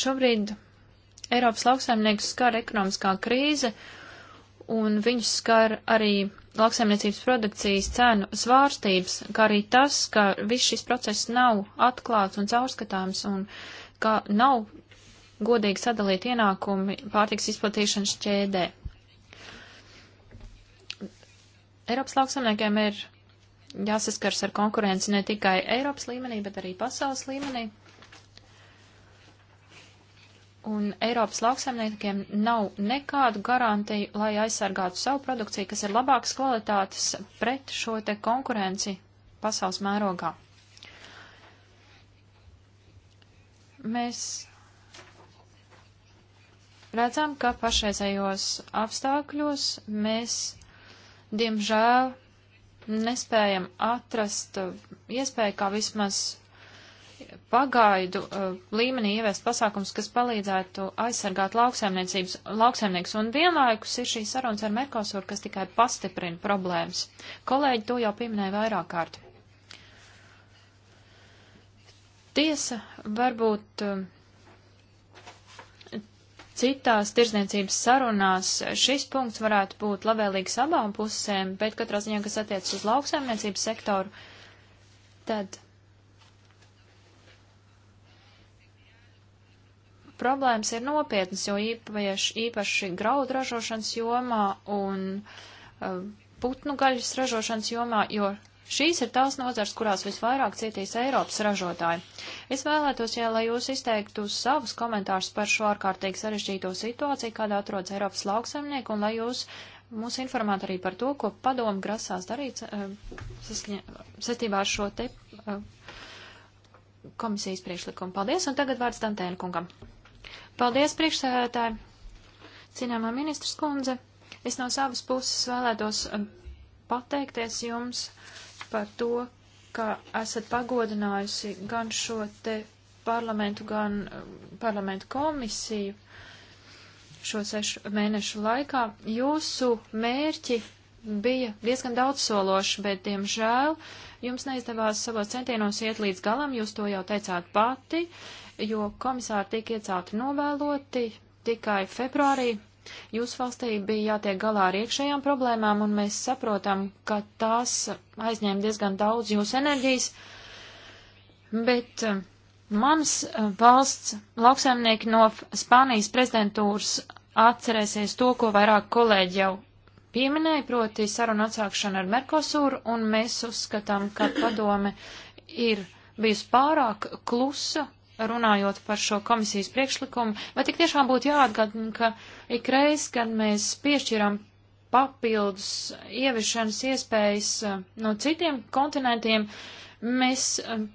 Šobrīd Eiropas lauksaimniekus skar ekonomiskā krīze, un viņus skar arī lauksaimniecības produkcijas cenu svārstības, kā arī tas, ka viss šis process nav atklāts un caurskatāms un ka nav godīgi sadalīt ienākumi pārtiks izplatīšanas ķēdē. Eiropas lauksaimniekiem ir jāsaskars ar konkurenci ne tikai Eiropas līmenī, bet arī pasaules līmenī un Eiropas lauksaimniekiem nav nekādu garantiju, lai aizsargātu savu produkciju, kas ir labākas kvalitātes pret šo te konkurenci pasaules mērogā. Mēs redzam, ka pašreizējos apstākļos mēs, diemžēl, nespējam atrast iespēju, kā vismaz pagaidu uh, līmenī ieviest pasākums, kas palīdzētu aizsargāt lauksaimnieks, un vienlaikus ir šī sarunas ar Merkosur, kas tikai pastiprina problēmas. Kolēģi to jau pieminēja vairāk kārt. Tiesa, varbūt uh, citās tirzniecības sarunās šis punkts varētu būt labvēlīgs abām pusēm, bet katrā ziņā, kas attiec uz lauksaimniecības sektoru, tad problēmas ir nopietnas, jo īpaši, īpaši graudu ražošanas jomā un uh, putnu gaļas ražošanas jomā, jo šīs ir tās nozars, kurās visvairāk cietīs Eiropas ražotāji. Es vēlētos, ja lai jūs izteiktu savus komentārus par šo ārkārtīgi sarežģīto situāciju, kādā atrodas Eiropas lauksaimnieku, un lai jūs mūs informētu arī par to, ko padomu grasās darīt uh, saistībā ar šo te. Uh, komisijas priekšlikumu. Paldies, un tagad vārds Dantēna kungam. Paldies, priekšsēdētāji! Cienāmā ministrs kundze, es no savas puses vēlētos um, pateikties jums par to, ka esat pagodinājusi gan šo te parlamentu, gan um, parlamentu komisiju šo sešu mēnešu laikā. Jūsu mērķi bija diezgan daudzsološi, bet, diemžēl, jums neizdevās savos centienos iet līdz galam, jūs to jau teicāt pati. Uh, jo komisāri tika iecelti novēloti tikai februārī. Jūsu valstī bija jātiek galā ar iekšējām problēmām, un mēs saprotam, ka tās aizņēma diezgan daudz jūsu enerģijas, bet eh, mans eh, valsts lauksaimnieki no Spānijas prezidentūras atcerēsies to, ko vairāk kolēģi jau pieminēja, proti sarunu atsākšanu ar Merkosūru, un mēs uzskatām, ka padome ir bijusi pārāk klusa runājot par šo komisijas priekšlikumu, vai tik tiešām būtu jāatgādina, ka ikreiz, kad mēs piešķiram papildus ieviešanas iespējas eh, no citiem kontinentiem, mēs eh,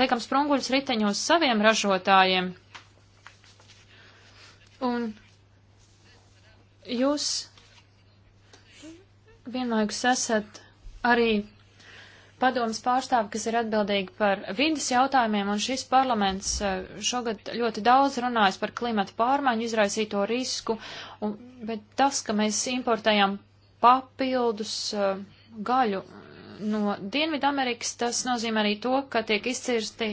liekam sprunguļus riteņos saviem ražotājiem. Un jūs vienlaikus esat arī padomas pārstāvi, kas ir atbildīgi par vidas jautājumiem, un šis parlaments eh, šogad ļoti daudz runājas par klimatu pārmaiņu izraisīto risku, un, bet tas, ka mēs importējam papildus eh, gaļu no Dienvidamerikas, tas nozīmē arī to, ka tiek izcirsti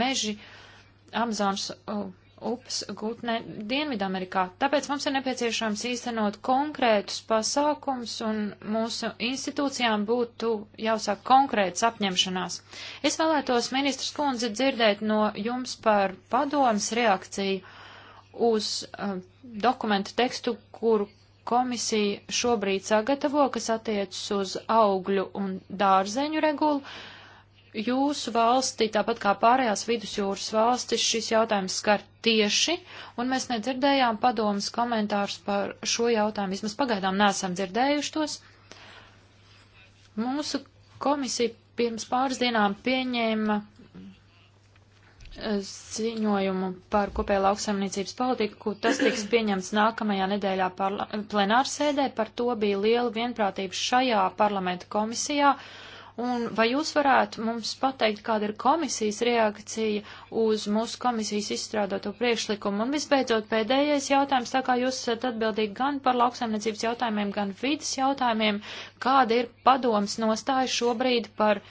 meži Amazonas oh, upes gūtnē Dienvidamerikā. Tāpēc mums ir nepieciešams īstenot konkrētus pasākums un mūsu institūcijām būtu jāsāk konkrētas apņemšanās. Es vēlētos, ministrs kundze, dzirdēt no jums par padomas reakciju uz uh, dokumentu tekstu, kuru komisija šobrīd sagatavo, kas attiecas uz augļu un dārzeņu regulu. Uh, jūsu valsti, tāpat kā pārējās vidusjūras valstis, šis jautājums skar tieši, un mēs nedzirdējām padomas komentārus par šo jautājumu. Vismaz pagaidām nesam dzirdējuši tos. Mūsu komisija pirms pāris dienām pieņēma eh, ziņojumu par kopēju lauksaimniecības politiku. Tas tiks pieņemts nākamajā nedēļā plenārsēdē. Par to bija liela vienprātība šajā parlamenta komisijā. Uh, Un vai jūs varētu mums pateikt, kāda ir komisijas reakcija uz mūsu komisijas izstrādāto priekšlikumu? Un visbeidzot, pēdējais jautājums, tā kā jūs esat atbildīgi gan par lauksaimniecības jautājumiem, gan vidas jautājumiem, kāda ir padoms nostāja šobrīd par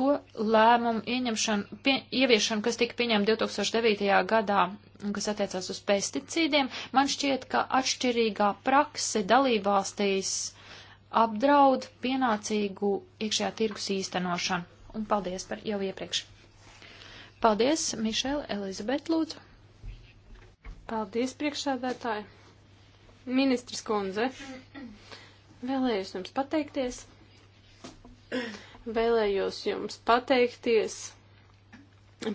to lēmumu ieņemšanu, pie, ieviešanu, kas tika pieņemta 2009. gadā un kas attiecās uz pesticīdiem, man šķiet, ka atšķirīgā prakse dalībvalstīs apdraud pienācīgu iekšējā tirgus īstenošanu. Un paldies par jau iepriekš. Paldies, Mišela, Elizabet, lūdzu. Paldies, priekšsādātāji. Ministrs kundze, vēlējos jums pateikties. Vēlējos jums pateikties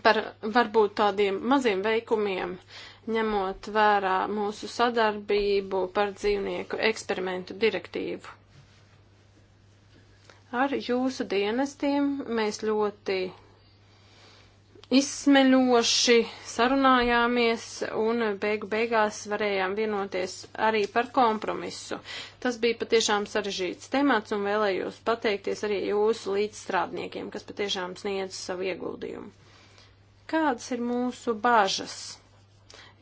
par varbūt tādiem maziem veikumiem, ņemot vērā mūsu sadarbību par dzīvnieku eksperimentu direktīvu. Ar jūsu dienestiem mēs ļoti izsmeļoši sarunājāmies un beigu beigās varējām vienoties arī par kompromisu. Tas bija patiešām sarežģīts temats un vēlējos pateikties arī jūsu līdzstrādniekiem, kas patiešām sniedz savu ieguldījumu. Kādas ir mūsu bāžas?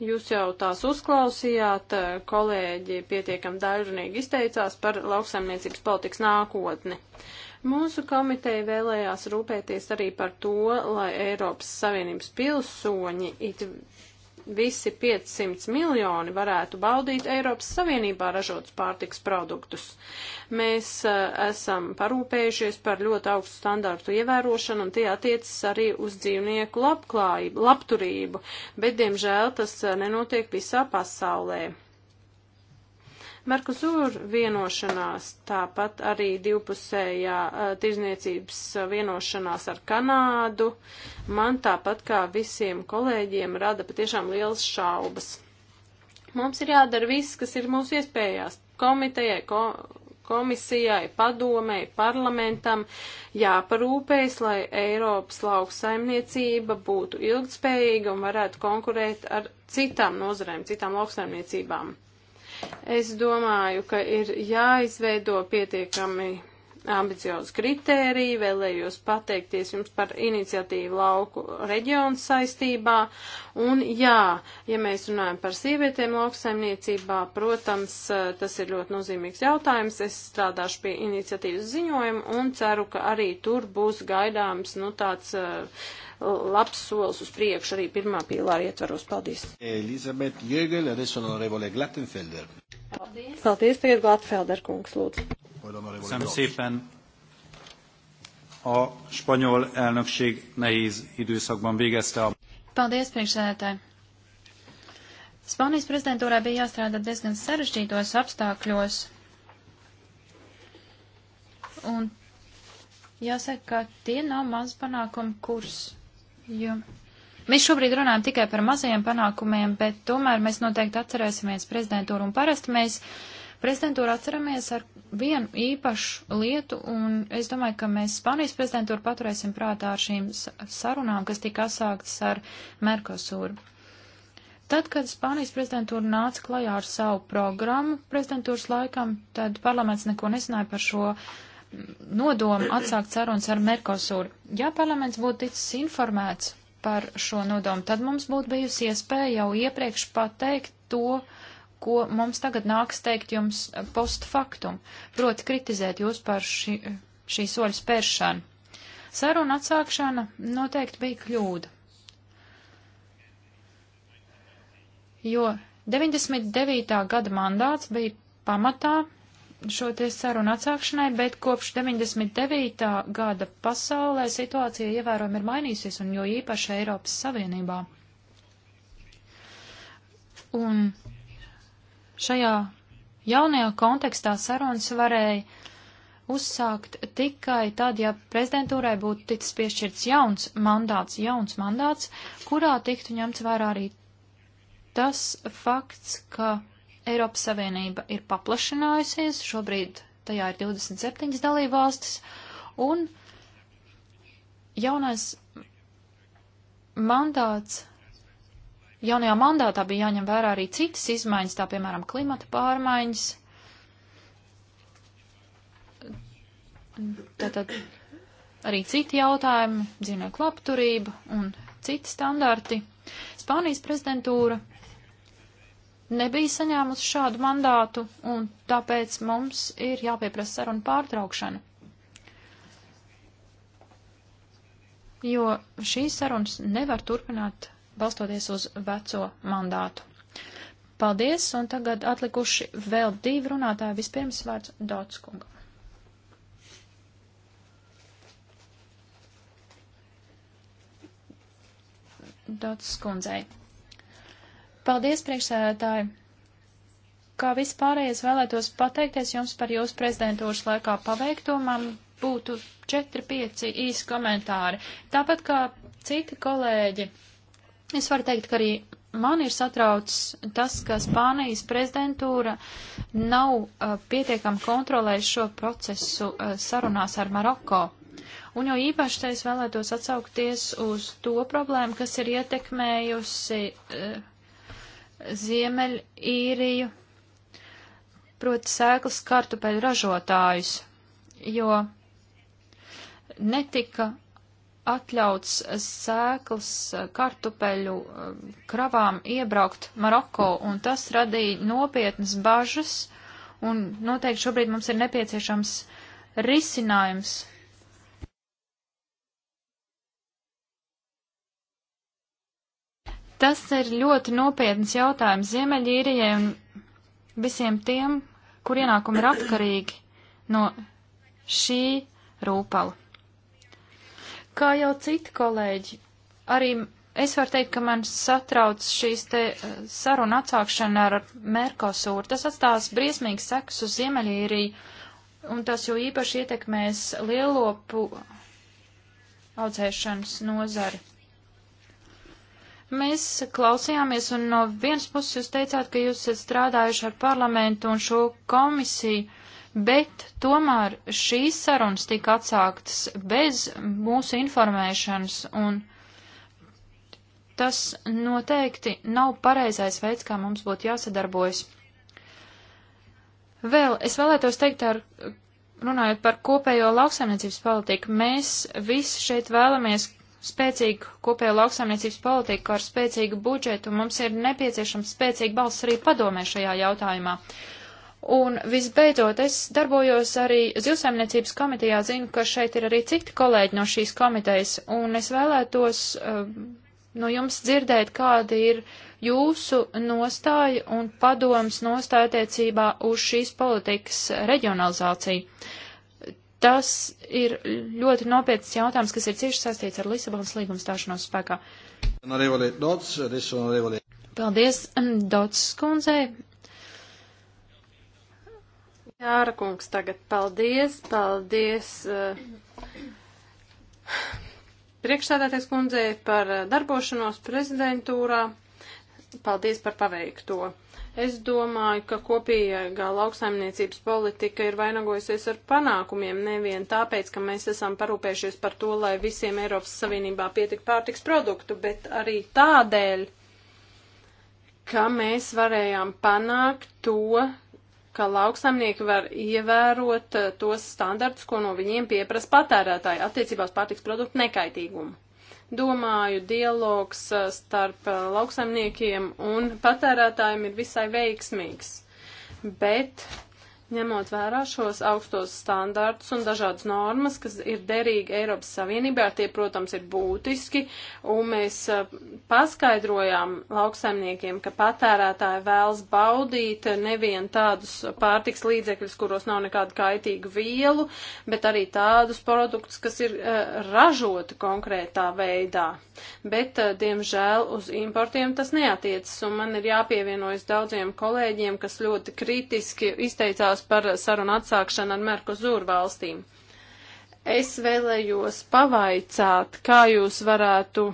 Jūs jau tās uzklausījāt, eh, kolēģi pietiekam dažnīgi izteicās par lauksaimniecības politikas nākotni. Mūsu komiteja vēlējās rūpēties arī par to, lai Eiropas Savienības pilsoņi, it visi 500 miljoni varētu baudīt Eiropas Savienībā ražotus pārtiks produktus. Mēs uh, esam parūpējušies par ļoti augstu standartu ievērošanu, un tie attiecas arī uz dzīvnieku labklājību, labturību, bet, diemžēl, tas uh, nenotiek visā pasaulē. Merkusur vienošanās, tāpat arī divpusējā eh, tirzniecības vienošanās ar Kanādu, man tāpat kā visiem kolēģiem rada patiešām liels šaubas. Mums ir jādara viss, kas ir mūsu iespējās komitejai, ko, komisijai, padomei, parlamentam jāparūpējas, lai Eiropas lauksaimniecība būtu ilgtspējīga un varētu konkurēt ar citām nozarēm, citām lauksaimniecībām. Es domāju, ka ir jāizveido pietiekami ambiciozi kritēriji, vēlējos pateikties jums par iniciatīvu lauku reģionu saistībā. Un jā, ja mēs runājam par sievietēm lauksaimniecībā, protams, tas ir ļoti nozīmīgs jautājums. Es strādāšu pie iniciatīvas ziņojuma un ceru, ka arī tur būs gaidāms, nu, tāds uh, labs solis uz priekšu arī pirmā pīlāra ietvaros. Paldies! Elizabete Jēgele, adesso onorevole Glattenfelder. Paldies! Paldies, tagad Glattenfelder kungs, lūdzu. Köszönöm szépen. A spanyol elnökség nehéz időszakban végezte a... Paldies, priekšsēdētāji! Spānijas prezidentūrā bija jāstrādā diezgan sarežģītos apstākļos. Un jāsaka, ka tie nav mans panākuma kurs. Jo mēs šobrīd runājam tikai par mazajiem panākumiem, bet tomēr mēs noteikti atcerēsimies prezidentūru un parasti mēs prezidentūru atceramies ar vienu īpašu lietu un es domāju, ka mēs Spānijas prezidentūru paturēsim prātā ar šīm sarunām, kas tika sāktas ar Merkosūru. Tad, kad Spānijas prezidentūra nāca klajā ar savu programmu prezidentūras laikam, tad parlaments neko nezināja par šo uh, nodomu atsākt sarunas ar Merkosūru. Ja parlaments būtu ticis informēts par šo nodomu, tad mums būtu bijusi iespēja jau iepriekš pateikt to, ko mums tagad nāks teikt jums post faktum, proti kritizēt jūs par šī, šī soļa spēršanu. Saruna atsākšana noteikti bija kļūda. Jo 99. gada mandāts bija pamatā šo te sarunu atsākšanai, bet kopš 99. gada pasaulē situācija ievērojami ir mainījusies, un jo īpaši Eiropas Savienībā. Un šajā jaunajā kontekstā sarunas varēja uzsākt tikai tad, ja prezidentūrai būtu ticis piešķirts jauns mandāts, jauns mandāts, kurā tiktu ņemts vērā arī tas fakts, ka Eiropas Savienība ir paplašinājusies, šobrīd tajā ir 27 dalībvalstis, un jaunais mandāts, jaunajā mandātā bija jāņem vērā arī citas izmaiņas, tā piemēram klimata pārmaiņas. Tātad arī citi jautājumi, dzīvnieku labturība un citi standarti. Spānijas prezidentūra nebija saņēmusi šādu mandātu, un tāpēc mums ir jāpieprasa saruna pārtraukšana. Jo šīs sarunas nevar turpināt balstoties uz veco mandātu. Paldies, un tagad atlikuši vēl divi runātāji. Vispirms vārds Dotskungam. Dotskundzei. Paldies, priekšsēdētāji! Kā vispārējais vēlētos pateikties jums par jūsu prezidentūras laikā paveikto. Man būtu 4-5 īsi komentāri. Tāpat kā citi kolēģi, es varu teikt, ka arī man ir satrauc tas, ka Spānijas prezidentūra nav uh, pietiekami kontrolējusi šo procesu uh, sarunās ar Maroko. Un jau īpaši te es vēlētos atsaukties uz to problēmu, kas ir ietekmējusi uh, Ziemeļīriju, proti sēklas kartupeļu ražotājus, jo netika atļauts sēklas kartupeļu eh, kravām iebraukt Maroko, un tas radīja nopietnas bažas, un noteikti šobrīd mums ir nepieciešams risinājums Tas ir ļoti nopietns jautājums Ziemeļīrijai un visiem tiem, kur ienākumi ir atkarīgi no šī rūpala. Kā jau citi kolēģi, arī es varu teikt, ka man satrauc šīs te eh, saruna atsākšana ar Merkosūru. Tas atstās briesmīgs seks uz Ziemeļīriju, un tas jau īpaši ietekmēs lielopu audzēšanas nozari. Mēs klausījāmies, un no vienas puses jūs teicāt, ka jūs esat strādājuši ar parlamentu un šo komisiju, bet tomēr šīs sarunas tika atsāktas bez mūsu informēšanas, un tas noteikti nav pareizais veids, kā mums būtu jāsadarbojas. Vēl es vēlētos teikt ar runājot par kopējo lauksaimniecības politiku, mēs visi šeit vēlamies spēcīgu kopējo lauksaimniecības politiku ar spēcīgu budžetu, mums ir nepieciešams spēcīgi balss arī padomē šajā jautājumā. Un visbeidzot, es darbojos arī zivsaimniecības komitejā, zinu, ka šeit ir arī citi kolēģi no šīs komitejas, un es vēlētos uh, no jums dzirdēt, kāda ir jūsu nostāja un padomas nostāja attiecībā uz šīs politikas reģionalizāciju. Uh, Tas ir ļoti nopietns jautājums, kas ir cieši saistīts ar Lisabonas līgumu stāšanos spēkā. Paldies, um, Dots skundzei. Jāra kungs, tagad paldies, paldies. Uh, priekšstādātais kundzei par uh, darbošanos prezidentūrā. Paldies par paveikto. Es domāju, ka kopīgā lauksaimniecības politika ir vainagojusies ar panākumiem nevien tāpēc, ka mēs esam parūpējušies par to, lai visiem Eiropas Savienībā pietik pārtiks produktu, bet arī tādēļ, ka mēs varējām panākt to, ka lauksaimnieki var ievērot eh, tos standartus, ko no viņiem pieprasa patērētāji attiecībās pārtiks produktu nekaitīgumu domāju, dialogs eh, starp eh, lauksaimniekiem un patērētājiem ir visai veiksmīgs. Bet ņemot vērā šos augstos standārtus un dažādas normas, kas ir derīgi Eiropas Savienībā, tie, protams, ir būtiski, un mēs eh, paskaidrojām lauksaimniekiem, ka patērētāji vēlas baudīt nevien tādus pārtiks līdzekļus, kuros nav nekādu kaitīgu vielu, bet arī tādus produktus, kas ir eh, ražoti konkrētā veidā. Bet, eh, diemžēl, uz importiem tas neatiecas, un man ir jāpievienojas daudziem kolēģiem, kas ļoti kritiski izteicās komentārus par sarunu atsākšanu ar Merkozūru valstīm. Es vēlējos pavaicāt, kā jūs varētu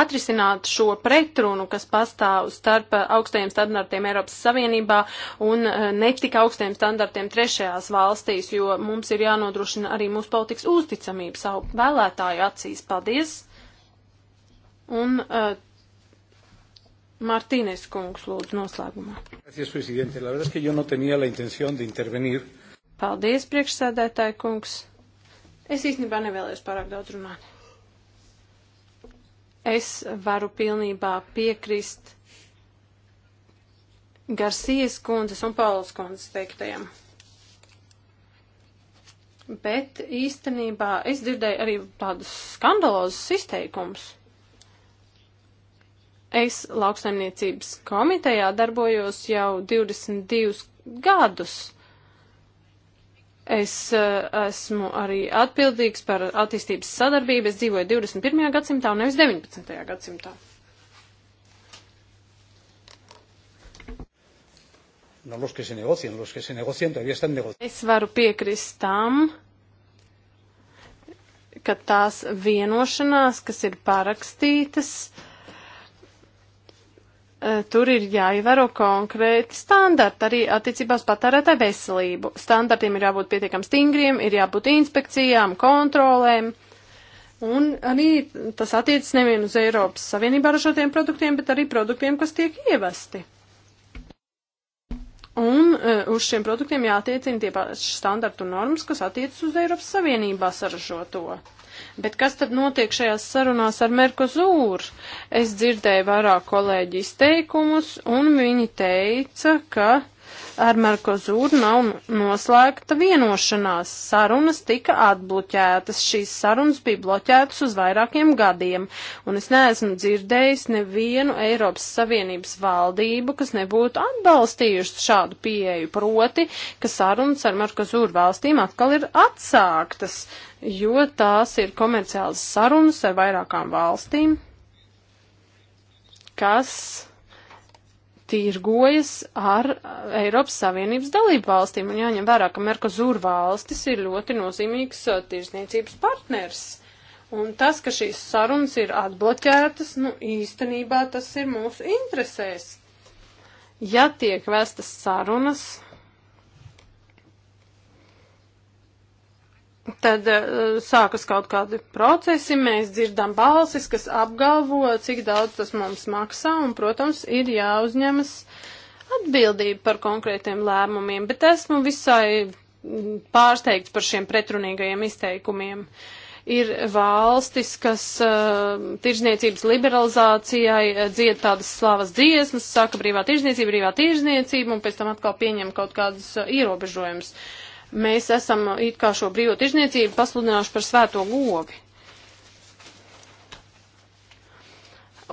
atrisināt šo pretrunu, kas pastāv starp augstajiem standartiem Eiropas Savienībā un eh, netika augstajiem standartiem trešajās valstīs, jo mums ir jānodrošina arī mūsu politikas uzticamība savu vēlētāju acīs. Paldies! Un uh, Martīnes kungs lūdzu noslēgumā. Gracias, presidente. La verdad es que yo no tenía la intención de intervenir. Paldies, priekšsēdētāji kungs. Es īstenībā nevēlējos pārāk daudz runāt. Es varu pilnībā piekrist Garcijas kundzes un Paulas kundzes teiktajam. Bet īstenībā es dzirdēju arī tādus skandalozus izteikumus. Es lauksaimniecības komitejā darbojos jau 22 gadus. Es eh, esmu arī atbildīgs par attīstības sadarbību. Es dzīvoju 21. gadsimtā un nevis 19. gadsimtā. No los que se negocian, los que se negocian todavía están negociando. Es varu piekrist tam, ka tās vienošanās, kas ir parakstītas, uh, Eh, tur ir jāievēro konkrēti standarti arī attiecībās patērētāju veselību. Standartiem ir jābūt pietiekam stingriem, ir jābūt inspekcijām, kontrolēm. Un arī tas attiecas nevien uz Eiropas Savienībā ražotiem produktiem, bet arī produktiem, kas tiek ievesti. Un uh, uz šiem produktiem jātiecina tie paši standartu normas, kas attiecas uz Eiropas Savienībā saražoto. Bet kas tad notiek šajās sarunās ar Merkozūru? Es dzirdēju vairāk kolēģi izteikumus, un viņi teica, ka ar Merkozūru nav noslēgta vienošanās. Sarunas tika atbloķētas. Šīs sarunas bija bloķētas uz vairākiem gadiem, un es neesmu dzirdējis nevienu Eiropas Savienības valdību, kas nebūtu atbalstījuši šādu pieeju proti, ka sarunas ar Merkozūru valstīm atkal ir atsāktas, jo tās ir komerciālas sarunas ar vairākām valstīm kas tirgojas ar uh, Eiropas Savienības dalību valstīm. Un jāņem vērā, ka Merkozūra valstis ir ļoti nozīmīgs uh, tirzniecības partners. Un tas, ka šīs sarunas ir atbloķētas, nu īstenībā tas ir mūsu interesēs. Ja tiek vestas sarunas Tad uh, sākas kaut kādi procesi, mēs dzirdam balsis, kas apgalvo, cik daudz tas mums maksā, un, protams, ir jāuzņemas atbildība par konkrētiem lēmumiem, bet esmu visai mm, pārsteigts par šiem pretrunīgajiem izteikumiem. Ir valstis, kas uh, tirzniecības liberalizācijai uh, dzied tādas slavas dziesmas, saka brīvā tirzniecība, brīvā tirzniecība, un pēc tam atkal pieņem kaut kādus uh, ierobežojumus. Uh, mēs esam it kā šo brīvo tirzniecību pasludinājuši par svēto gobi.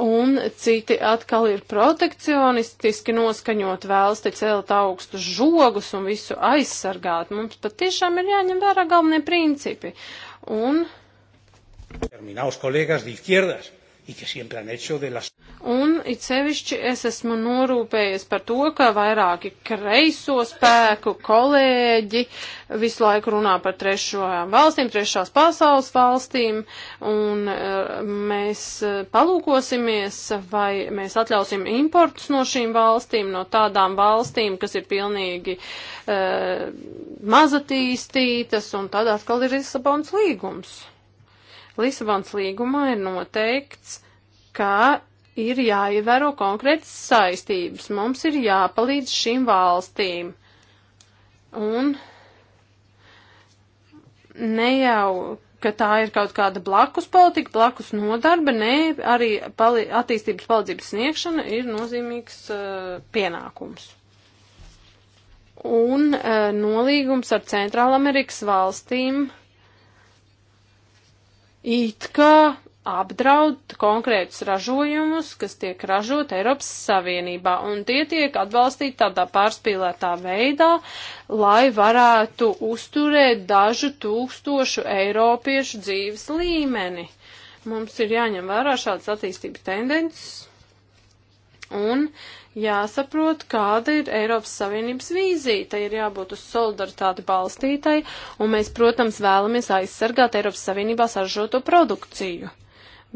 Un citi atkal ir protekcionistiski noskaņot, vēlas te celt augstus žogus un visu aizsargāt. Mums patiešām ir jāņem vērā galvenie principi. Un. Terminaus kolēgas de izquierdas Un it sevišķi es esmu norūpējies par to, ka vairāki kreiso spēku kolēģi visu laiku runā par trešajām valstīm, trešās pasaules valstīm, un eh, mēs eh, palūkosimies, vai mēs atļausim importus no šīm valstīm, no tādām valstīm, kas ir pilnīgi uh, mazatīstītas, un tad atkal ir Lisabons līgums. Lisabons līgumā ir noteikts, ka ir jāievēro konkrētas saistības. Mums ir jāpalīdz šīm valstīm. Un ne jau, ka tā ir kaut kāda blakus politika, blakus nodarbe, nē, arī pali attīstības palīdzības sniegšana ir nozīmīgs uh, pienākums. Un uh, nolīgums ar Centrālamerikas valstīm uh, it kā apdraud konkrētus ražojumus, kas tiek ražot Eiropas Savienībā, un tie tiek atbalstīti tādā pārspīlētā veidā, lai varētu uzturēt dažu tūkstošu eiropiešu dzīves līmeni. Mums ir jāņem vērā šādas attīstības tendences, un uh, jāsaprot, kāda ir Eiropas Savienības vīzija. Tai ir jābūt uz solidaritāti balstītai, un mēs, protams, vēlamies aizsargāt Eiropas Savienībā saržoto produkciju.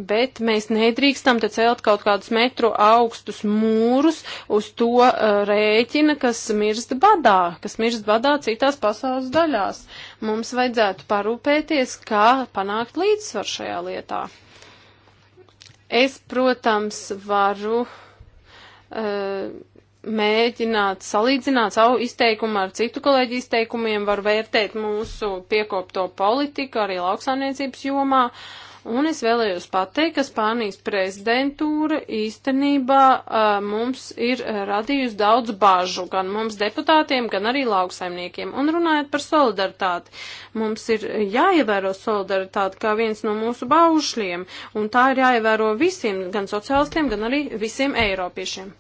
Bet mēs nedrīkstam te celt kaut kādus metru augstus mūrus uz to uh, rēķina, kas mirst badā, kas mirst badā citās pasaules daļās. Mums vajadzētu parūpēties, kā panākt līdzsvaru šajā lietā. Es, protams, varu uh, Eh, mēģināt salīdzināt savu izteikumu ar citu kolēģi izteikumiem, var vērtēt mūsu piekopto politiku arī lauksaimniecības jomā. Uh, Un es vēlējos pateikt, ka Spānijas prezidentūra īstenībā uh, mums ir radījusi daudz bažu, gan mums deputātiem, gan arī lauksaimniekiem. Un runājot par solidaritāti, mums ir jāievēro solidaritāti kā viens no mūsu baušļiem, un tā ir jāievēro visiem, gan sociālistiem, gan arī visiem eiropiešiem.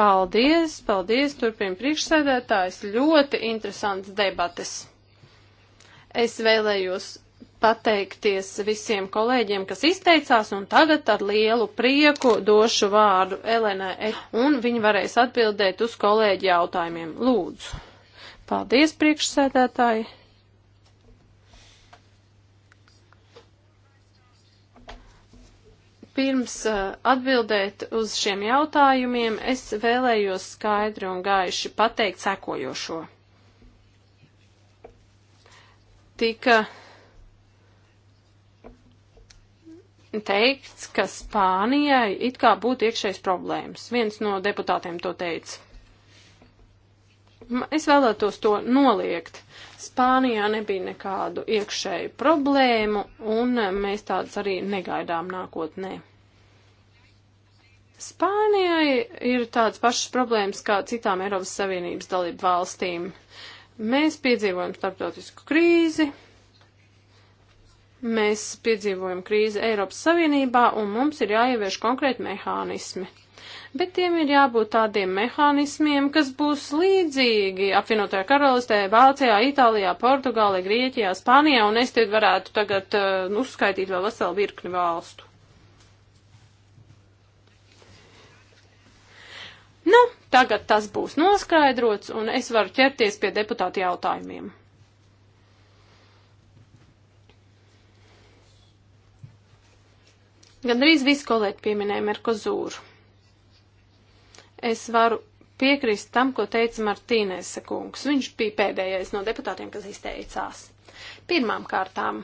Paldies, paldies, turpina priekšsēdētājs. Ļoti interesants debates. Es vēlējos pateikties visiem kolēģiem, kas izteicās, un tagad ar lielu prieku došu vārdu Elenai, un viņi varēs atbildēt uz kolēģi jautājumiem. Lūdzu. Paldies, priekšsēdētāji. Pirms uh, atbildēt uz šiem jautājumiem, es vēlējos skaidri un gaiši pateikt sekojošo. Tika teikts, ka Spānijai it kā būtu iekšējas problēmas. Viens no deputātiem to teica. Es vēlētos to noliegt. Spānijā nebija nekādu iekšēju problēmu, un mēs tādas arī negaidām nākotnē. Spānijai ir tādas pašas problēmas kā citām Eiropas Savienības dalību valstīm. Mēs piedzīvojam starptautisku krīzi, Mēs piedzīvojam krīzi Eiropas Savienībā un mums ir jāievieš konkrēti mehānismi bet tiem ir jābūt tādiem mehānismiem, kas būs līdzīgi apvienotajā karalistē, Vācijā, Itālijā, Portugālē, Grieķijā, Spānijā, un es te varētu tagad uh, uzskaitīt vēl veselu virkni valstu. Nu, tagad tas būs noskaidrots, un es varu ķerties pie deputāta jautājumiem. Gandrīz visi kolēģi pieminēja Merkozūru. Es varu piekrist tam, ko teica Martīnēs kungs. Viņš bija pēdējais no deputātiem, kas izteicās. Pirmām kārtām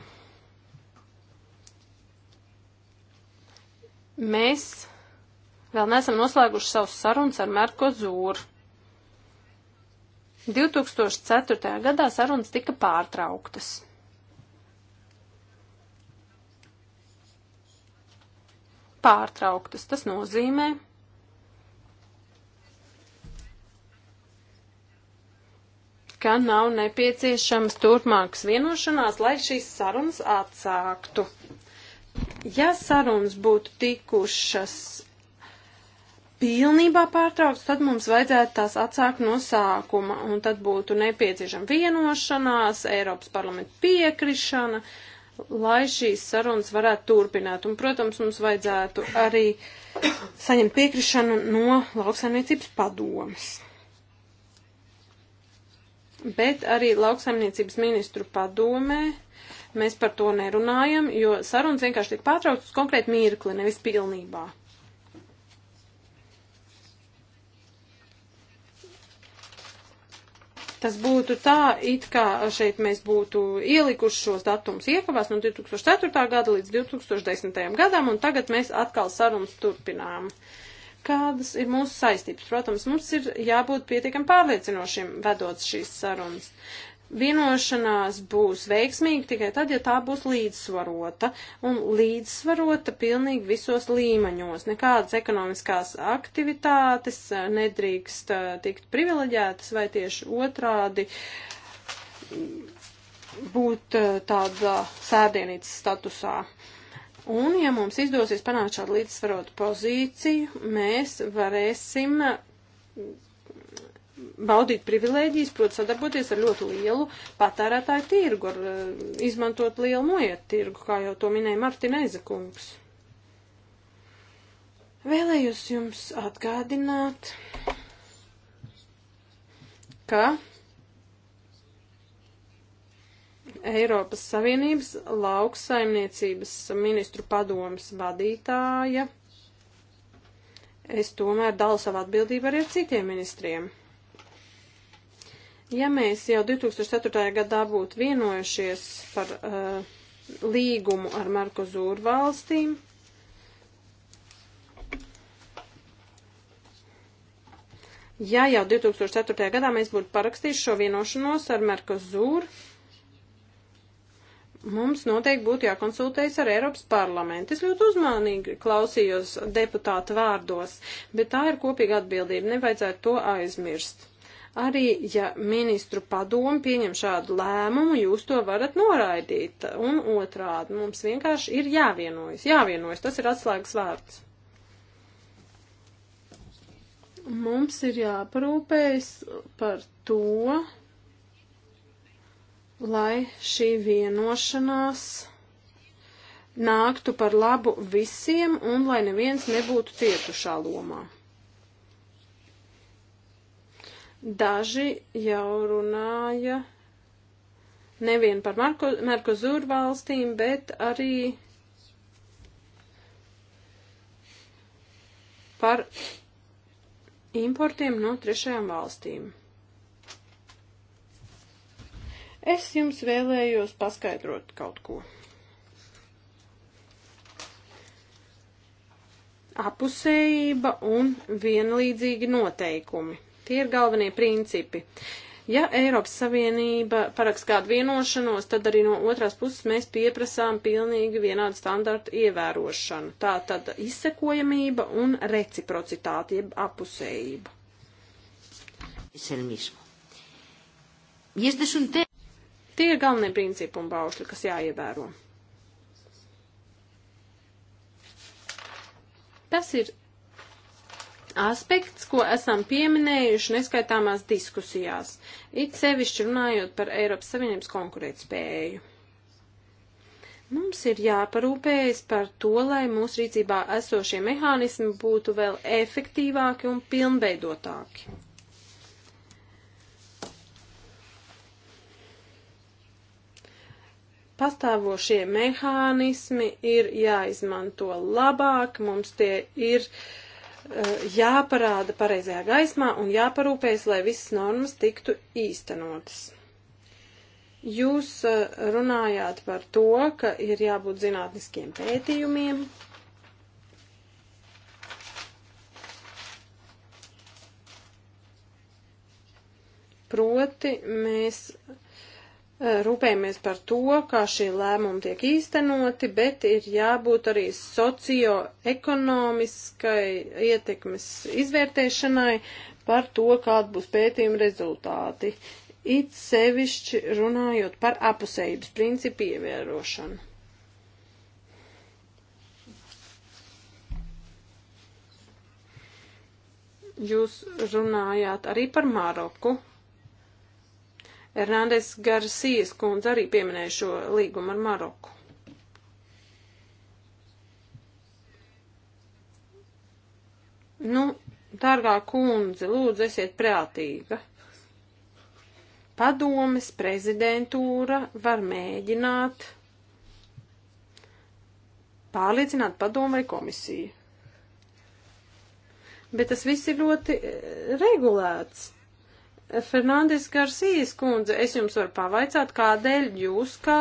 mēs vēl neesam noslēguši savus sarunas ar Merkozūru. 2004. gadā sarunas tika pārtrauktas. pārtrauktas. Tas nozīmē, ka nav nepieciešams turpmākas vienošanās, lai šīs sarunas atsāktu. Ja sarunas būtu tikušas pilnībā pārtraukts, tad mums vajadzētu tās atsākt no sākuma, un tad būtu nepieciešama vienošanās, Eiropas parlamenta piekrišana, uh, lai šīs sarunas varētu turpināt. Un, protams, mums vajadzētu arī saņemt piekrišanu no lauksaimniecības padomas. Bet arī lauksaimniecības ministru padomē mēs par to nerunājam, jo sarunas vienkārši tiek pārtrauktas konkrēti mirkli, nevis pilnībā. Tas būtu tā, it kā šeit mēs būtu ielikuši šos datumus iekavās no 2004. gada līdz 2010. gadam, un tagad mēs atkal sarunas turpinām. Kādas ir mūsu saistības? Protams, mums ir jābūt pietiekam pārliecinošiem vedot šīs sarunas. Vienošanās būs veiksmīga tikai tad, ja tā būs līdzsvarota un līdzsvarota pilnīgi visos līmeņos. Nekādas ekonomiskās aktivitātes eh, nedrīkst eh, tikt privileģētas vai tieši otrādi mm, būt eh, tādā sērdienītas statusā. Un, ja mums izdosies panākt šādu līdzsvarotu pozīciju, mēs varēsim baudīt privilēģijas, proti sadarboties ar ļoti lielu patērētāju tirgu, ar, eh, izmantot lielu noietu tirgu, kā jau to minēja Martina Eizakungs. Vēlējos jums atgādināt, ka Eiropas Savienības lauksaimniecības ministru padomas vadītāja. Es tomēr dalu savu atbildību arī ar citiem ministriem. Ja mēs jau 2004. gadā būtu vienojušies par uh, līgumu ar Merkozūru valstīm, ja jau 2004. gadā mēs būtu parakstījuši šo vienošanos ar Merkozūru, mums noteikti būtu jākonsultējas ar Eiropas parlamentu. Es ļoti uzmanīgi klausījos deputātu vārdos, bet tā ir kopīga atbildība, nevajadzētu to aizmirst. Arī, ja ministru padomu pieņem šādu lēmumu, jūs to varat noraidīt. Un otrādi mums vienkārši ir jāvienojas. Jāvienojas, tas ir atslēgas vārds. Mums ir jāparūpējas par to, lai šī vienošanās nāktu par labu visiem un lai neviens nebūtu cietušā lomā. Daži jau runāja nevien par Marko, Merkozūru valstīm, bet arī par importiem no trešajām valstīm. Es jums vēlējos paskaidrot kaut ko. Apusējība un vienlīdzīgi noteikumi. Tie ir galvenie principi. Ja Eiropas Savienība paraks kādu vienošanos, tad arī no otrās puses mēs pieprasām pilnīgi vienādu standartu ievērošanu. Tā tad izsekojamība un reciprocitāte, jeb apusējība. Tie ir galvenie principi un baušļi, kas jāievēro. Tas ir aspekts, ko esam pieminējuši neskaitāmās diskusijās, it sevišķi runājot par Eiropas Savienības konkurētspēju. Mums ir jāparūpējas par to, lai mūsu rīcībā esošie mehānismi būtu vēl efektīvāki un pilnveidotāki. pastāvošie mehānismi ir jāizmanto labāk, mums tie ir Eh, jāparāda pareizajā gaismā un jāparūpējas, lai visas normas tiktu īstenotas. Jūs eh, runājāt par to, ka ir jābūt zinātniskiem pētījumiem. Proti mēs rūpējamies par to, kā šie lēmumi tiek īstenoti, bet ir jābūt arī socioekonomiskai ietekmes izvērtēšanai par to, kāda būs pētījuma rezultāti, it sevišķi runājot par apusējības principu ievērošanu. Jūs runājāt arī par Maroku. Hernandez Garcijas kundze arī pieminēja šo līgumu ar Maroku. Nu, dārgā kundze, lūdzu, esiet prātīga. Padomes prezidentūra var mēģināt pārliecināt padomu vai komisiju. Bet tas viss ir ļoti eh, regulēts. Fernandes Garcijas kundze, es jums varu pavaicāt, kādēļ jūs kā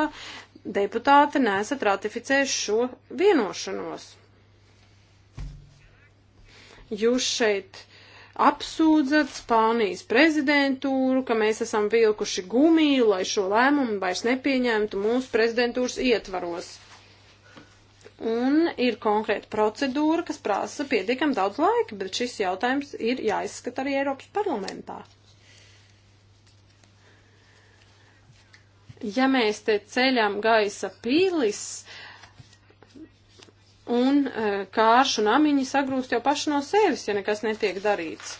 deputāte nesat ratificējuši šo vienošanos. Jūs šeit apsūdzat Spānijas prezidentūru, ka mēs esam vilkuši gumiju, lai šo lēmumu vairs nepieņemtu mūsu prezidentūras ietvaros. Un ir konkrēta procedūra, kas prasa pietiekam daudz laika, bet šis jautājums ir jāizskata arī Eiropas parlamentā. Ja mēs te ceļam gaisa pīlis, un e, kāršu namiņi sagrūst jau paši no sevis, ja nekas netiek darīts.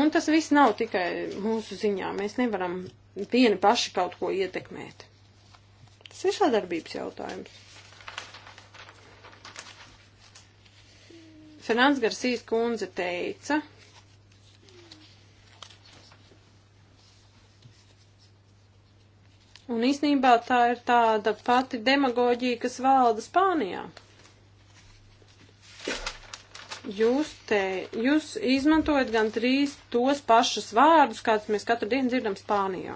Un tas viss nav tikai mūsu ziņā. Mēs nevaram vieni paši kaut ko ietekmēt. Tas ir sadarbības jautājums. Fernāns Garsīs kundze teica, Un īsnībā tā ir tāda pati demagoģija, kas valda Spānijā. Jūs te, jūs izmantojat gan trīs tos pašus vārdus, kādus mēs katru dienu dzirdam Spānijā.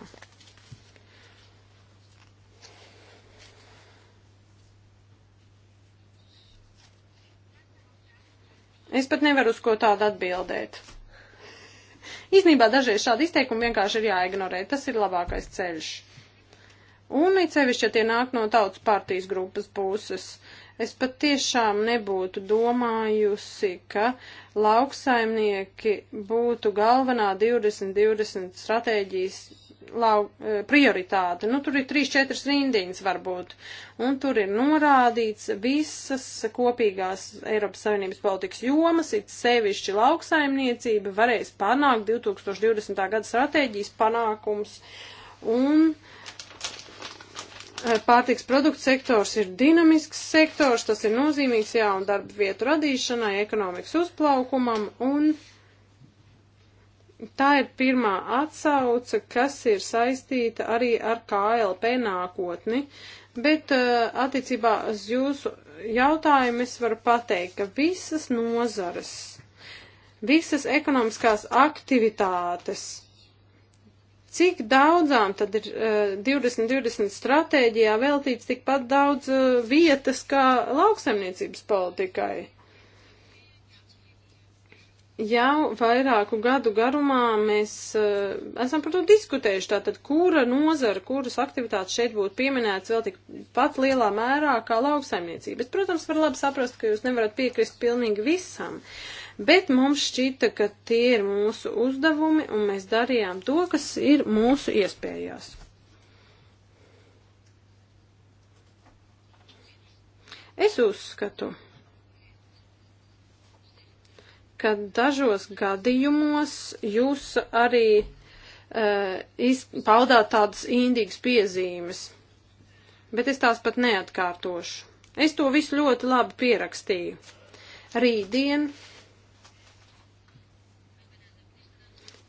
Es pat nevaru uz ko tādu atbildēt. Īsnībā dažreiz šādi izteikumi vienkārši ir jāignorē. Tas ir labākais ceļš. Un it sevišķi, ja tie nāk no tautas partijas grupas puses. Es pat tiešām nebūtu domājusi, ka lauksaimnieki būtu galvenā 2020 stratēģijas lau, e, prioritāte. Nu, tur ir 3-4 rindiņas varbūt. Un tur ir norādīts visas kopīgās Eiropas Savienības politikas jomas, it sevišķi lauksaimniecība varēs panākt 2020. gada stratēģijas panākums. Un uh, Eh, pārtiks produktu sektors ir dinamisks sektors, tas ir nozīmīgs jaunu darba vietu radīšanai, ekonomikas uzplaukumam, un tā ir pirmā atsauce, kas ir saistīta arī ar KLP nākotni. Bet eh, attiecībā uz jūsu jautājumu es varu pateikt, ka visas nozares, visas ekonomiskās aktivitātes, Cik daudzām tad ir 2020 eh, stratēģijā veltīts tikpat daudz eh, vietas kā lauksaimniecības politikai? Jau vairāku gadu garumā mēs uh, esam par to diskutējuši, tātad kura nozara, kuras aktivitātes šeit būtu pieminētas vēl tik pat lielā mērā kā lauksaimniecība. Bet, protams, var labi saprast, ka jūs nevarat piekrist pilnīgi visam. Uh, bet mums šķita, ka tie ir mūsu uzdevumi, un mēs darījām to, kas ir mūsu iespējās. Es uzskatu, ka dažos gadījumos jūs arī uh, paudāt tādas indīgas piezīmes, bet es tās pat neatkārtošu. Es to visu ļoti labi pierakstīju. Rītdien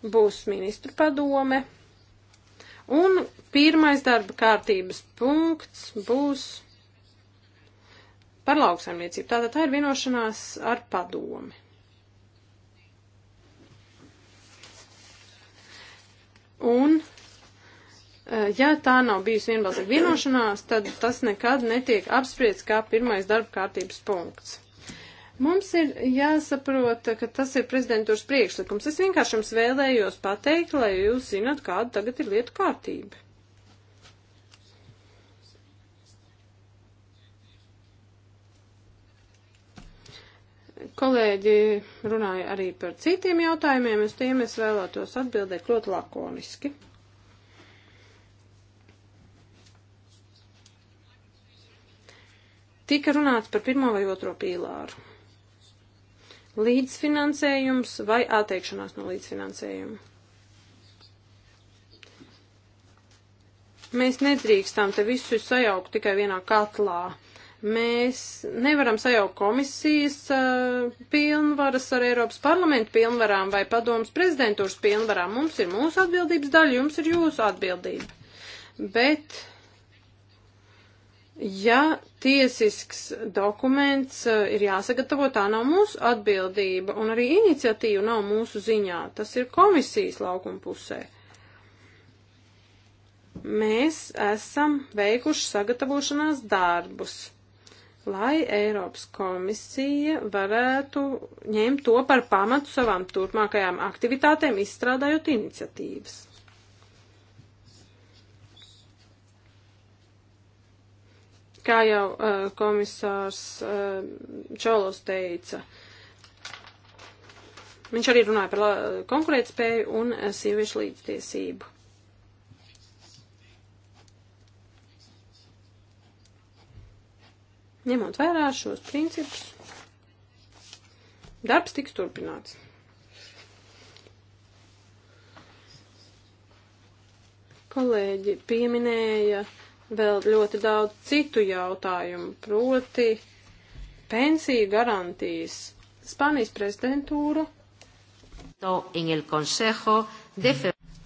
būs ministru padome. Un pirmais darba kārtības punkts būs par lauksaimniecību. Tātad tā ir vienošanās ar padomi. Un, e, ja tā nav bijusi vienbalsīga vienošanās, tad tas nekad netiek apspriests kā pirmais darba kārtības punkts. Mums ir jāsaprot, ka tas ir prezidentūras priekšlikums. Es vienkārši jums vēlējos pateikt, lai jūs zinat, kāda tagad ir lietu kārtība. Kolēģi runāja arī par citiem jautājumiem, uz tiem es vēlētos atbildēt ļoti lakoniski. Tika runāts par pirmo vai otro pīlāru līdzfinansējums vai atteikšanās no līdzfinansējuma. Mēs nedrīkstam te visu sajaukt tikai vienā katlā. Mēs nevaram sajaukt komisijas uh, pilnvaras ar Eiropas parlamentu pilnvarām vai padomas prezidentūras pilnvarām. Mums ir mūsu atbildības daļa, jums ir jūsu atbildība. Bet Ja tiesisks dokuments eh, ir jāsagatavo, tā nav mūsu atbildība, un arī iniciatīva nav mūsu ziņā. Tas ir komisijas laukuma pusē. Mēs esam veikuši sagatavošanās darbus lai Eiropas komisija varētu ņemt to par pamatu savām turpmākajām aktivitātēm, izstrādājot iniciatīvas. Kā jau uh, komisārs uh, Čolos teica, viņš arī runāja par konkurētspēju un uh, sieviešu līdztiesību. Ņemot vērā šos principus, darbs tiks turpināts. Kolēģi pieminēja uh, vēl ļoti daudz citu jautājumu, proti pensiju garantijas. Spānijas prezidentūra.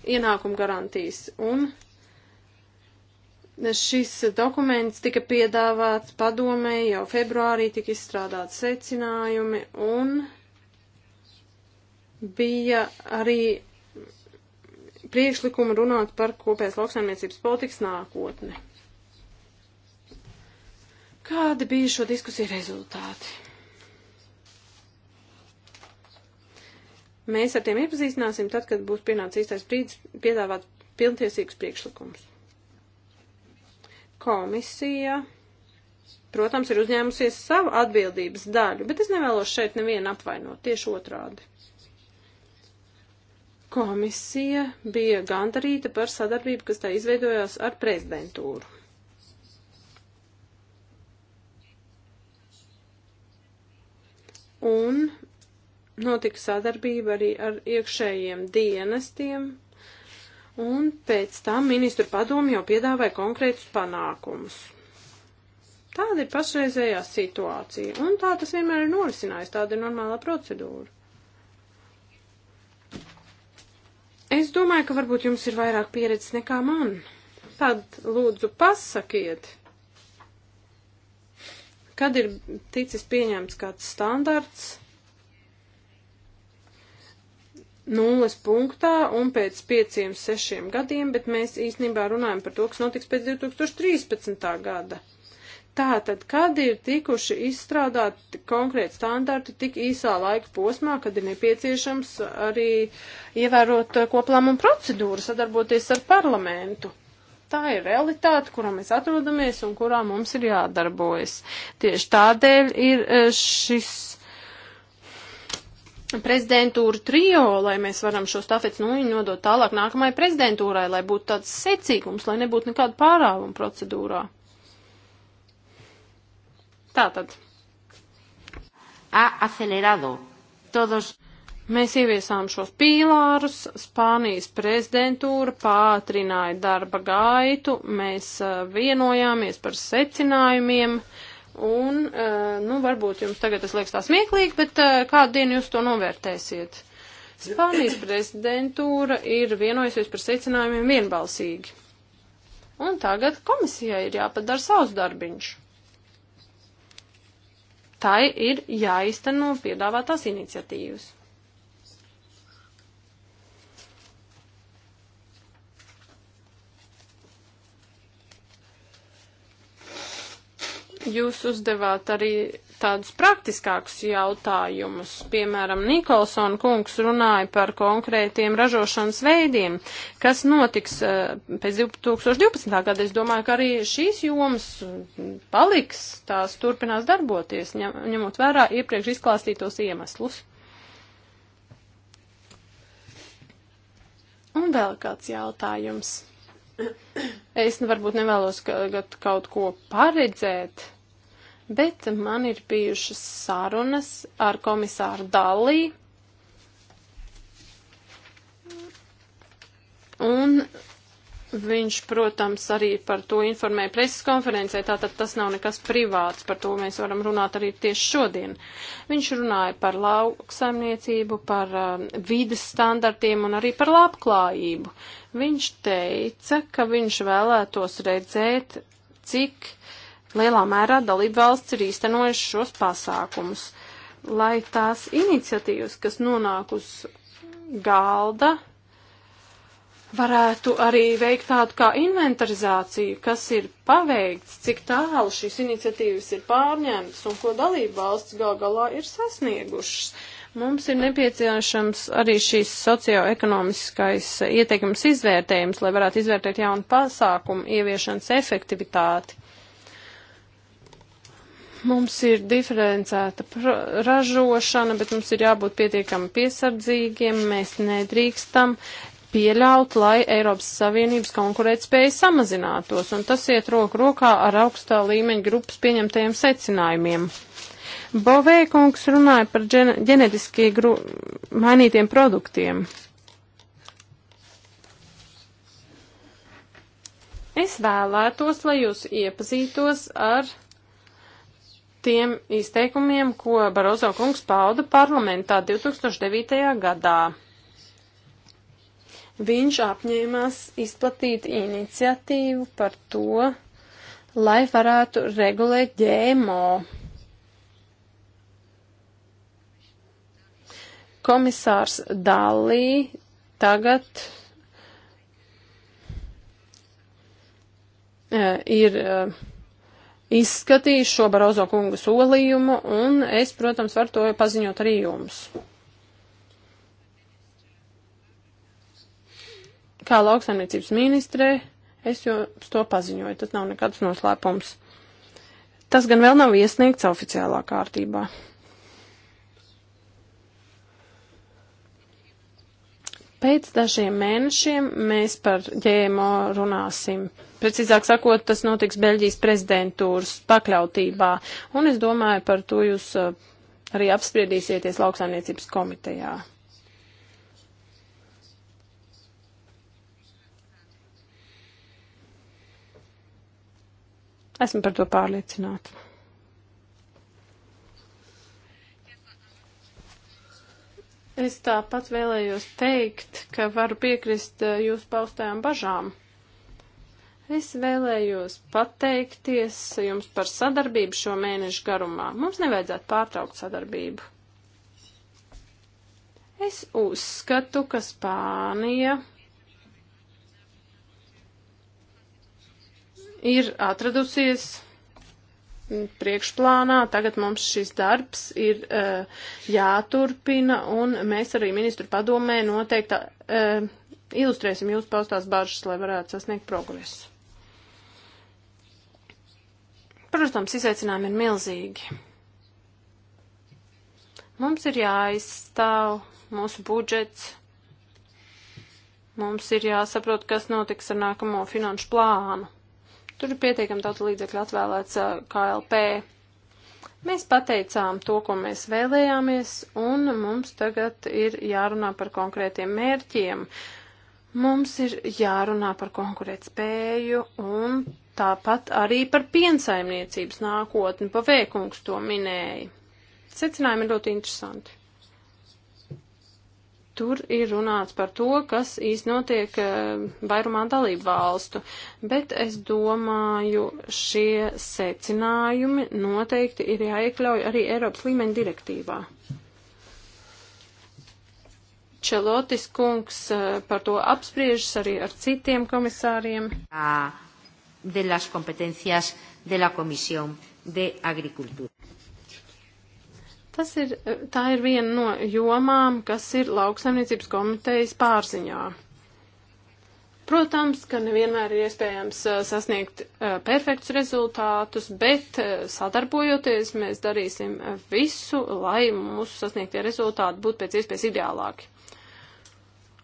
Ienākumu garantijas. Un šis dokuments tika piedāvāts padomē, jau februārī tika izstrādāti secinājumi un bija arī priekšlikumi runāt par kopējas lauksaimniecības politikas nākotni. Kādi bija šo diskusiju rezultāti? Mēs ar tiem iepazīstināsim tad, kad būs pienācis īstais brīdis piedāvāt pilntiesīgus priekšlikumus. Komisija, protams, ir uzņēmusies savu atbildības daļu, bet es nevēlos šeit nevienu apvainot, tieši otrādi. Komisija bija gandarīta par sadarbību, kas tā izveidojās ar prezidentūru. un notika sadarbība arī ar iekšējiem dienestiem, un pēc tam ministru padomu jau piedāvāja konkrētus panākumus. Tāda ir pašreizējā situācija, un tā tas vienmēr ir norisinājis, tāda ir normālā procedūra. Es domāju, ka varbūt jums ir vairāk pieredzes nekā man. Tad lūdzu pasakiet, Kad ir ticis pieņemts kāds standarts nulles punktā un pēc pieciem, sešiem gadiem, bet mēs īstenībā runājam par to, kas notiks pēc 2013. gada. Tātad, kad ir tikuši izstrādāti konkrēti standarti tik īsā laika posmā, kad ir nepieciešams arī ievērot eh, koplām un procedūru, sadarboties ar parlamentu? tā ir realitāte, kurā mēs atrodamies un kurā mums ir jādarbojas. Tieši tādēļ ir e, šis prezidentūra trio, lai mēs varam šo stafets nu nodot tālāk nākamajai prezidentūrai, lai būtu tāds secīgums, lai nebūtu nekāda pārāvuma procedūrā. Tātad. Ha acelerado todos. Mēs ieviesām šos pīlārus, Spānijas prezidentūra pātrināja darba gaitu, mēs uh, vienojāmies par secinājumiem, un, uh, nu, varbūt jums tagad tas liekas tā smieklīgi, bet uh, kādu dienu jūs to novērtēsiet. Spānijas prezidentūra ir vienojusies par secinājumiem vienbalsīgi. Un tagad komisijai ir jāpadara savs darbiņš. Tai ir jāizteno piedāvātās iniciatīvas. Jūs uzdevāt arī tādus praktiskākus jautājumus. Piemēram, Nikolsona kungs runāja par konkrētiem ražošanas veidiem, kas notiks eh, pēc 2012. gada. Es domāju, ka arī šīs jomas paliks, tās turpinās darboties, ņemot vērā iepriekš izklāstītos iemeslus. Un vēl kāds jautājums. Es nu varbūt nevēlos kaut ko paredzēt, bet man ir bijušas sarunas ar komisāru Dallī. Un viņš, protams, arī par to informēja preses konferencē, tātad tas nav nekas privāts, par to mēs varam runāt arī tieši šodien. Viņš runāja par lauksaimniecību, par uh, vides standartiem un arī par labklājību. Viņš teica, ka viņš vēlētos redzēt, cik uh, lielā mērā dalība valsts ir īstenojuši šos pasākumus, lai tās iniciatīvas, kas nonāk uz galda, varētu arī veikt tādu kā inventarizāciju, kas ir paveikts, cik tālu šīs iniciatīvas ir pārņemtas un ko dalība valsts gal galā ir sasniegušas. Mums ir nepieciešams arī šīs socioekonomiskais ieteikums izvērtējums, lai varētu izvērtēt jaunu pasākumu ieviešanas efektivitāti. Mums ir diferencēta ražošana, bet mums ir jābūt pietiekami piesardzīgiem. Mēs nedrīkstam pieļaut, lai Eiropas Savienības konkurētspēja samazinātos, un tas iet roku rokā ar augstā līmeņa grupas pieņemtajiem secinājumiem. Bovēkungs runāja par ģenetiski gru... mainītiem produktiem. Es vēlētos, lai jūs iepazītos ar tiem izteikumiem, ko Barozo kungs pauda parlamentā 2009. gadā. Viņš apņēmās izplatīt iniciatīvu par to, lai varētu regulēt ģēmo. Komisārs Dallī tagad uh, ir uh, izskatīs šo Barozo kunga solījumu, un es, protams, varu to paziņot arī jums. Kā lauksaimniecības ministrē, es jums to paziņoju, tas nav nekāds noslēpums. Tas gan vēl nav iesniegts oficiālā kārtībā. Pēc dažiem mēnešiem mēs par ģēmo runāsim precīzāk sakot, tas notiks Beļģijas prezidentūras pakļautībā. Un es domāju, par to jūs uh, arī apspriedīsieties lauksaimniecības komitejā. Esmu par to pārliecināta. Es tāpat vēlējos teikt, ka varu piekrist uh, jūsu paustajām bažām. Es vēlējos pateikties jums par sadarbību šo mēnešu garumā. Mums nevajadzētu pārtraukt sadarbību. Es uzskatu, ka Spānija ir atradusies priekšplānā. Tagad mums šis darbs ir uh, jāturpina, un mēs arī ministru padomē noteikti uh, ilustrēsim jūsu paustās bažas, lai varētu sasniegt progresu. Protams, izaicinājumi ir milzīgi. Mums ir jāizstāv mūsu budžets, mums ir jāsaprot, kas notiks ar nākamo finanšu plānu. Tur ir pietiekami daudz līdzekļu atvēlēts KLP. Mēs pateicām to, ko mēs vēlējāmies, un mums tagad ir jārunā par konkrētiem mērķiem. Mums ir jārunā par konkurētspēju un Tāpat arī par piensaimniecības nākotni, pa vēkungs to minēja. Secinājumi ir ļoti interesanti. Tur ir runāts par to, kas īstenotiek eh, vairumā dalību valstu, bet es domāju, šie secinājumi noteikti ir jāiekļauj arī Eiropas līmeņa direktīvā. Čelotis kungs eh, par to apspriežas arī ar citiem komisāriem. À ah de las competencias de la Comisión de Agricultura. Tas ir, tā ir viena no jomām, kas ir lauksaimniecības komitejas pārziņā. Protams, ka nevienmēr ir iespējams eh, sasniegt eh, perfektus rezultātus, bet eh, sadarbojoties mēs darīsim visu, lai mūsu sasniegtie rezultāti būtu pēc iespējas ideālāki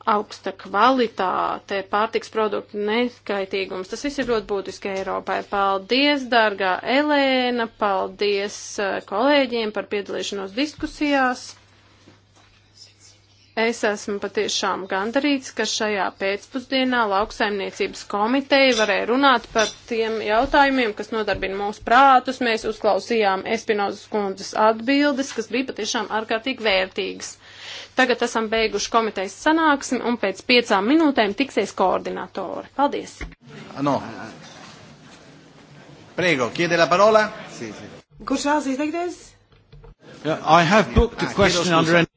augsta kvalitāte, pārtiks produktu neskaitīgums. Tas viss ir ļoti būtiski Eiropai. Paldies, dārgā Elēna, paldies eh, kolēģiem par piedalīšanos diskusijās. Es esmu patiešām gandarīts, ka šajā pēcpusdienā lauksaimniecības komiteja varēja runāt par tiem jautājumiem, kas nodarbina mūsu prātus. Mēs uzklausījām Espinozas kundzes atbildes, kas bija patiešām ārkārtīgi vērtīgas. Tagad esam beiguši komitejas sanāksmi un pēc piecām minūtēm tiksies koordinatori. Paldies! Ah, no. Prego, chiede la parola? Sì, sì. Kurš vēlas izteikties? Yeah, I have booked a ah, question under